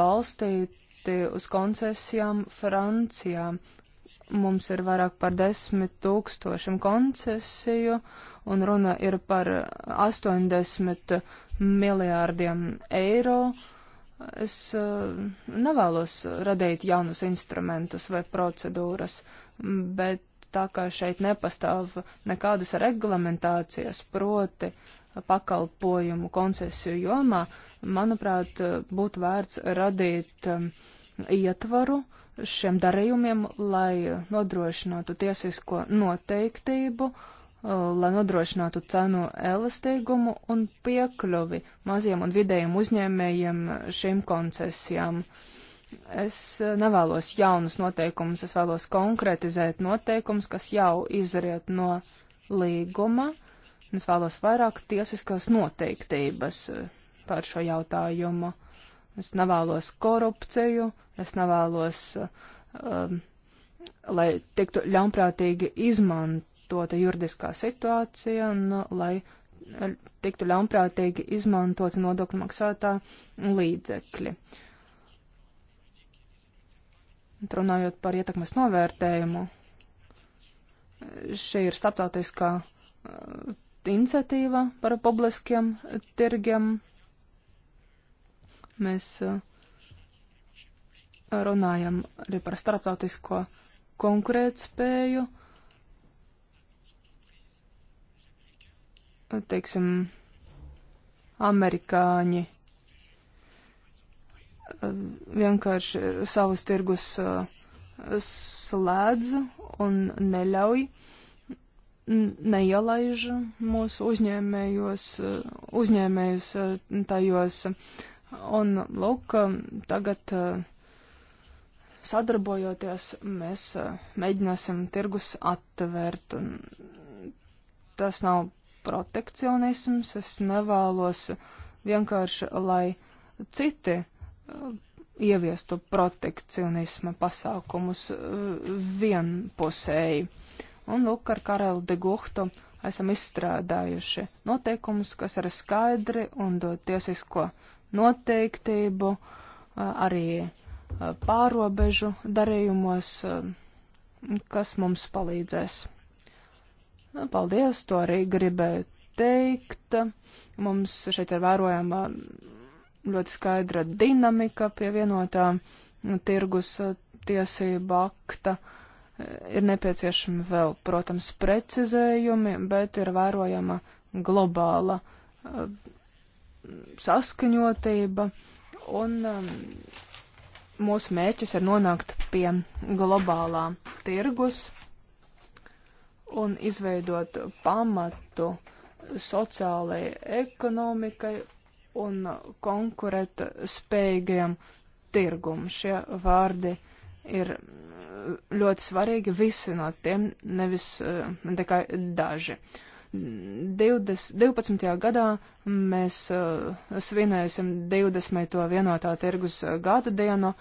balstīti uz koncesijām Francijā. Mums ir vairāk par desmit tūkstošiem koncesiju, un runa ir par 80 miljārdiem eiro. Uh, Es eh, nevēlos radīt jaunus instrumentus vai procedūras, bet tā kā šeit nepastāv nekādas reglamentācijas proti pakalpojumu koncesiju jomā, manuprāt, būtu vērts radīt eh, ietvaru šiem darījumiem, lai nodrošinātu tiesisko noteiktību uh, Uh, lai nodrošinātu cenu elastīgumu un piekļuvi maziem un vidējiem uzņēmējiem šīm koncesijām. Es uh, nevēlos jaunus noteikumus, es vēlos konkretizēt noteikumus, kas jau izriet no līguma. Es vēlos vairāk tiesiskās noteiktības uh, par šo jautājumu. Es nevēlos korupciju, es nevēlos, um, lai tiktu ļaunprātīgi izmantot izkārtota juridiskā situācija un uh, lai uh, tiktu ļaunprātīgi izmantoti nodokļu maksātā līdzekļi. Runājot par ietekmes novērtējumu, šī ir starptautiskā uh, iniciatīva par publiskiem tirgiem. Mēs runājam arī par starptautisko konkurētspēju. spēju teiksim, amerikāņi eh, vienkārši savus tirgus eh, slēdz un neļauj, neielaiž mūsu uzņēmējos, eh, uzņēmējus tajos. Un, lūk, tagad sadarbojoties, mēs mēģināsim tirgus atvērt. Tas nav protekcionisms, es nevēlos vienkārši, lai citi eh, ieviestu protekcionisma pasākumus eh, vienpusēji. Un lūk, ar Karelu de Guhtu esam izstrādājuši noteikumus, kas ir skaidri un dod tiesisko noteiktību eh, arī pārobežu darījumos, kas mums palīdzēs. Paldies, to arī gribēju teikt. Mums šeit ir vērojama ļoti skaidra dinamika pie vienotā tirgus tiesība akta. Ir nepieciešami vēl, protams, precizējumi, bet ir vērojama globāla eh, saskaņotība un um, mūsu mērķis ir nonākt pie globālā tirgus un izveidot pamatu sociālajai ekonomikai un konkurēt spējīgajam tirgum. Šie vārdi ir ļoti svarīgi visi no tiem, nevis tikai daži. 20, 12. gadā mēs uh, svinēsim 20. vienotā tirgus gada dienu.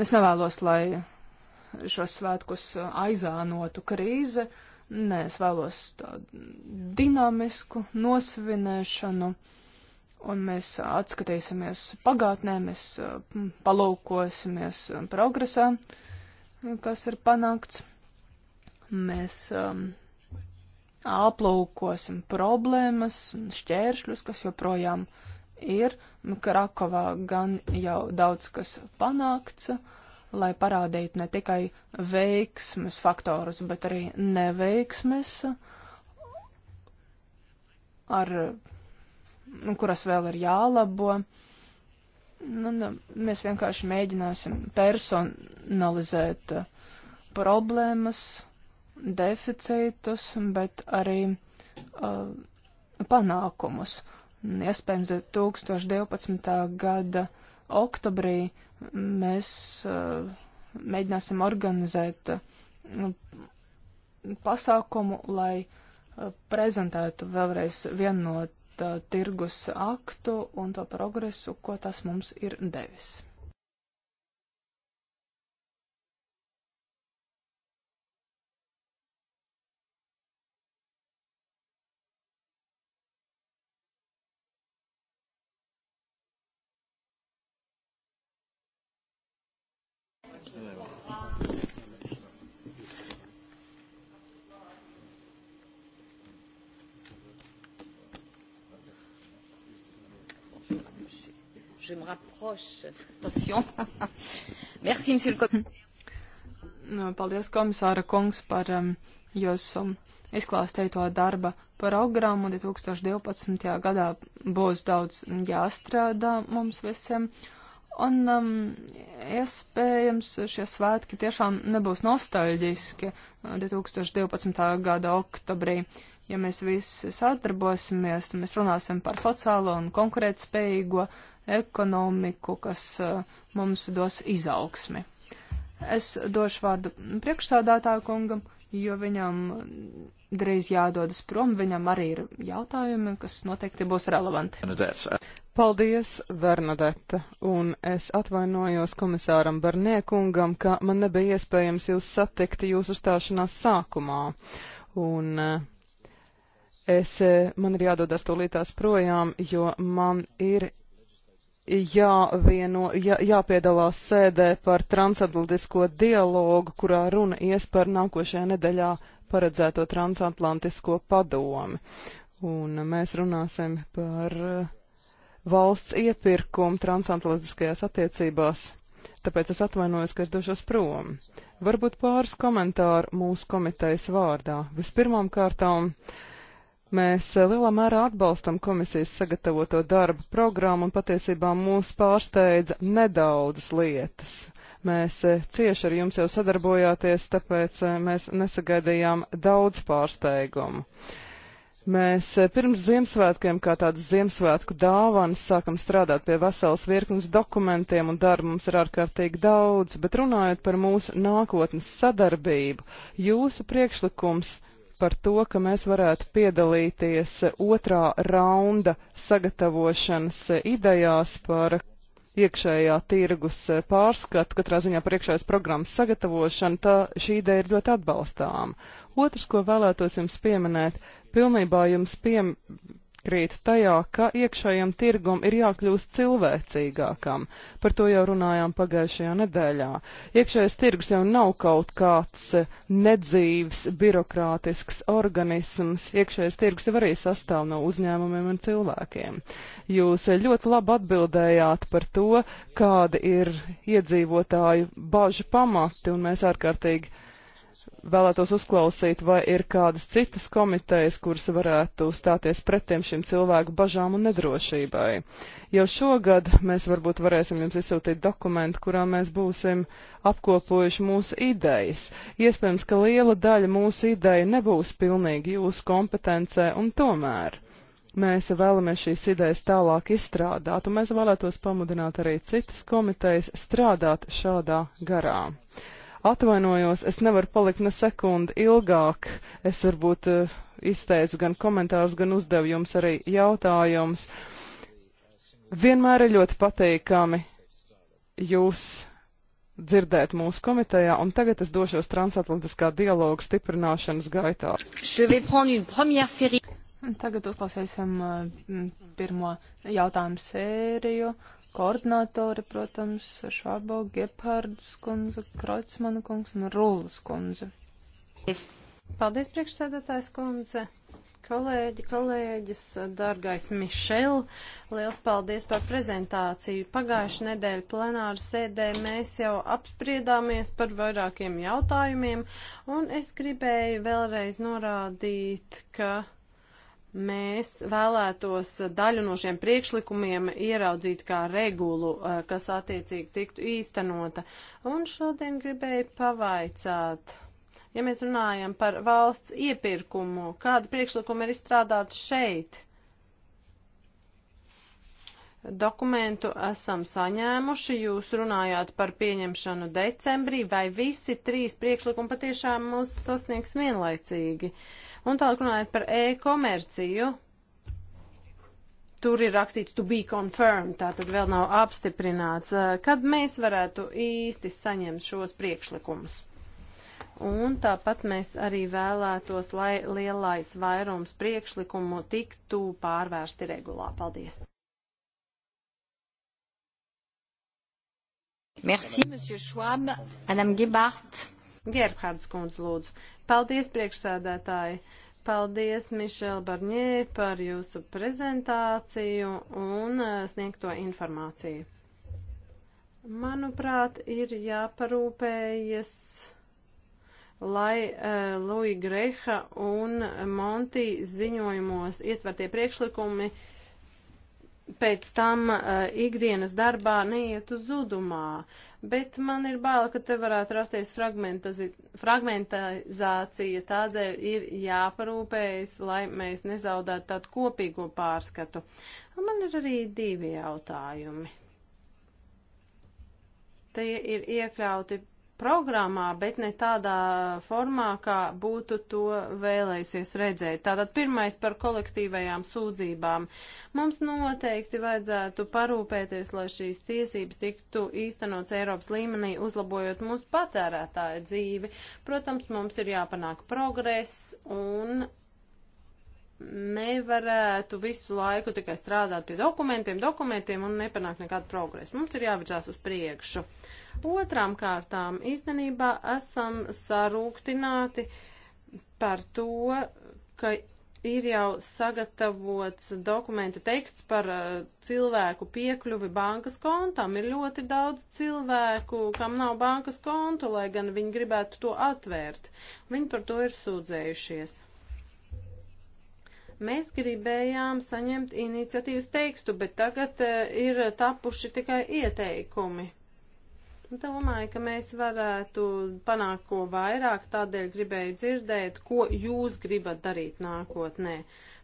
Es nevēlos, lai šos svētkus uh, aizānotu krīze. Nē, es vēlos tādu dinamisku nosvinēšanu, un mēs uh, atskatīsimies pagātnē, mēs uh, palūkosimies um, progresā, kas ir panākts. Mēs um, aplūkosim problēmas un šķēršļus, kas joprojām ir. Krakovā gan jau daudz kas panākts. Uh, lai parādītu ne tikai veiksmes faktorus, bet arī neveiksmes, ar, nu, kuras vēl ir jālabo. Nu, nu, mēs vienkārši mēģināsim personalizēt problēmas, deficītus, bet arī uh, panākumus. Iespējams, 2012. gada uh, oktobrī mēs uh, mēģināsim organizēt uh, pasākumu, lai uh, prezentētu vēlreiz vienot tirgus aktu un to progresu, ko tas mums ir devis. Je me rapproche. Attention. Merci, monsieur le commissaire. Paldies, komisāra kungs, par um, jūsu izklāstīto darba programmu. 2012. gadā būs daudz jāstrādā mums visiem. Un um, iespējams šie svētki tiešām nebūs nostalģiski 2012. gada oktobrī. Ja mēs visi sadarbosimies, tad mēs runāsim par sociālo un konkurētspējīgo ekonomiku, kas eh, mums dos izaugsmi. Es došu vārdu priekšsādātāju kungam, jo viņam drīz jādodas prom, viņam arī ir jautājumi, kas noteikti būs relevanti. Paldies, Bernadette, un es atvainojos komisāram Barniekungam, ka man nebija iespējams jūs satikt jūsu uzstāšanās sākumā. Un eh, es, eh, man ir jādodas tūlītās projām, jo man ir jāvieno, jā, jāpiedalās sēdē par transatlantisko dialogu, kurā runa ies par nākošajā nedēļā paredzēto transatlantisko padomi. Un mēs runāsim par eh, valsts iepirkumu transatlantiskajās attiecībās. Tāpēc es atvainojos, ka es došos prom. Varbūt pāris komentāru mūsu komitejas vārdā. Vispirmām kārtām. Uh, Mēs eh, lielā mērā atbalstam komisijas sagatavoto darbu programmu un patiesībā mūs pārsteidza nedaudzas lietas. Mēs eh, cieši ar jums jau sadarbojāties, tāpēc eh, mēs nesagaidījām daudz pārsteigumu. Mēs pirms Ziemassvētkiem, kā tādas Ziemassvētku dāvanas, sākam strādāt pie veselas virknes dokumentiem, un darba mums ir ārkārtīgi daudz, bet runājot par mūsu nākotnes sadarbību, jūsu priekšlikums par to, ka mēs varētu piedalīties otrā raunda sagatavošanas idejās par iekšējā tirgus pārskatu, katrā ziņā par iekšējās programmas sagatavošanu, tā šī ideja ir ļoti atbalstāma. Otrs, ko vēlētos jums pieminēt, pilnībā jums piem piekrītu tajā, ka iekšējam tirgum ir jākļūst cilvēcīgākam. Par to jau runājām pagājušajā nedēļā. Iekšējais tirgus jau nav kaut kāds nedzīvs, birokrātisks organisms. Iekšējais tirgus jau arī sastāv no uzņēmumiem un cilvēkiem. Jūs ļoti labi atbildējāt par to, kāda ir iedzīvotāju bažu pamati, un mēs ārkārtīgi Vēlētos uzklausīt, vai ir kādas citas komitejas, kuras varētu stāties pretiem šim cilvēku bažām un nedrošībai. Jau šogad mēs varbūt varēsim jums izsūtīt dokumentu, kurā mēs būsim apkopojuši mūsu idejas. Iespējams, ka liela daļa mūsu ideja nebūs pilnīgi jūsu kompetencē, un tomēr mēs vēlamies šīs idejas tālāk izstrādāt, un mēs vēlētos pamudināt arī citas komitejas strādāt šādā garā. Atvainojos, es nevaru palikt ne sekundi ilgāk. Es varbūt uh, izteicu gan komentārus, gan uzdevu jums arī jautājumus. Vienmēr ir ļoti pateikami jūs dzirdēt mūsu komitejā, un tagad es došos transatlantiskā dialoga stiprināšanas gaitā. Tagad uzklausīsim eh, pirmo jautājumu sēriju koordinātori, protams, Šābo, Gephards kundze, Kreutzmana kungs un Rūlas kundze. Paldies, priekšsēdētājs kundze. Kolēģi, kolēģis, dargais Mišel, liels paldies par prezentāciju. Pagājuši nedēļu plenāru sēdē mēs jau apspriedāmies par vairākiem jautājumiem, un es gribēju vēlreiz norādīt, ka Mēs vēlētos daļu no šiem priekšlikumiem ieraudzīt kā regulu, eh, kas attiecīgi tiktu īstenota. Un šodien gribēju pavaicāt, ja mēs runājam par valsts iepirkumu, kādu priekšlikumu ir izstrādāts šeit? Dokumentu esam saņēmuši, jūs runājāt par pieņemšanu decembrī, vai visi trīs priekšlikumi patiešām mūs sasniegs vienlaicīgi? Uh, Un tālāk runājot par e-komerciju, tur ir rakstīts to be confirmed, tā tad vēl nav apstiprināts. Eh, kad mēs varētu īsti saņemt šos priekšlikumus? Un tāpat mēs arī vēlētos, lai lielais vairums priekšlikumu tiktu pārvērsti regulā. Paldies! Merci, Monsieur Schwab. Madame Gebhardt. Gerhards kundze, lūdzu. Paldies, priekšsēdētāji! Paldies, Mišel Barņē, par jūsu prezentāciju un eh, sniegto informāciju. Manuprāt, ir jāparūpējas lai uh, eh, Luija Greha un Monti ziņojumos ietvertie priekšlikumi uh, pēc tam uh, ikdienas darbā neiet uz zudumā. Bet man ir bail, ka te varētu rasties fragmentizācija, tādēļ ir jāparūpējas, lai mēs nezaudētu tādu kopīgo pārskatu. Man ir arī divi jautājumi. Tie ir iekļauti programmā, bet ne tādā formā, kā būtu to vēlējusies redzēt. Tātad pirmais par kolektīvajām sūdzībām. Mums noteikti vajadzētu parūpēties, lai šīs tiesības tiktu īstenots Eiropas līmenī, uzlabojot mūsu patērētāja dzīvi. Protams, mums ir jāpanāk progress un nevarētu visu laiku tikai strādāt pie dokumentiem, dokumentiem un nepanākt nekādu progresu. Mums ir jāvirzās uz priekšu. Uh, Otrām kārtām īstenībā esam sarūktināti par to, ka ir jau sagatavots dokumenta teksts par uh, cilvēku piekļuvi bankas kontam. Ir ļoti daudz cilvēku, kam nav bankas kontu, lai gan viņi gribētu to atvērt. Viņi par to ir sūdzējušies. Mēs gribējām saņemt iniciatīvas tekstu, bet tagad uh, ir tapuši tikai ieteikumi. Domāju, ka mēs varētu panākt ko vairāk, tādēļ gribēju dzirdēt, ko jūs gribat darīt nākotnē.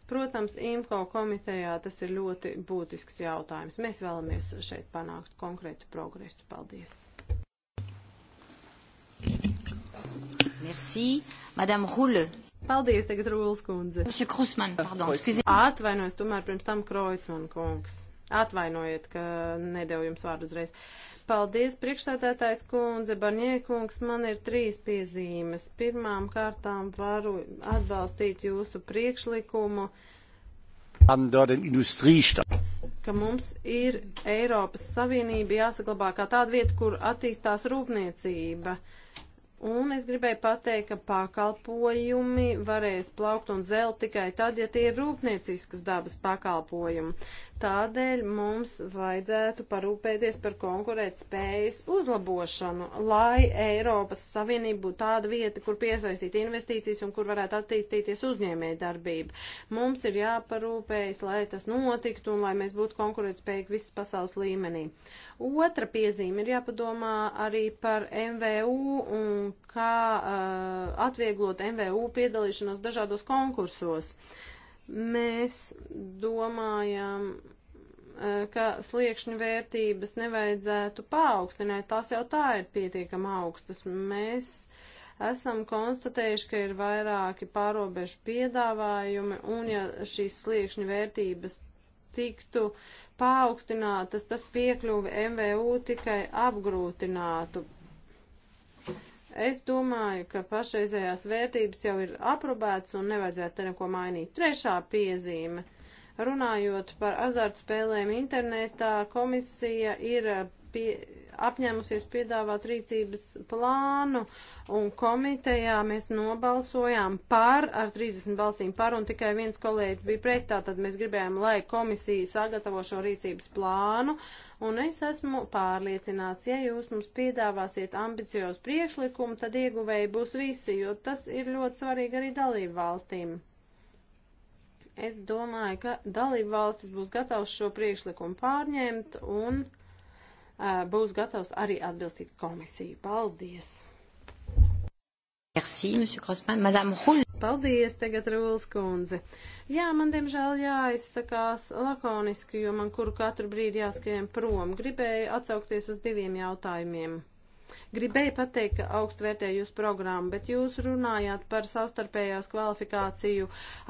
Protams, IMCO komitejā tas ir ļoti būtisks jautājums. Mēs vēlamies šeit panākt konkrētu progresu. Paldies! Merci, Madame Rulle. Paldies, tagad Rūles kundze. Monsieur Krusman, pardon, excusez. Atvainojos, tomēr pirms tam Kroicman kungs. Atvainojiet, ka nedēļu jums vārdu uzreiz. Uh, Paldies, priekšstādātājs kundze, Barņiekungs, man ir trīs piezīmes. Pirmām kārtām varu atbalstīt jūsu priekšlikumu, ka mums ir Eiropas Savienība jāsaglabā kā tāda vieta, kur attīstās rūpniecība. Un es gribēju pateikt, ka pakalpojumi varēs plaukt un zelt tikai tad, ja tie ir rūpnieciskas dabas pakalpojumi. Tādēļ mums vajadzētu parūpēties par konkurēt spējas uzlabošanu, lai Eiropas Savienība būtu tāda vieta, kur piesaistīt investīcijas un kur varētu attīstīties uzņēmēja darbība. Mums ir jāparūpējas, lai tas notiktu un lai mēs būtu konkurēt spējīgi visas pasaules līmenī. Otra piezīme ir jāpadomā arī par MVU un kā uh, atvieglot MVU piedalīšanos dažādos konkursos. Uh, Mēs domājam, e, ka sliekšņu vērtības nevajadzētu paaugstināt, tās jau tā ir pietiekami augstas. Mēs esam konstatējuši, ka ir vairāki pārobežu piedāvājumi, un ja šīs sliekšņu vērtības tiktu paaugstinātas, tas piekļuvi MVU tikai apgrūtinātu. Es domāju, ka pašreizējās vērtības jau ir aprobētas un nevajadzētu te neko mainīt. Trešā piezīme. Runājot par azartspēlēm internetā, komisija ir eh, pie, apņēmusies piedāvāt rīcības plānu, un komitejā mēs nobalsojām par, ar 30 balsīm par, un tikai viens kolēģis bija pret, tātad mēs gribējām, lai komisija sagatavo šo rīcības plānu. Uh, Un es esmu pārliecināts, ja jūs mums piedāvāsiet ambiciozu priekšlikumu, tad ieguvēji būs visi, jo tas ir ļoti svarīgi arī dalību valstīm. Es domāju, ka dalību valstis būs gatavs šo priekšlikumu pārņemt un uh, būs gatavs arī atbilstīt komisiju. Paldies! Merci, monsieur Krosman. Madame Hull. Paldies, tagad Rūls kundze. Jā, man diemžēl jāizsakās lakoniski, jo man kuru katru brīdi jāskrien prom. Gribēju atsaukties uz diviem jautājumiem. Gribēju pateikt, ka augstu vērtēju jūsu programmu, bet jūs runājāt par savstarpējās kvalifikāciju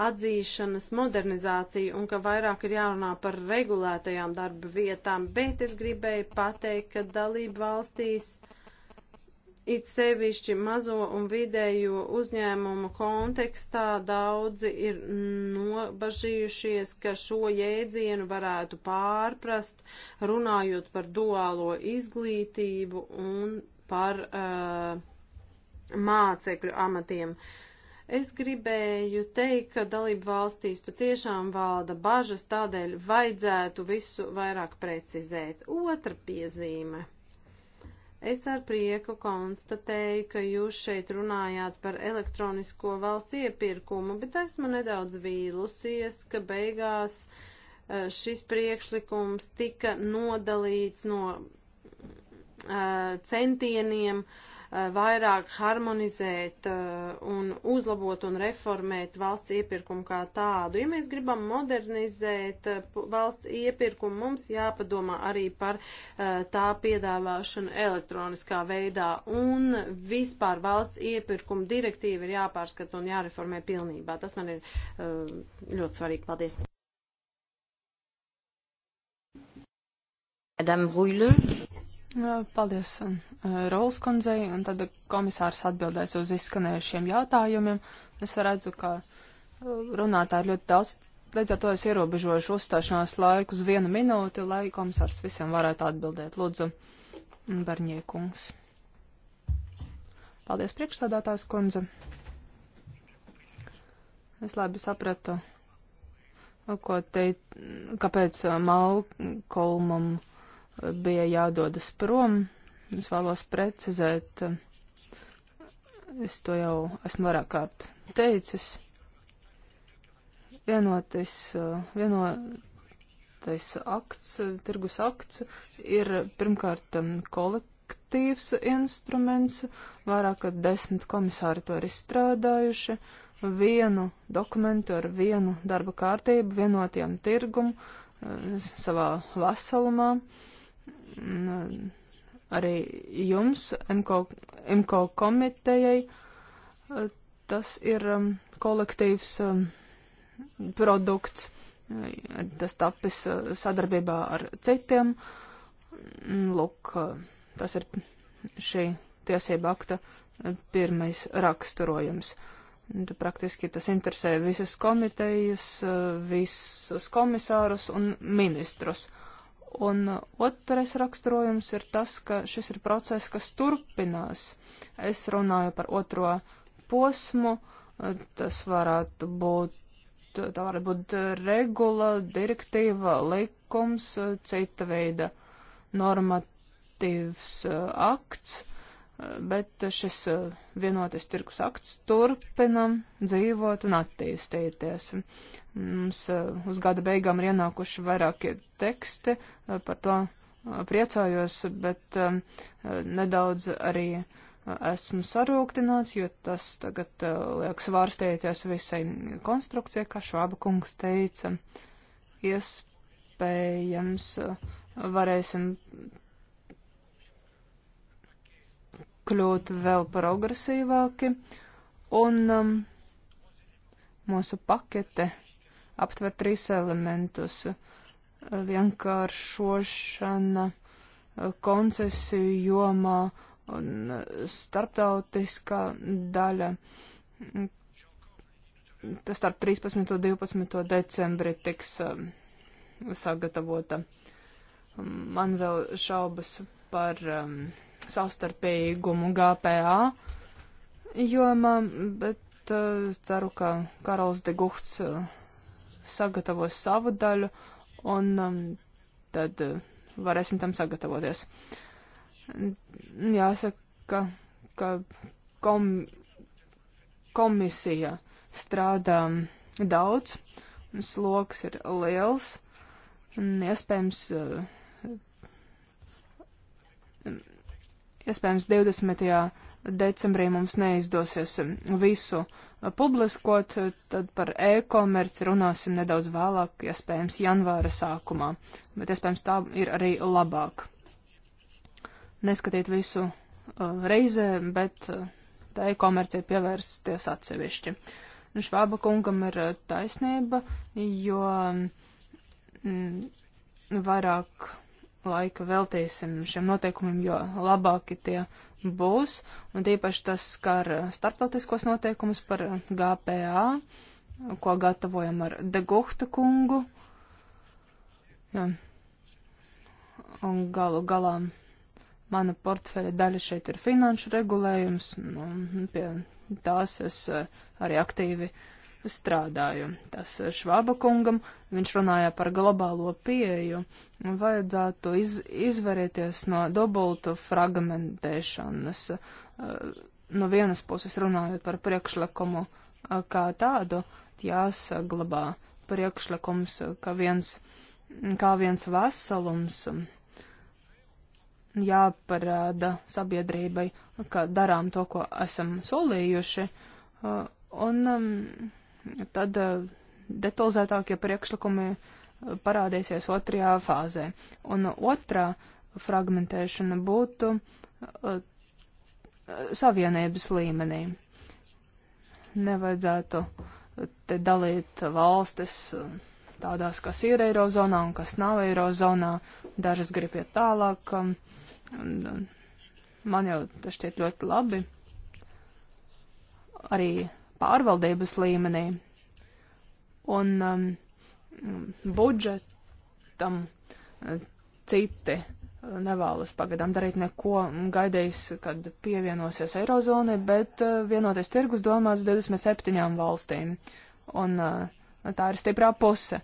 atzīšanas modernizāciju un ka vairāk ir jārunā par regulētajām darba vietām, bet es gribēju pateikt, ka dalību valstīs It sevišķi mazo un vidējo uzņēmumu kontekstā daudzi ir nobažījušies, ka šo jēdzienu varētu pārprast, runājot par duālo izglītību un par uh, mācekļu amatiem. Es gribēju teikt, ka dalību valstīs patiešām valda bažas, tādēļ vajadzētu visu vairāk precizēt. Otra piezīme. Es ar prieku konstatēju, ka jūs šeit runājāt par elektronisko valsts iepirkumu, bet esmu nedaudz vīlusies, ka beigās e, šis priekšlikums tika nodalīts no e, centieniem uh, Eh, vairāk harmonizēt eh, un uzlabot un reformēt valsts iepirkumu kā tādu. Ja mēs gribam modernizēt eh, valsts iepirkumu, mums jāpadomā arī par tā piedāvāšanu elektroniskā veidā un vispār valsts iepirkumu direktīva ir jāpārskata un jāreformē pilnībā. Tas man ir ļoti svarīgi. Paldies! Madame Rouille. Paldies um, Rolas kundzei, un tad komisārs atbildēs uz izskanējušiem jautājumiem. Es redzu, ka uh, runātāji ļoti daudz, līdz ar to es ierobežošu uzstāšanās laiku uz vienu minūti, lai komisārs visiem varētu atbildēt. Lūdzu, Barņiekungs. Paldies priekšstādātājs kundze. Es labi sapratu, ko te, kāpēc uh, Malkolmam. Um, bija jādodas prom. Es vēlos precizēt, es to jau esmu vairāk kārt teicis. Vienotais, vienotais akts, tirgus akts ir pirmkārt um, kolektīvs instruments, vairāk kā desmit komisāri to ir izstrādājuši, vienu dokumentu ar vienu darba kārtību, vienotiem tirgumu uh, savā veselumā. Uh, Nu, arī jums, MKO, MKO komitejai. Eh, tas ir um, kolektīvs um, produkts, eh, tas tapis eh, sadarbībā ar citiem. Mm, lūk, tas ir šī tiesība akta pirmais raksturojums. Praktiski tas interesē visas komitejas, visus komisārus un ministrus. Uh, Un otrais raksturojums ir tas, ka šis ir process, kas turpinās. Es runāju par otro posmu, tas varētu būt, tā varētu būt regula, direktīva, likums, cita veida normatīvs eh, akts bet šis eh, vienotais tirkus akts turpina dzīvot un attīstīties. Mums eh, uz gada beigām ir ienākuši vairākie teksti, eh, par to priecājos, bet nedaudz arī esmu sarūktināts, jo tas tagad liek svārstēties visai konstrukcijai, kā Švaba kungs teica. Iespējams, varēsim kļūt vēl progresīvāki, un um, mūsu pakete aptver trīs elementus - vienkāršošana koncesiju jomā un starptautiskā daļa. Tas starp 13. un 12. decembri tiks um, sagatavota. Man vēl šaubas par um, savstarpīgumu GPA jomā, bet uh, ceru, ka Karls de Guhts uh, eh, sagatavos savu daļu un um, tad uh, varēsim tam sagatavoties. Jāsaka, ka kom komisija strādā mm, daudz, un sloks ir liels, un iespējams uh, Iespējams, 20. decembrī mums neizdosies visu publiskot, tad par e-komerci runāsim nedaudz vēlāk, iespējams, janvāra sākumā, bet iespējams tā ir arī labāk. Neskatīt visu uh, reizē, bet uh, tā e-komercija pievērsties atsevišķi. Un nu, švāba kungam ir uh, taisnība, jo mm, vairāk laika veltīsim šiem noteikumiem, jo labāki tie būs. Un tīpaši tas skar startautiskos noteikumus par GPA, ko gatavojam ar Degukta kungu. Jā. Un galu galā mana portfeļa daļa šeit ir finanšu regulējums, nu, un pie tās es eh, arī aktīvi uh, strādāju. Tas Švaba kungam, viņš runāja par globālo pieeju, vajadzētu iz, izvarieties no dubultu fragmentēšanas. Eh, no vienas puses runājot par priekšlikumu eh, kā tādu, jāsaglabā priekšlikums, eh, ka viens, kā viens veselums jāparāda sabiedrībai, ka darām to, ko esam solījuši. Un um, tad eh, detalizētākie priekšlikumi eh, parādīsies otrajā fāzē. Un otrā fragmentēšana būtu eh, savienības līmenī. Nevajadzētu te dalīt valstis tādās, kas ir eirozonā un kas nav eirozonā. Dažas grib iet tālāk. Um, man jau tas šķiet ļoti labi. Arī pārvaldības līmenī. Un um, budžetam uh, citi uh, nevēlas pagadām darīt neko, um, gaidījis, kad pievienosies Eirozonai, bet uh, vienoties tirgus domāts 27 valstīm. Un uh, tā ir stiprā puse.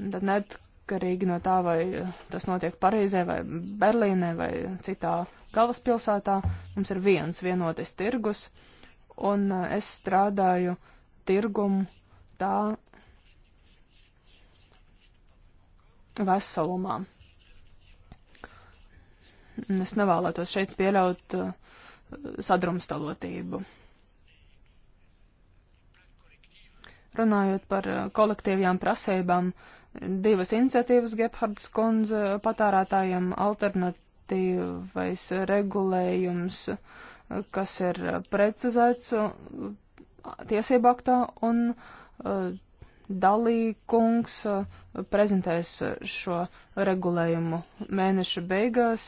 Tad neatkarīgi no tā, vai uh, tas notiek Parīzē vai Berlīnē vai citā galvaspilsētā, mums ir viens vienoties tirgus. Uh, un uh, es strādāju tirgumu tā veselumā. Es nevēlētos šeit pieļaut uh, sadrumstalotību. Runājot par uh, kolektīvajām prasībām, divas iniciatīvas Gebhards kundze patērētājiem alternatīvais regulējums uh, kas ir precizēts uh, tiesību aktā, un uh, dalīkungs uh, prezentēs šo regulējumu mēneša beigās,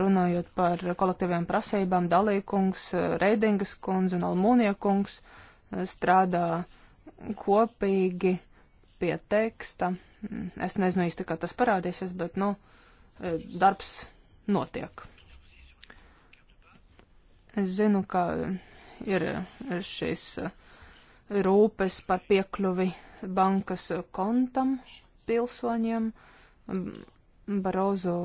runājot par kolektīviem prasībām, dalīkungs, Reidingas kundze un Almūniekungs strādā kopīgi pie teksta. Es nezinu īsti, kā tas parādīsies, bet, nu, darbs notiek. Es zinu, ka ir šīs rūpes par piekļuvi bankas kontam pilsoņiem. Barozo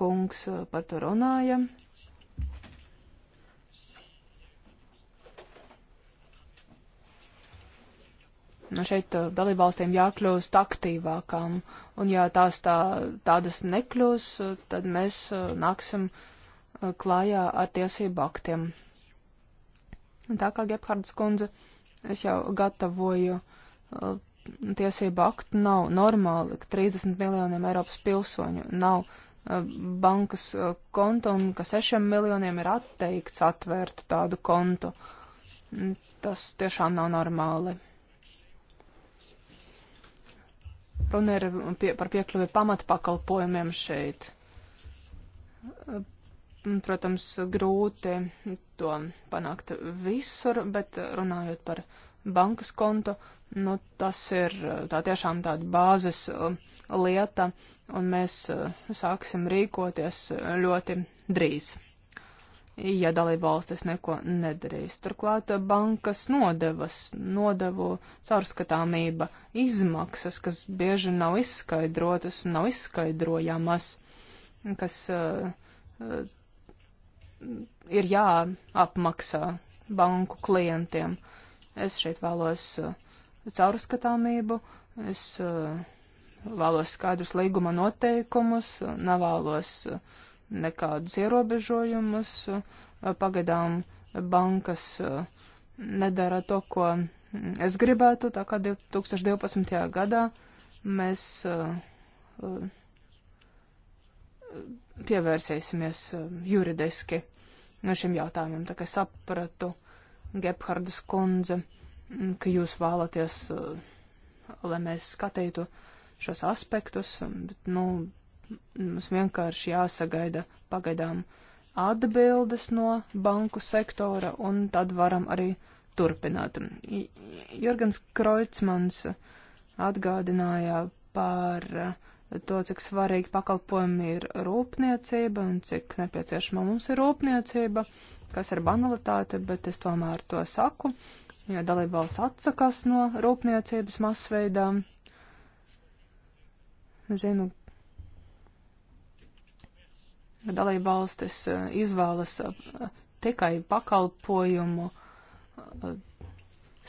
kungs par to runāja. Nu, šeit dalībvalstīm jākļūst aktīvākām, un ja tās tā, tādas nekļūs, tad mēs nāksim uh, klājā ar tiesību aktiem. Un tā kā Gebhardas kundze, es jau gatavoju uh, tiesību aktu, nav normāli, ka 30 miljoniem Eiropas pilsoņu nav uh, bankas uh, konto un ka 6 miljoniem ir atteikts atvērt tādu kontu. Mm, tas tiešām nav normāli. Runa ir pie, par piekļuvi pamatpakalpojumiem šeit protams, grūti to panākt visur, bet runājot par bankas kontu, nu, tas ir uh, tā tiešām tāda bāzes uh, lieta, un mēs uh, sāksim rīkoties ļoti drīz, ja dalība valstis neko nedarīs. Turklāt bankas nodevas, nodevu caurskatāmība, izmaksas, kas bieži nav izskaidrotas un nav izskaidrojamas, kas uh, ir jāapmaksā banku klientiem. Es šeit vēlos uh, caurskatāmību, es uh, vēlos skaidrus līguma noteikumus, nevēlos uh, nekādus ierobežojumus. Pagaidām bankas nedara to, ko mm, es gribētu, tā kā 2012. gadā mēs pievērsīsimies um, juridiski no šiem jautājumiem. Tā kā sapratu, Gebhardas kundze, mm, ka jūs vēlaties, uh, lai mēs skatītu šos aspektus, um, bet, nu, mums vienkārši jāsagaida pagaidām atbildes no banku sektora, un tad varam arī turpināt. Jurgens Kreutzmans atgādināja par uh, to, cik svarīgi pakalpojumi ir rūpniecība un cik nepieciešama mums ir rūpniecība, kas ir banalitāte, bet es tomēr to saku, ja dalībvalsts atsakās no rūpniecības masveidā. Zinu, ka dalībvalstis eh, izvēlas eh, tikai pakalpojumu eh,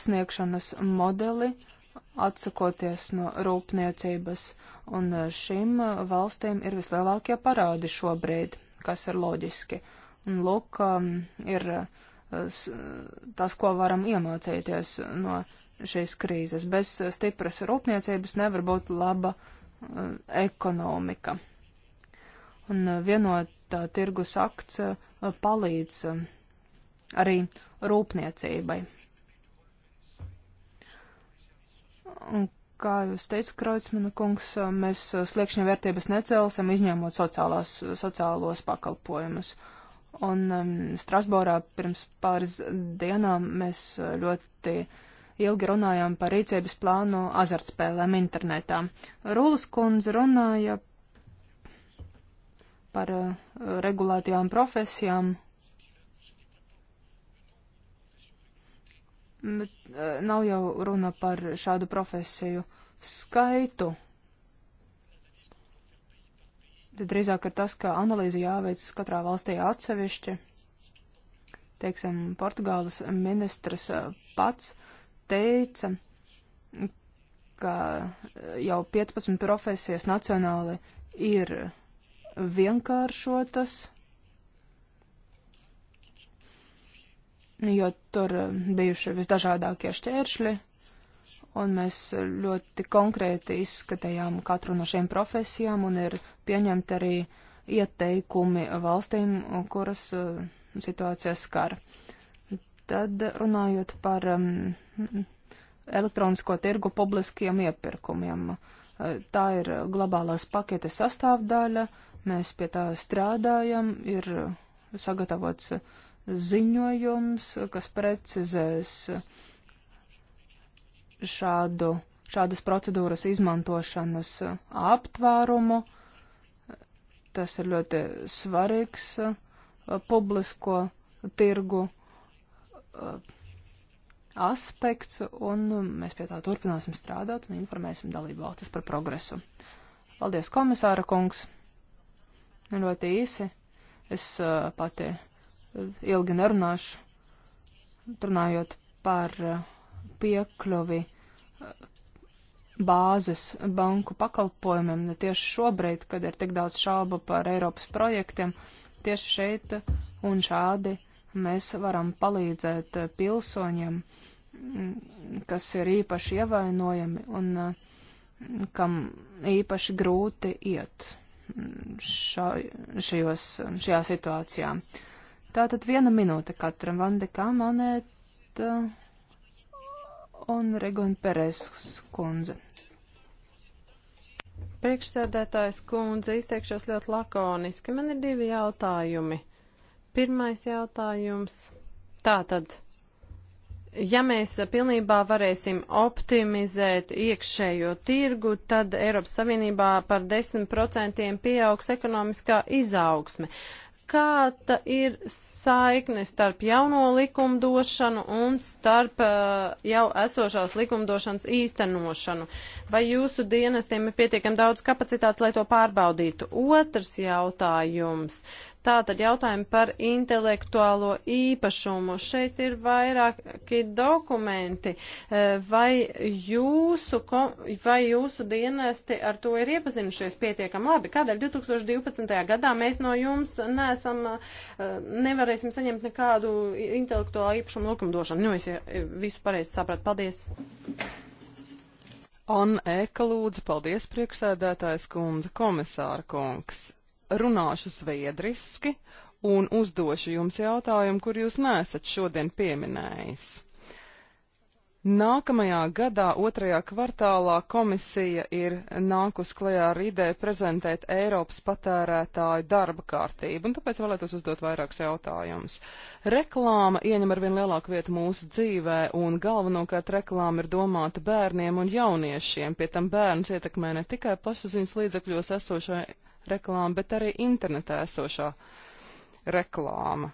sniegšanas modeli, uh, atsakoties no rūpniecības, un e, šīm e, valstīm ir vislielākie parādi šobrīd, kas ir loģiski. Un lūk, e, ir tas, ko varam iemācīties no šīs krīzes. Bez stipras rūpniecības nevar būt laba ekonomika. Un vienotā tirgus akts palīdz arī rūpniecībai. Un, kā jūs teicu, Kraucmana kungs, mēs sliekšņa vērtības necēlsim, izņemot sociālās, sociālos pakalpojumus. Un um, Strasbūrā pirms pāris dienām mēs ļoti ilgi runājām par rīcības plānu azartspēlēm internetā. Rūlas kundze runāja par uh, regulētajām profesijām Mm, eh, nav jau runa par šādu profesiju skaitu. Tad drīzāk ir tas, ka analīze jāveic katrā valstī atsevišķi. Teiksim, Portugāles ministrs eh, pats teica, ka eh, jau 15 profesijas nacionāli ir vienkāršotas jo tur eh, bijuši visdažādākie šķēršļi, un mēs ļoti konkrēti izskatījām katru no šīm profesijām, un ir pieņemti arī ieteikumi valstīm, kuras eh, situācija skar. Tad runājot par um, elektronisko tirgu publiskiem iepirkumiem. Eh, tā ir globālās paketes sastāvdaļa, mēs pie tā strādājam, ir sagatavots uh, ziņojums, kas precizēs šādu, šādas procedūras izmantošanas aptvērumu. Tas ir ļoti svarīgs uh, publisko tirgu uh, aspekts, un mēs pie tā turpināsim strādāt un informēsim dalību valstis par progresu. Paldies, komisāra kungs! Nu, ļoti īsi. Es uh, pati ilgi nerunāšu, runājot par eh, piekļuvi eh, bāzes banku pakalpojumiem, tieši šobrīd, kad ir tik daudz šaubu par Eiropas projektiem, tieši šeit un šādi mēs varam palīdzēt eh, pilsoņiem, mm, kas ir īpaši ievainojami un kam īpaši grūti iet mm, šā, šajos, šajā situācijā. Uh, Tātad viena minūte katram. Vande Kamanēta un Regona Peres kundze. Priekšsēdētājs kundze izteikšos ļoti lakoniski. Man ir divi jautājumi. Pirmais jautājums. Tātad, ja mēs pilnībā varēsim optimizēt iekšējo tirgu, tad Eiropas Savienībā par 10% pieaugs ekonomiskā izaugsme kāda ir saikne starp jauno likumdošanu un starp uh, jau esošās likumdošanas īstenošanu? Vai jūsu dienestiem ir pietiekami daudz kapacitātes, lai to pārbaudītu? Otrs jautājums. Uh, Tātad jautājumi par intelektuālo īpašumu. Šeit ir vairāki dokumenti. E, vai jūsu, vai jūsu dienesti ar to ir iepazinušies pietiekam labi? Kādēļ 2012. gadā mēs no jums nesam, e, nevarēsim saņemt nekādu intelektuālo īpašumu likumdošanu? Nu, es e, visu pareizi sapratu. Paldies! Anna Eka lūdzu, paldies priekšsēdētājs kundze, komisāra kungs runāšu sviedriski un uzdošu jums jautājumu, kur jūs nesat šodien pieminējis. Nākamajā gadā, otrajā kvartālā, komisija ir nākus klajā ar ideju prezentēt Eiropas patērētāju darba kārtību, un tāpēc vēlētos uzdot vairākus jautājumus. Reklāma ieņem arvien lielāku vietu mūsu dzīvē, un galvenokārt reklāma ir domāta bērniem un jauniešiem, pie tam bērns ietekmē ne tikai pašaziņas līdzekļos esošai reklāma, bet arī internetā esošā reklāma.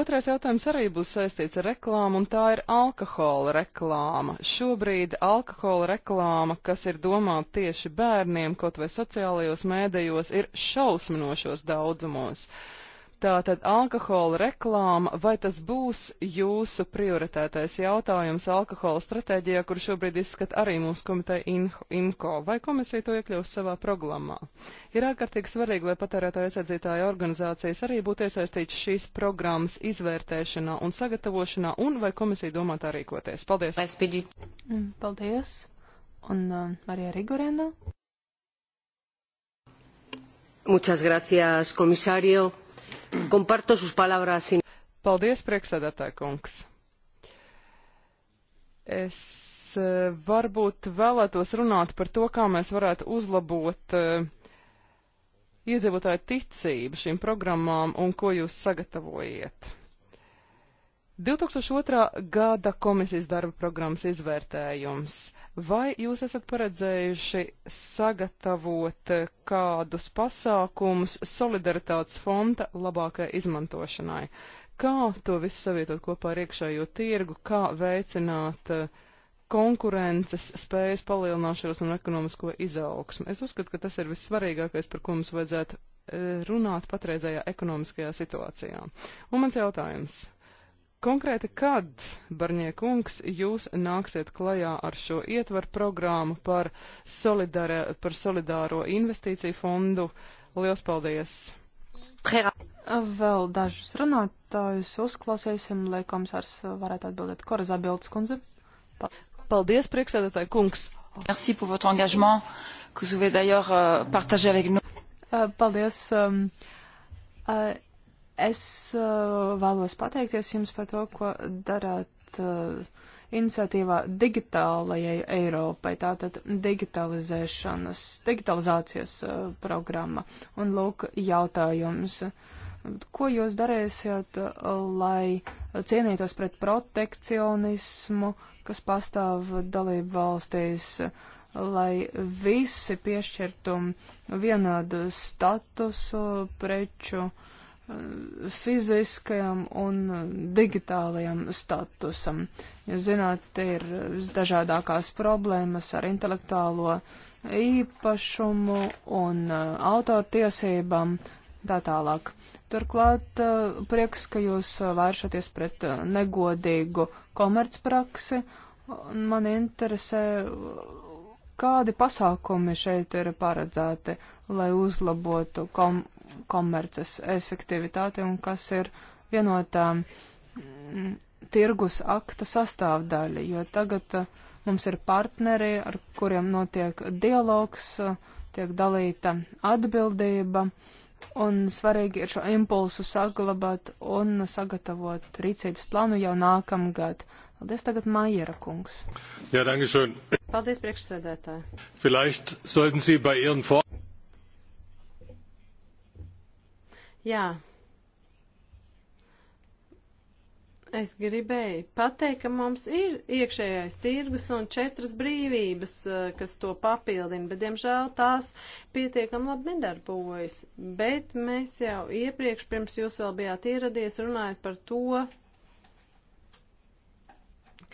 Otrais jautājums arī būs saistīts ar reklāmu, un tā ir alkohola reklāma. Šobrīd alkohola reklāma, kas ir domāta tieši bērniem, kaut vai sociālajos mēdējos, ir šausminošos daudzumos. Uh, Tātad alkohola reklāma, vai tas būs jūsu prioritētais jautājums alkohola stratēģijā, kur šobrīd izskat arī mūsu komiteja IMCO, vai komisija to iekļaus savā programmā? Ir ārkārtīgi svarīgi, lai patērētāja aizsardzītāja organizācijas arī būtu iesaistīts šīs programmas izvērtēšanā un sagatavošanā, un vai komisija domā tā rīkoties? Paldies! Mm, paldies! Un uh, Marija Rigorena. Muchas gracias, komisario. Comparto sus palabras. Paldies, priekšsēdētāj kungs. Es eh, varbūt vēlētos runāt par to, kā mēs varētu uzlabot uh, iedzīvotāju ticību šīm programmām un ko jūs sagatavojiet. 2002. gada komisijas darba programmas izvērtējums. Vai jūs esat paredzējuši sagatavot kādus pasākumus solidaritātes fonda labākai izmantošanai? Kā to visu savietot kopā ar iekšējo tirgu, kā veicināt eh, konkurences spējas palielināšanos un ekonomisko izaugsmu? Es uzskatu, ka tas ir vissvarīgākais, par ko mums vajadzētu eh, runāt patreizējā ekonomiskajā situācijā. Un mans jautājums Konkrēti, kad, Barņiekungs, jūs nāksiet klajā ar šo ietvaru programmu par, solidara, par solidāro investīciju fondu? Liels paldies! Vēl dažus runātājus uzklausīsim, lai komisārs varētu atbildēt. Korazā Bildes kundze. Paldies, paldies priekšsēdētāji kungs! Merci pour votre engagement, que vous avez d'ailleurs euh, partagé avec nous. Euh, paldies! Um, uh, Es uh, vēlos pateikties jums par to, ko darāt uh, iniciatīvā digitālajai Eiropai, tātad digitalizēšanas, digitalizācijas uh, programma. Un lūk, jautājums. Ko jūs darēsiet, uh, lai cienītos pret protekcionismu, kas pastāv dalību valstīs, lai visi piešķirtu vienādu statusu preču uh, fiziskajam un digitālajam statusam. Jūs zināt, ir visdažādākās problēmas ar intelektuālo īpašumu un uh, autortiesībām tā tālāk. Turklāt uh, prieks, ka jūs uh, vēršaties pret negodīgu komercpraksi. Man interesē, kādi pasākumi šeit ir paredzēti, lai uzlabotu kom komerces efektivitāti un kas ir vienotā mm, tirgus akta sastāvdaļa, jo tagad eh, mums ir partneri, ar kuriem notiek dialogs, eh, tiek dalīta atbildība, un svarīgi ir šo impulsu saglabāt un sagatavot rīcības plānu jau nākamgad. Paldies tagad Maiera kungs. Jā, dankeschön. Paldies priekšsēdētāji. Vielleicht sollten Sie bei Ihren vor Jā. Es gribēju pateikt, ka mums ir iekšējais tirgus un četras brīvības, eh, kas to papildina, bet, diemžēl, tās pietiekam labi nedarbojas. Bet mēs jau iepriekš, pirms jūs vēl bijāt ieradies, runājot par to,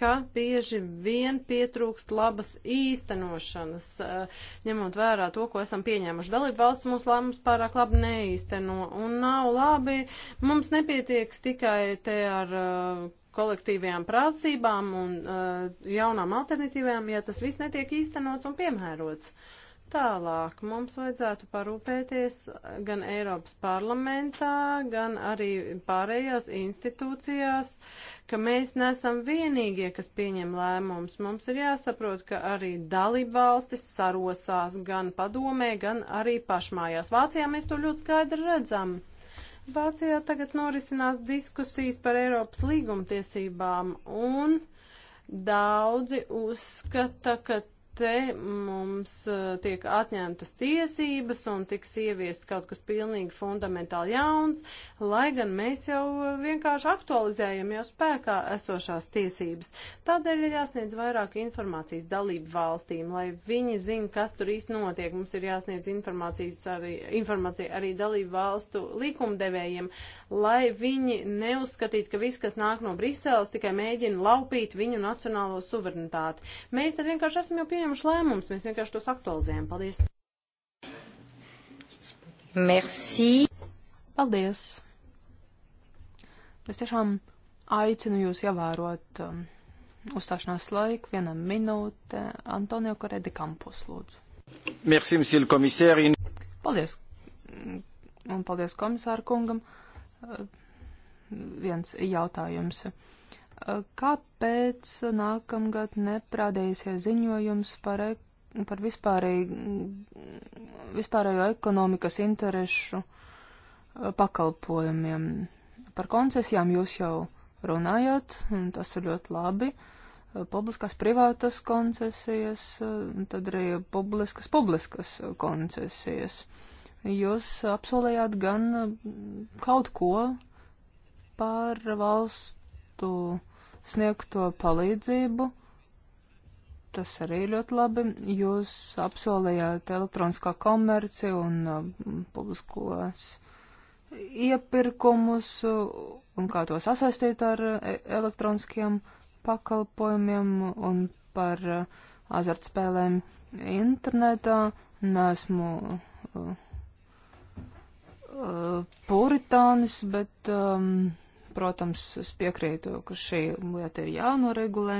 ka bieži vien pietrūkst labas īstenošanas, eh, ņemot vērā to, ko esam pieņēmuši. Dalība valsts mūsu lēmums pārāk labi neīsteno un nav labi. Mums nepietiek tikai te ar eh, kolektīvajām prasībām un eh, jaunām alternatīvām, ja tas viss netiek īstenots un piemērots. Uh, Tālāk mums vajadzētu parūpēties gan Eiropas parlamentā, gan arī pārējās institūcijās, ka mēs nesam vienīgie, kas pieņem lēmumus. Mums ir jāsaprot, ka arī dalībvalstis sarosās gan padomē, gan arī pašmājās. Vācijā mēs to ļoti skaidri redzam. Vācijā tagad norisinās diskusijas par Eiropas līgumtiesībām un daudzi uzskata, ka te mums eh, tiek atņemtas tiesības un tiks ieviests kaut kas pilnīgi fundamentāli jauns, lai gan mēs jau vienkārši aktualizējam jau spēkā esošās tiesības. Tādēļ ir jāsniedz vairāk informācijas dalību valstīm, lai viņi zina, kas tur īsti notiek. Mums ir jāsniedz informācijas arī, informācija arī dalību valstu likumdevējiem, lai viņi neuzskatītu, ka viss, kas nāk no Briseles, tikai mēģina laupīt viņu nacionālo suverenitāti. Mēs te vienkārši esam jau pieņemti pieņemuši lēmumus, mēs vienkārši tos aktualizējam. Paldies! Merci! Paldies! Es tiešām aicinu jūs ievērot um, uzstāšanās laiku vienā minūtē. Antonio Koredi Kampus, lūdzu. Merci, monsieur le commissaire. Paldies! Un paldies komisāru kungam. Uh, viens jautājums. Uh, Kāpēc nākamgad neprādīsies ziņojums par, e par vispārējo ekonomikas interešu uh, pakalpojumiem? Par koncesijām jūs jau runājat, un tas ir ļoti labi. Uh, publiskās privātas koncesijas, uh, tad arī publiskas publiskas koncesijas. Jūs apsolējāt gan kaut ko par valstu sniegto palīdzību. Tas arī ļoti labi. Jūs apsolījāt elektroniskā komerci un um, publiskos iepirkumus uh, un kā to sasaistīt ar uh, e, elektroniskiem pakalpojumiem un par uh, azartspēlēm internetā. Nesmu uh, puritānis, bet um, Protams, es piekrītu, ka šī lieta ir jānoregulē,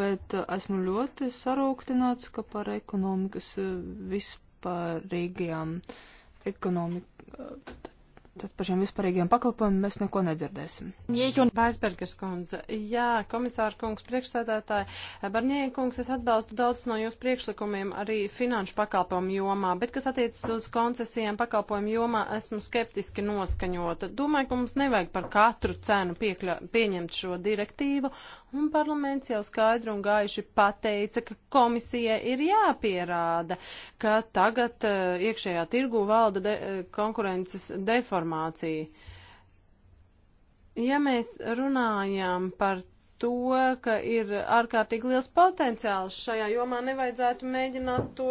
bet esmu ļoti sarūktināts, ka par ekonomikas eh, vispārīgajām ekonomikām Tad par šiem vispārīgiem pakalpojumiem mēs neko nedzirdēsim. Jēķun Vaisbergas kundze. Jā, komisāra kungs, priekšsēdētāji. Barņēja kungs, es atbalstu daudz no jūsu priekšlikumiem arī finanšu pakalpojumu jomā, bet kas attiecas uz koncesijām pakalpojumu jomā, esmu skeptiski noskaņota. Domāju, ka mums nevajag par katru cenu piekļa, pieņemt šo direktīvu, un parlaments jau skaidri un gaiši pateica, ka komisija ir jāpierāda, ka tagad uh, iekšējā tirgu valda de, uh, konkurences deformācija informāciju. Ja mēs runājam par to, ka ir ārkārtīgi liels potenciāls šajā jomā, nevajadzētu mēģināt to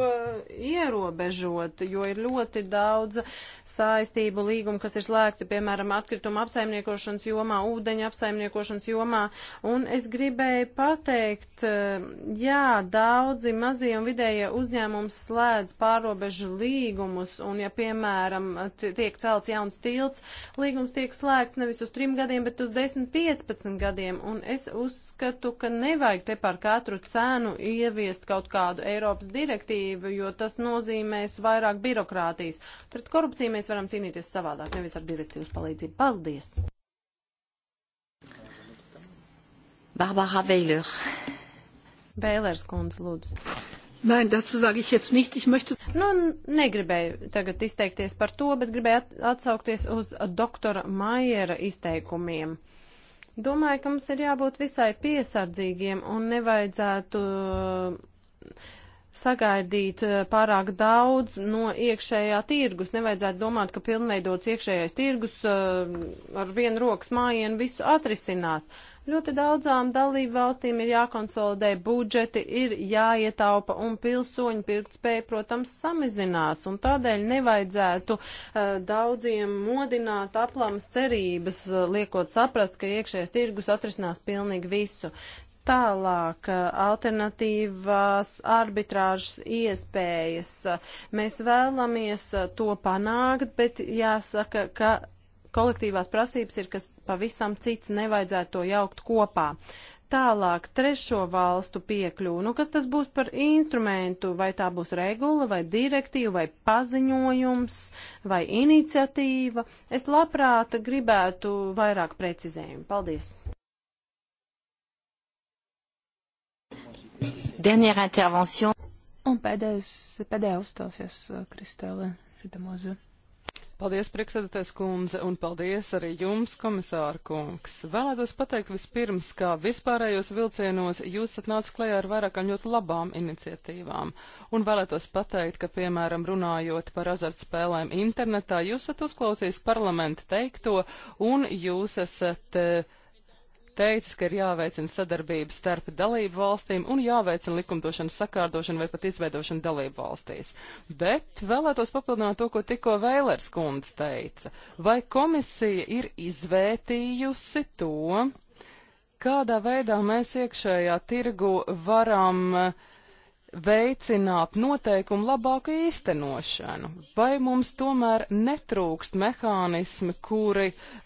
ierobežot, jo ir ļoti daudz saistību līgumu, kas ir slēgti, piemēram, atkrituma apsaimniekošanas jomā, ūdeņa apsaimniekošanas jomā. Un es gribēju pateikt, jā, daudzi mazie un vidējie uzņēmumi slēdz pārobežu līgumus, un ja, piemēram, tiek celts jauns tilts, līgums tiek slēgts nevis uz trim gadiem, bet uz 10-15 gadiem. Un es uzskatu, ka nevajag te par katru cenu ieviest kaut kādu Eiropas direktīvu, jo tas nozīmēs vairāk birokrātijas. Pret korupciju mēs varam cīnīties savādāk, nevis ar direktīvas palīdzību. Paldies! Barbara Weiler. Bēlers kundze, lūdzu. Nein, dazu sage ich jetzt nicht. Ich möchte. Nu, negribēju tagad izteikties par to, bet gribēju atsaukties uz doktora Maiera izteikumiem. Uh, Domāju, ka mums ir jābūt visai piesardzīgiem un nevajadzētu uh, sagaidīt uh, pārāk daudz no iekšējā tirgus. Nevajadzētu domāt, ka pilnveidots iekšējais tirgus uh, ar vienu rokas mājienu visu atrisinās. Uh, Ļoti daudzām dalību valstīm ir jākonsolidē budžeti, ir jāietaupa un pilsoņu pirktspēja, protams, samazinās. Un tādēļ nevajadzētu uh, daudziem modināt aplamas cerības, uh, liekot saprast, ka iekšējais tirgus atrisinās pilnīgi visu. Tālāk, eh, alternatīvās arbitrāžas iespējas. Mēs vēlamies to panākt, bet jāsaka, ka kolektīvās prasības ir kas pavisam cits, nevajadzētu to jaukt kopā. Tālāk, trešo valstu piekļuvu. Nu, kas tas būs par instrumentu? Vai tā būs regula, vai direktīva, vai paziņojums, vai iniciatīva? Es labprāt gribētu vairāk precizējumu. Paldies! Dernière intervention. Un pēdējais, pēdējā uzstāsies uh, Kristēle Ridamoza. Paldies, priekšsēdētājs kundze, un paldies arī jums, komisāra kungs. Vēlētos pateikt vispirms, ka vispārējos vilcienos jūs esat nācis klajā ar vairākām ļoti labām iniciatīvām. Un vēlētos pateikt, ka, piemēram, runājot par azartspēlēm internetā, jūs esat uzklausījis parlamenta teikto, un jūs esat. Uh, teicis, ka ir jāveicina sadarbība starp dalību valstīm un jāveicina likumdošanas sakārdošana vai pat izveidošana dalību valstīs. Bet vēlētos papildināt to, ko tikko Vēlers kundze teica. Vai komisija ir izvērtījusi to, kādā veidā mēs iekšējā tirgu varam uh, veicināt noteikumu labāku īstenošanu? Vai mums tomēr netrūkst mehānismi, kuri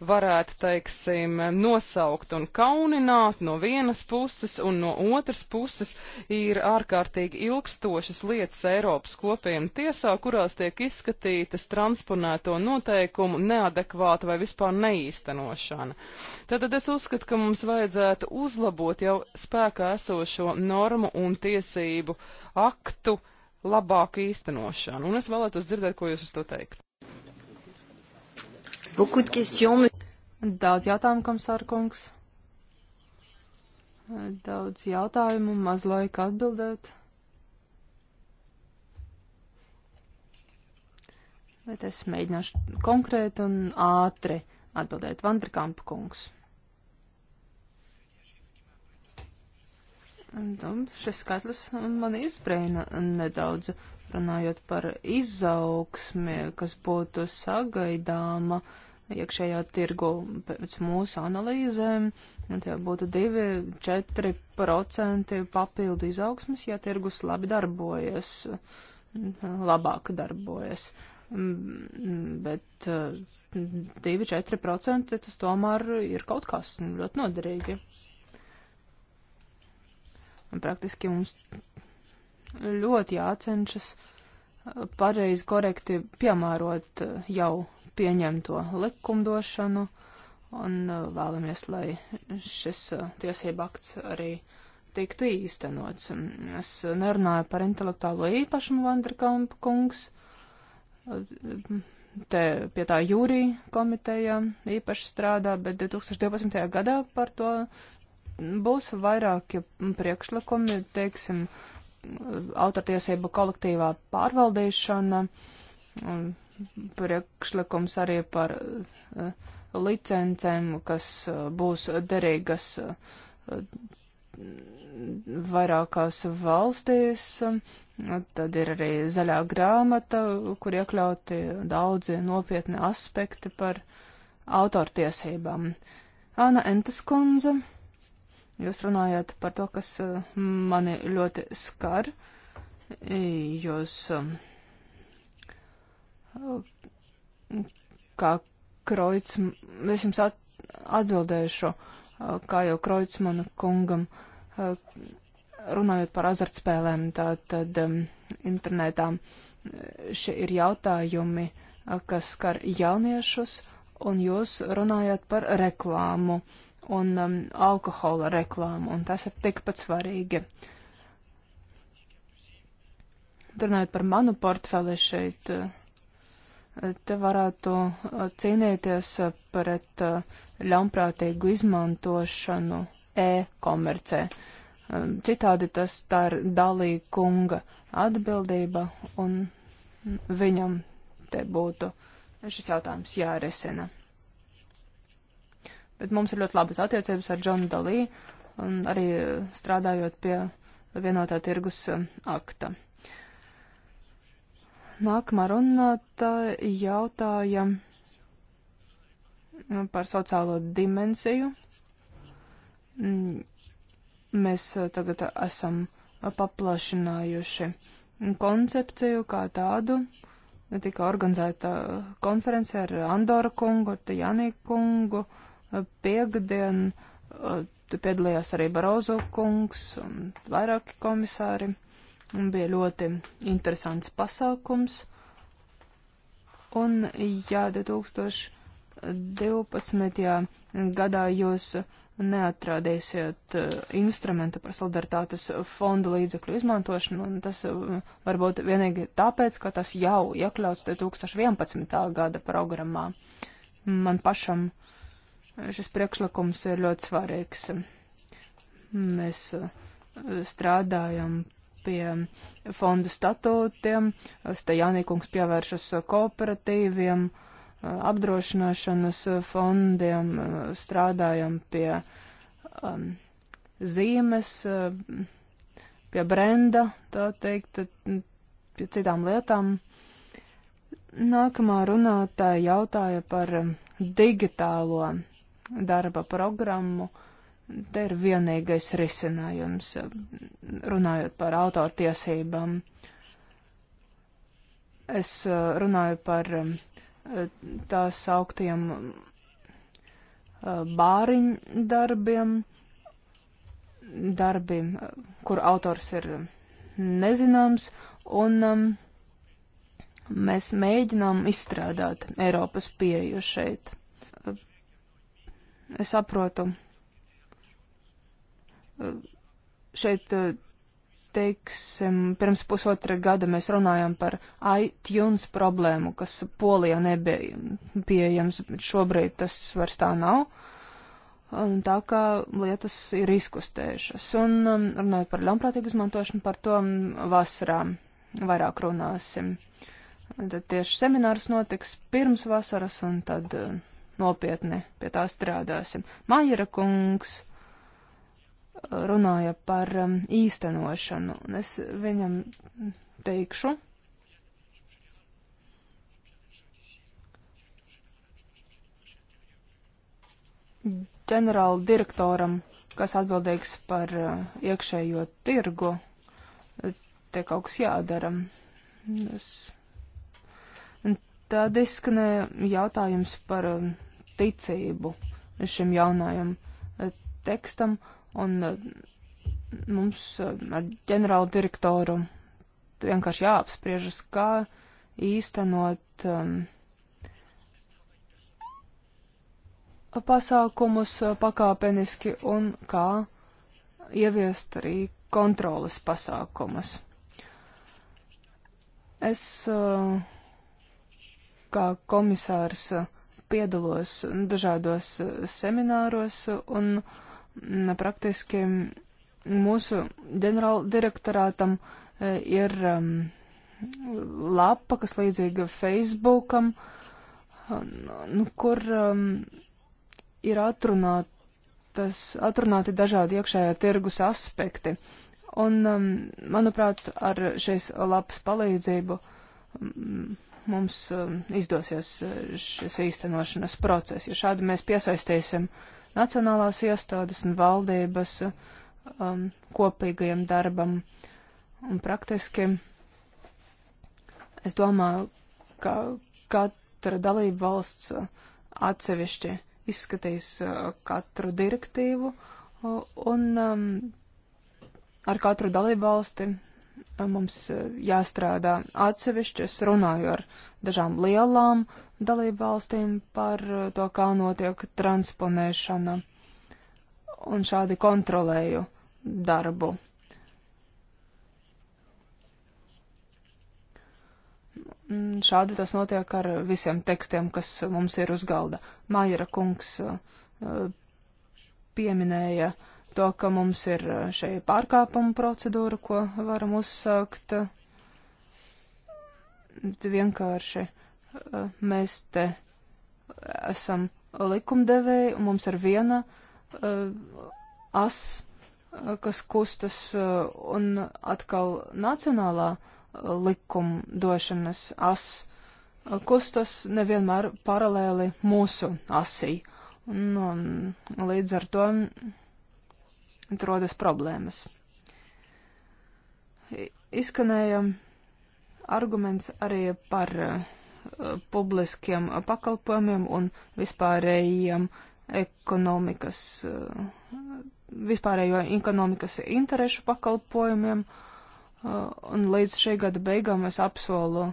varētu, teiksim, nosaukt un kaunināt no vienas puses un no otras puses ir ārkārtīgi ilgstošas lietas Eiropas kopienu tiesā, kurās tiek izskatītas transponēto noteikumu neadekvāta vai vispār neīstenošana? Tātad es uzskatu, ka mums vajadzētu uzlabot jau spēkā esošo normu un tiesību uh, aktu labāku īstenošanu. Un es vēlētos dzirdēt, ko jūs uz to teikt. Daudz jautājumu, komisārkungs. Daudz jautājumu, maz laika atbildēt. Bet es mēģināšu konkrēti un ātri atbildēt. Vandrikampa kungs. Un šis skatlis man izbrēna nedaudz, runājot par izaugsmi, kas būtu sagaidāma iekšējā tirgu pēc mūsu analīzēm. Tie būtu 2-4% papildu izaugsmas, ja tirgus labi darbojas, labāk darbojas. Mm, bet 2-4% eh, tas tomēr ir kaut kas ļoti noderīgi. Un praktiski mums ļoti jācenšas eh, pareizi, korekti piemērot eh, jau pieņemto likumdošanu un eh, vēlamies, lai šis tiesība akts arī tiktu īstenots. Es nerunāju par intelektuālo īpašumu Vanderkampa kungs, te pie tā jūrī komiteja īpaši strādā, bet 2012. gadā par to būs vairāki priekšlikumi, teiksim, autortiesību kolektīvā pārvaldīšana, priekšlikums arī par eh, licencēm, kas eh, būs derīgas eh, vairākās valstīs. Tad ir arī zaļā grāmata, kur iekļauti daudzi nopietni aspekti par autortiesībām. Āna Entes kundze. Jūs runājat par to, kas eh, mani ļoti skar. Jūs eh, kā Kroits, es jums atbildēšu, eh, kā jau Kroits man kungam, runājot par azartspēlēm, tā tad internetā šie ir jautājumi, kas skar jauniešus, un jūs runājat par reklāmu. Uh, un um, alkohola reklāmu, un tas ir tikpat svarīgi. Runājot par manu portfeli šeit, uh, te varētu uh, cīnīties uh, pret ļaunprātīgu izmantošanu e-komercē. Um, citādi tas tā ir dalī kunga atbildība, un viņam te būtu šis jautājums jārisina. Bet mums ir ļoti labas attiecības ar Džonu Dalī un arī strādājot pie vienotā tirgus eh, akta. Nākamā runāta jautāja nu, par sociālo dimensiju. Mm, mēs eh, tagad esam paplašinājuši koncepciju kā tādu. Tika organizēta konference ar Andoru kungu, ar Tajānī kungu. Uh, piekdien eh, piedalījās arī Barozo kungs un vairāki komisāri. Un bija ļoti interesants pasākums. Un jā, 2012. gadā jūs neatrādīsiet eh, instrumenta par solidaritātes fonda līdzekļu izmantošanu, un tas eh, varbūt vienīgi tāpēc, ka tas jau iekļauts 2011. gada programmā. Man pašam uh, Šis priekšlikums ir ļoti svarīgs. Mēs uh, strādājam pie fondu statūtiem, Stajānīkungs pievēršas kooperatīviem, uh, apdrošināšanas fondiem, uh, strādājam pie um, zīmes, pie brenda, tā teikt, pie citām lietām. Nākamā runātāja jautāja par um, digitālo darba programmu. Te ir vienīgais risinājums, runājot par autortiesībām. Es eh, runāju par eh, tās augtiem eh, bāriņdarbiem, darbi, kur autors ir nezināms, un um, mēs mēģinām izstrādāt Eiropas pieju šeit. Es saprotu. Šeit, teiksim, pirms pusotra gada mēs runājām par iTunes problēmu, kas Polijā nebija pieejams, bet šobrīd tas vairs tā nav. Un tā kā lietas ir izkustējušas. Un um, runājot par ļaunprātīgu izmantošanu, par to um, vasarā vairāk runāsim. Tad tieši seminārs notiks pirms vasaras un tad. Uh, nopietni pie tā strādāsim. Maira kungs uh, runāja par um, īstenošanu, un es viņam teikšu. ģenerāla direktoram, kas atbildīgs par uh, iekšējo tirgu, te kaut kas jādara. Es... Tad izskanēja jautājums par um, ticību šim jaunajam eh, tekstam, un eh, mums eh, ar ģenerālu direktoru vienkārši jāapspriežas, kā īstenot um, pasākumus pakāpeniski un kā ieviest arī kontrolas pasākumus. Es uh, kā komisārs uh, piedalos dažādos eh, semināros un mm, praktiski mūsu ģenerāldirektorātam eh, ir mm, lapa, kas līdzīga Facebookam, nu, kur um, ir atrunātas, atrunāti dažādi iekšējā tirgus aspekti. Un, um, manuprāt, ar šīs lapas palīdzību um, mums um, izdosies uh, šis īstenošanas process, jo šādi mēs piesaistīsim nacionālās iestādes un valdības uh, um, kopīgajam darbam. Un praktiski es domāju, ka katra dalība valsts uh, atsevišķi izskatīs katru direktīvu un um, ar katru dalību valsti mums e, jāstrādā atsevišķi. Es runāju ar dažām lielām dalību valstīm par e, to, kā notiek transponēšana, un šādi kontrolēju darbu. Šādi tas notiek ar visiem tekstiem, kas mums ir uz galda. Maira kungs e, pieminēja uh, to, ka mums ir eh, šī pārkāpuma procedūra, ko varam uzsākt. Vienkārši eh, mēs te esam likumdevēji, un mums ir viena eh, as, kas kustas, un atkal nacionālā likumdošanas as kustas nevienmēr paralēli mūsu asī. Un, un līdz ar to rodas problēmas. Izskanēja arguments arī par eh, publiskiem pakalpojumiem un vispārējiem ekonomikas, eh, vispārējo ekonomikas interešu pakalpojumiem. Eh, un līdz šī gada beigām es apsolu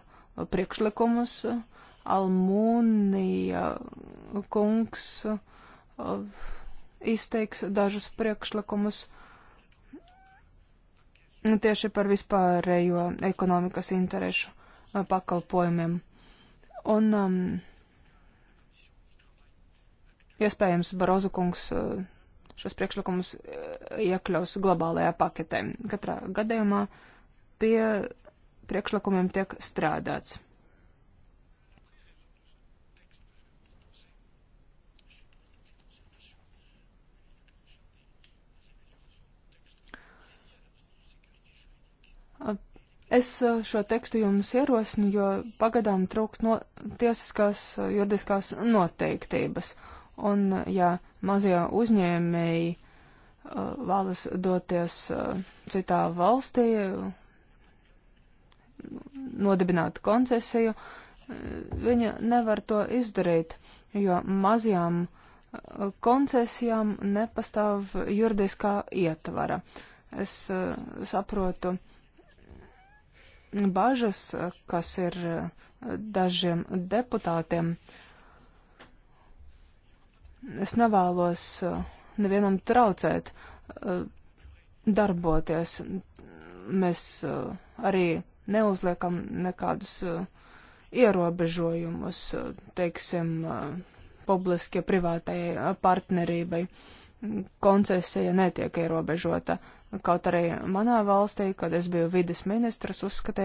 priekšlikumus. Almūnija kungs izteiks dažus priekšlikumus tieši par vispārējo ekonomikas interešu eh, pakalpojumiem. Un um, iespējams Barozu kungs eh, šos priekšlikumus eh, iekļaus globālajā paketē. Katrā gadījumā pie priekšlikumiem tiek strādāts. Es eh, šo tekstu jums ierosinu, jo pagadām trūks no tiesiskās eh, juridiskās noteiktības. Un, eh, ja mazie uzņēmēji vēlas doties citā valstī, nodibināt koncesiju, viņa nevar to izdarīt, jo mazajām koncesijām nepastāv juridiskā ietvara. Es saprotu bažas, kas ir eh, dažiem deputātiem. Es nevēlos eh, nevienam traucēt eh, darboties. Mēs arī neuzliekam nekādus ierobežojumus, teiksim, publiskie privātajai partnerībai. Koncesija netiek ierobežota. Uh, Kaut arī manā valstī, kad es biju vides ministrs, uzskatīja,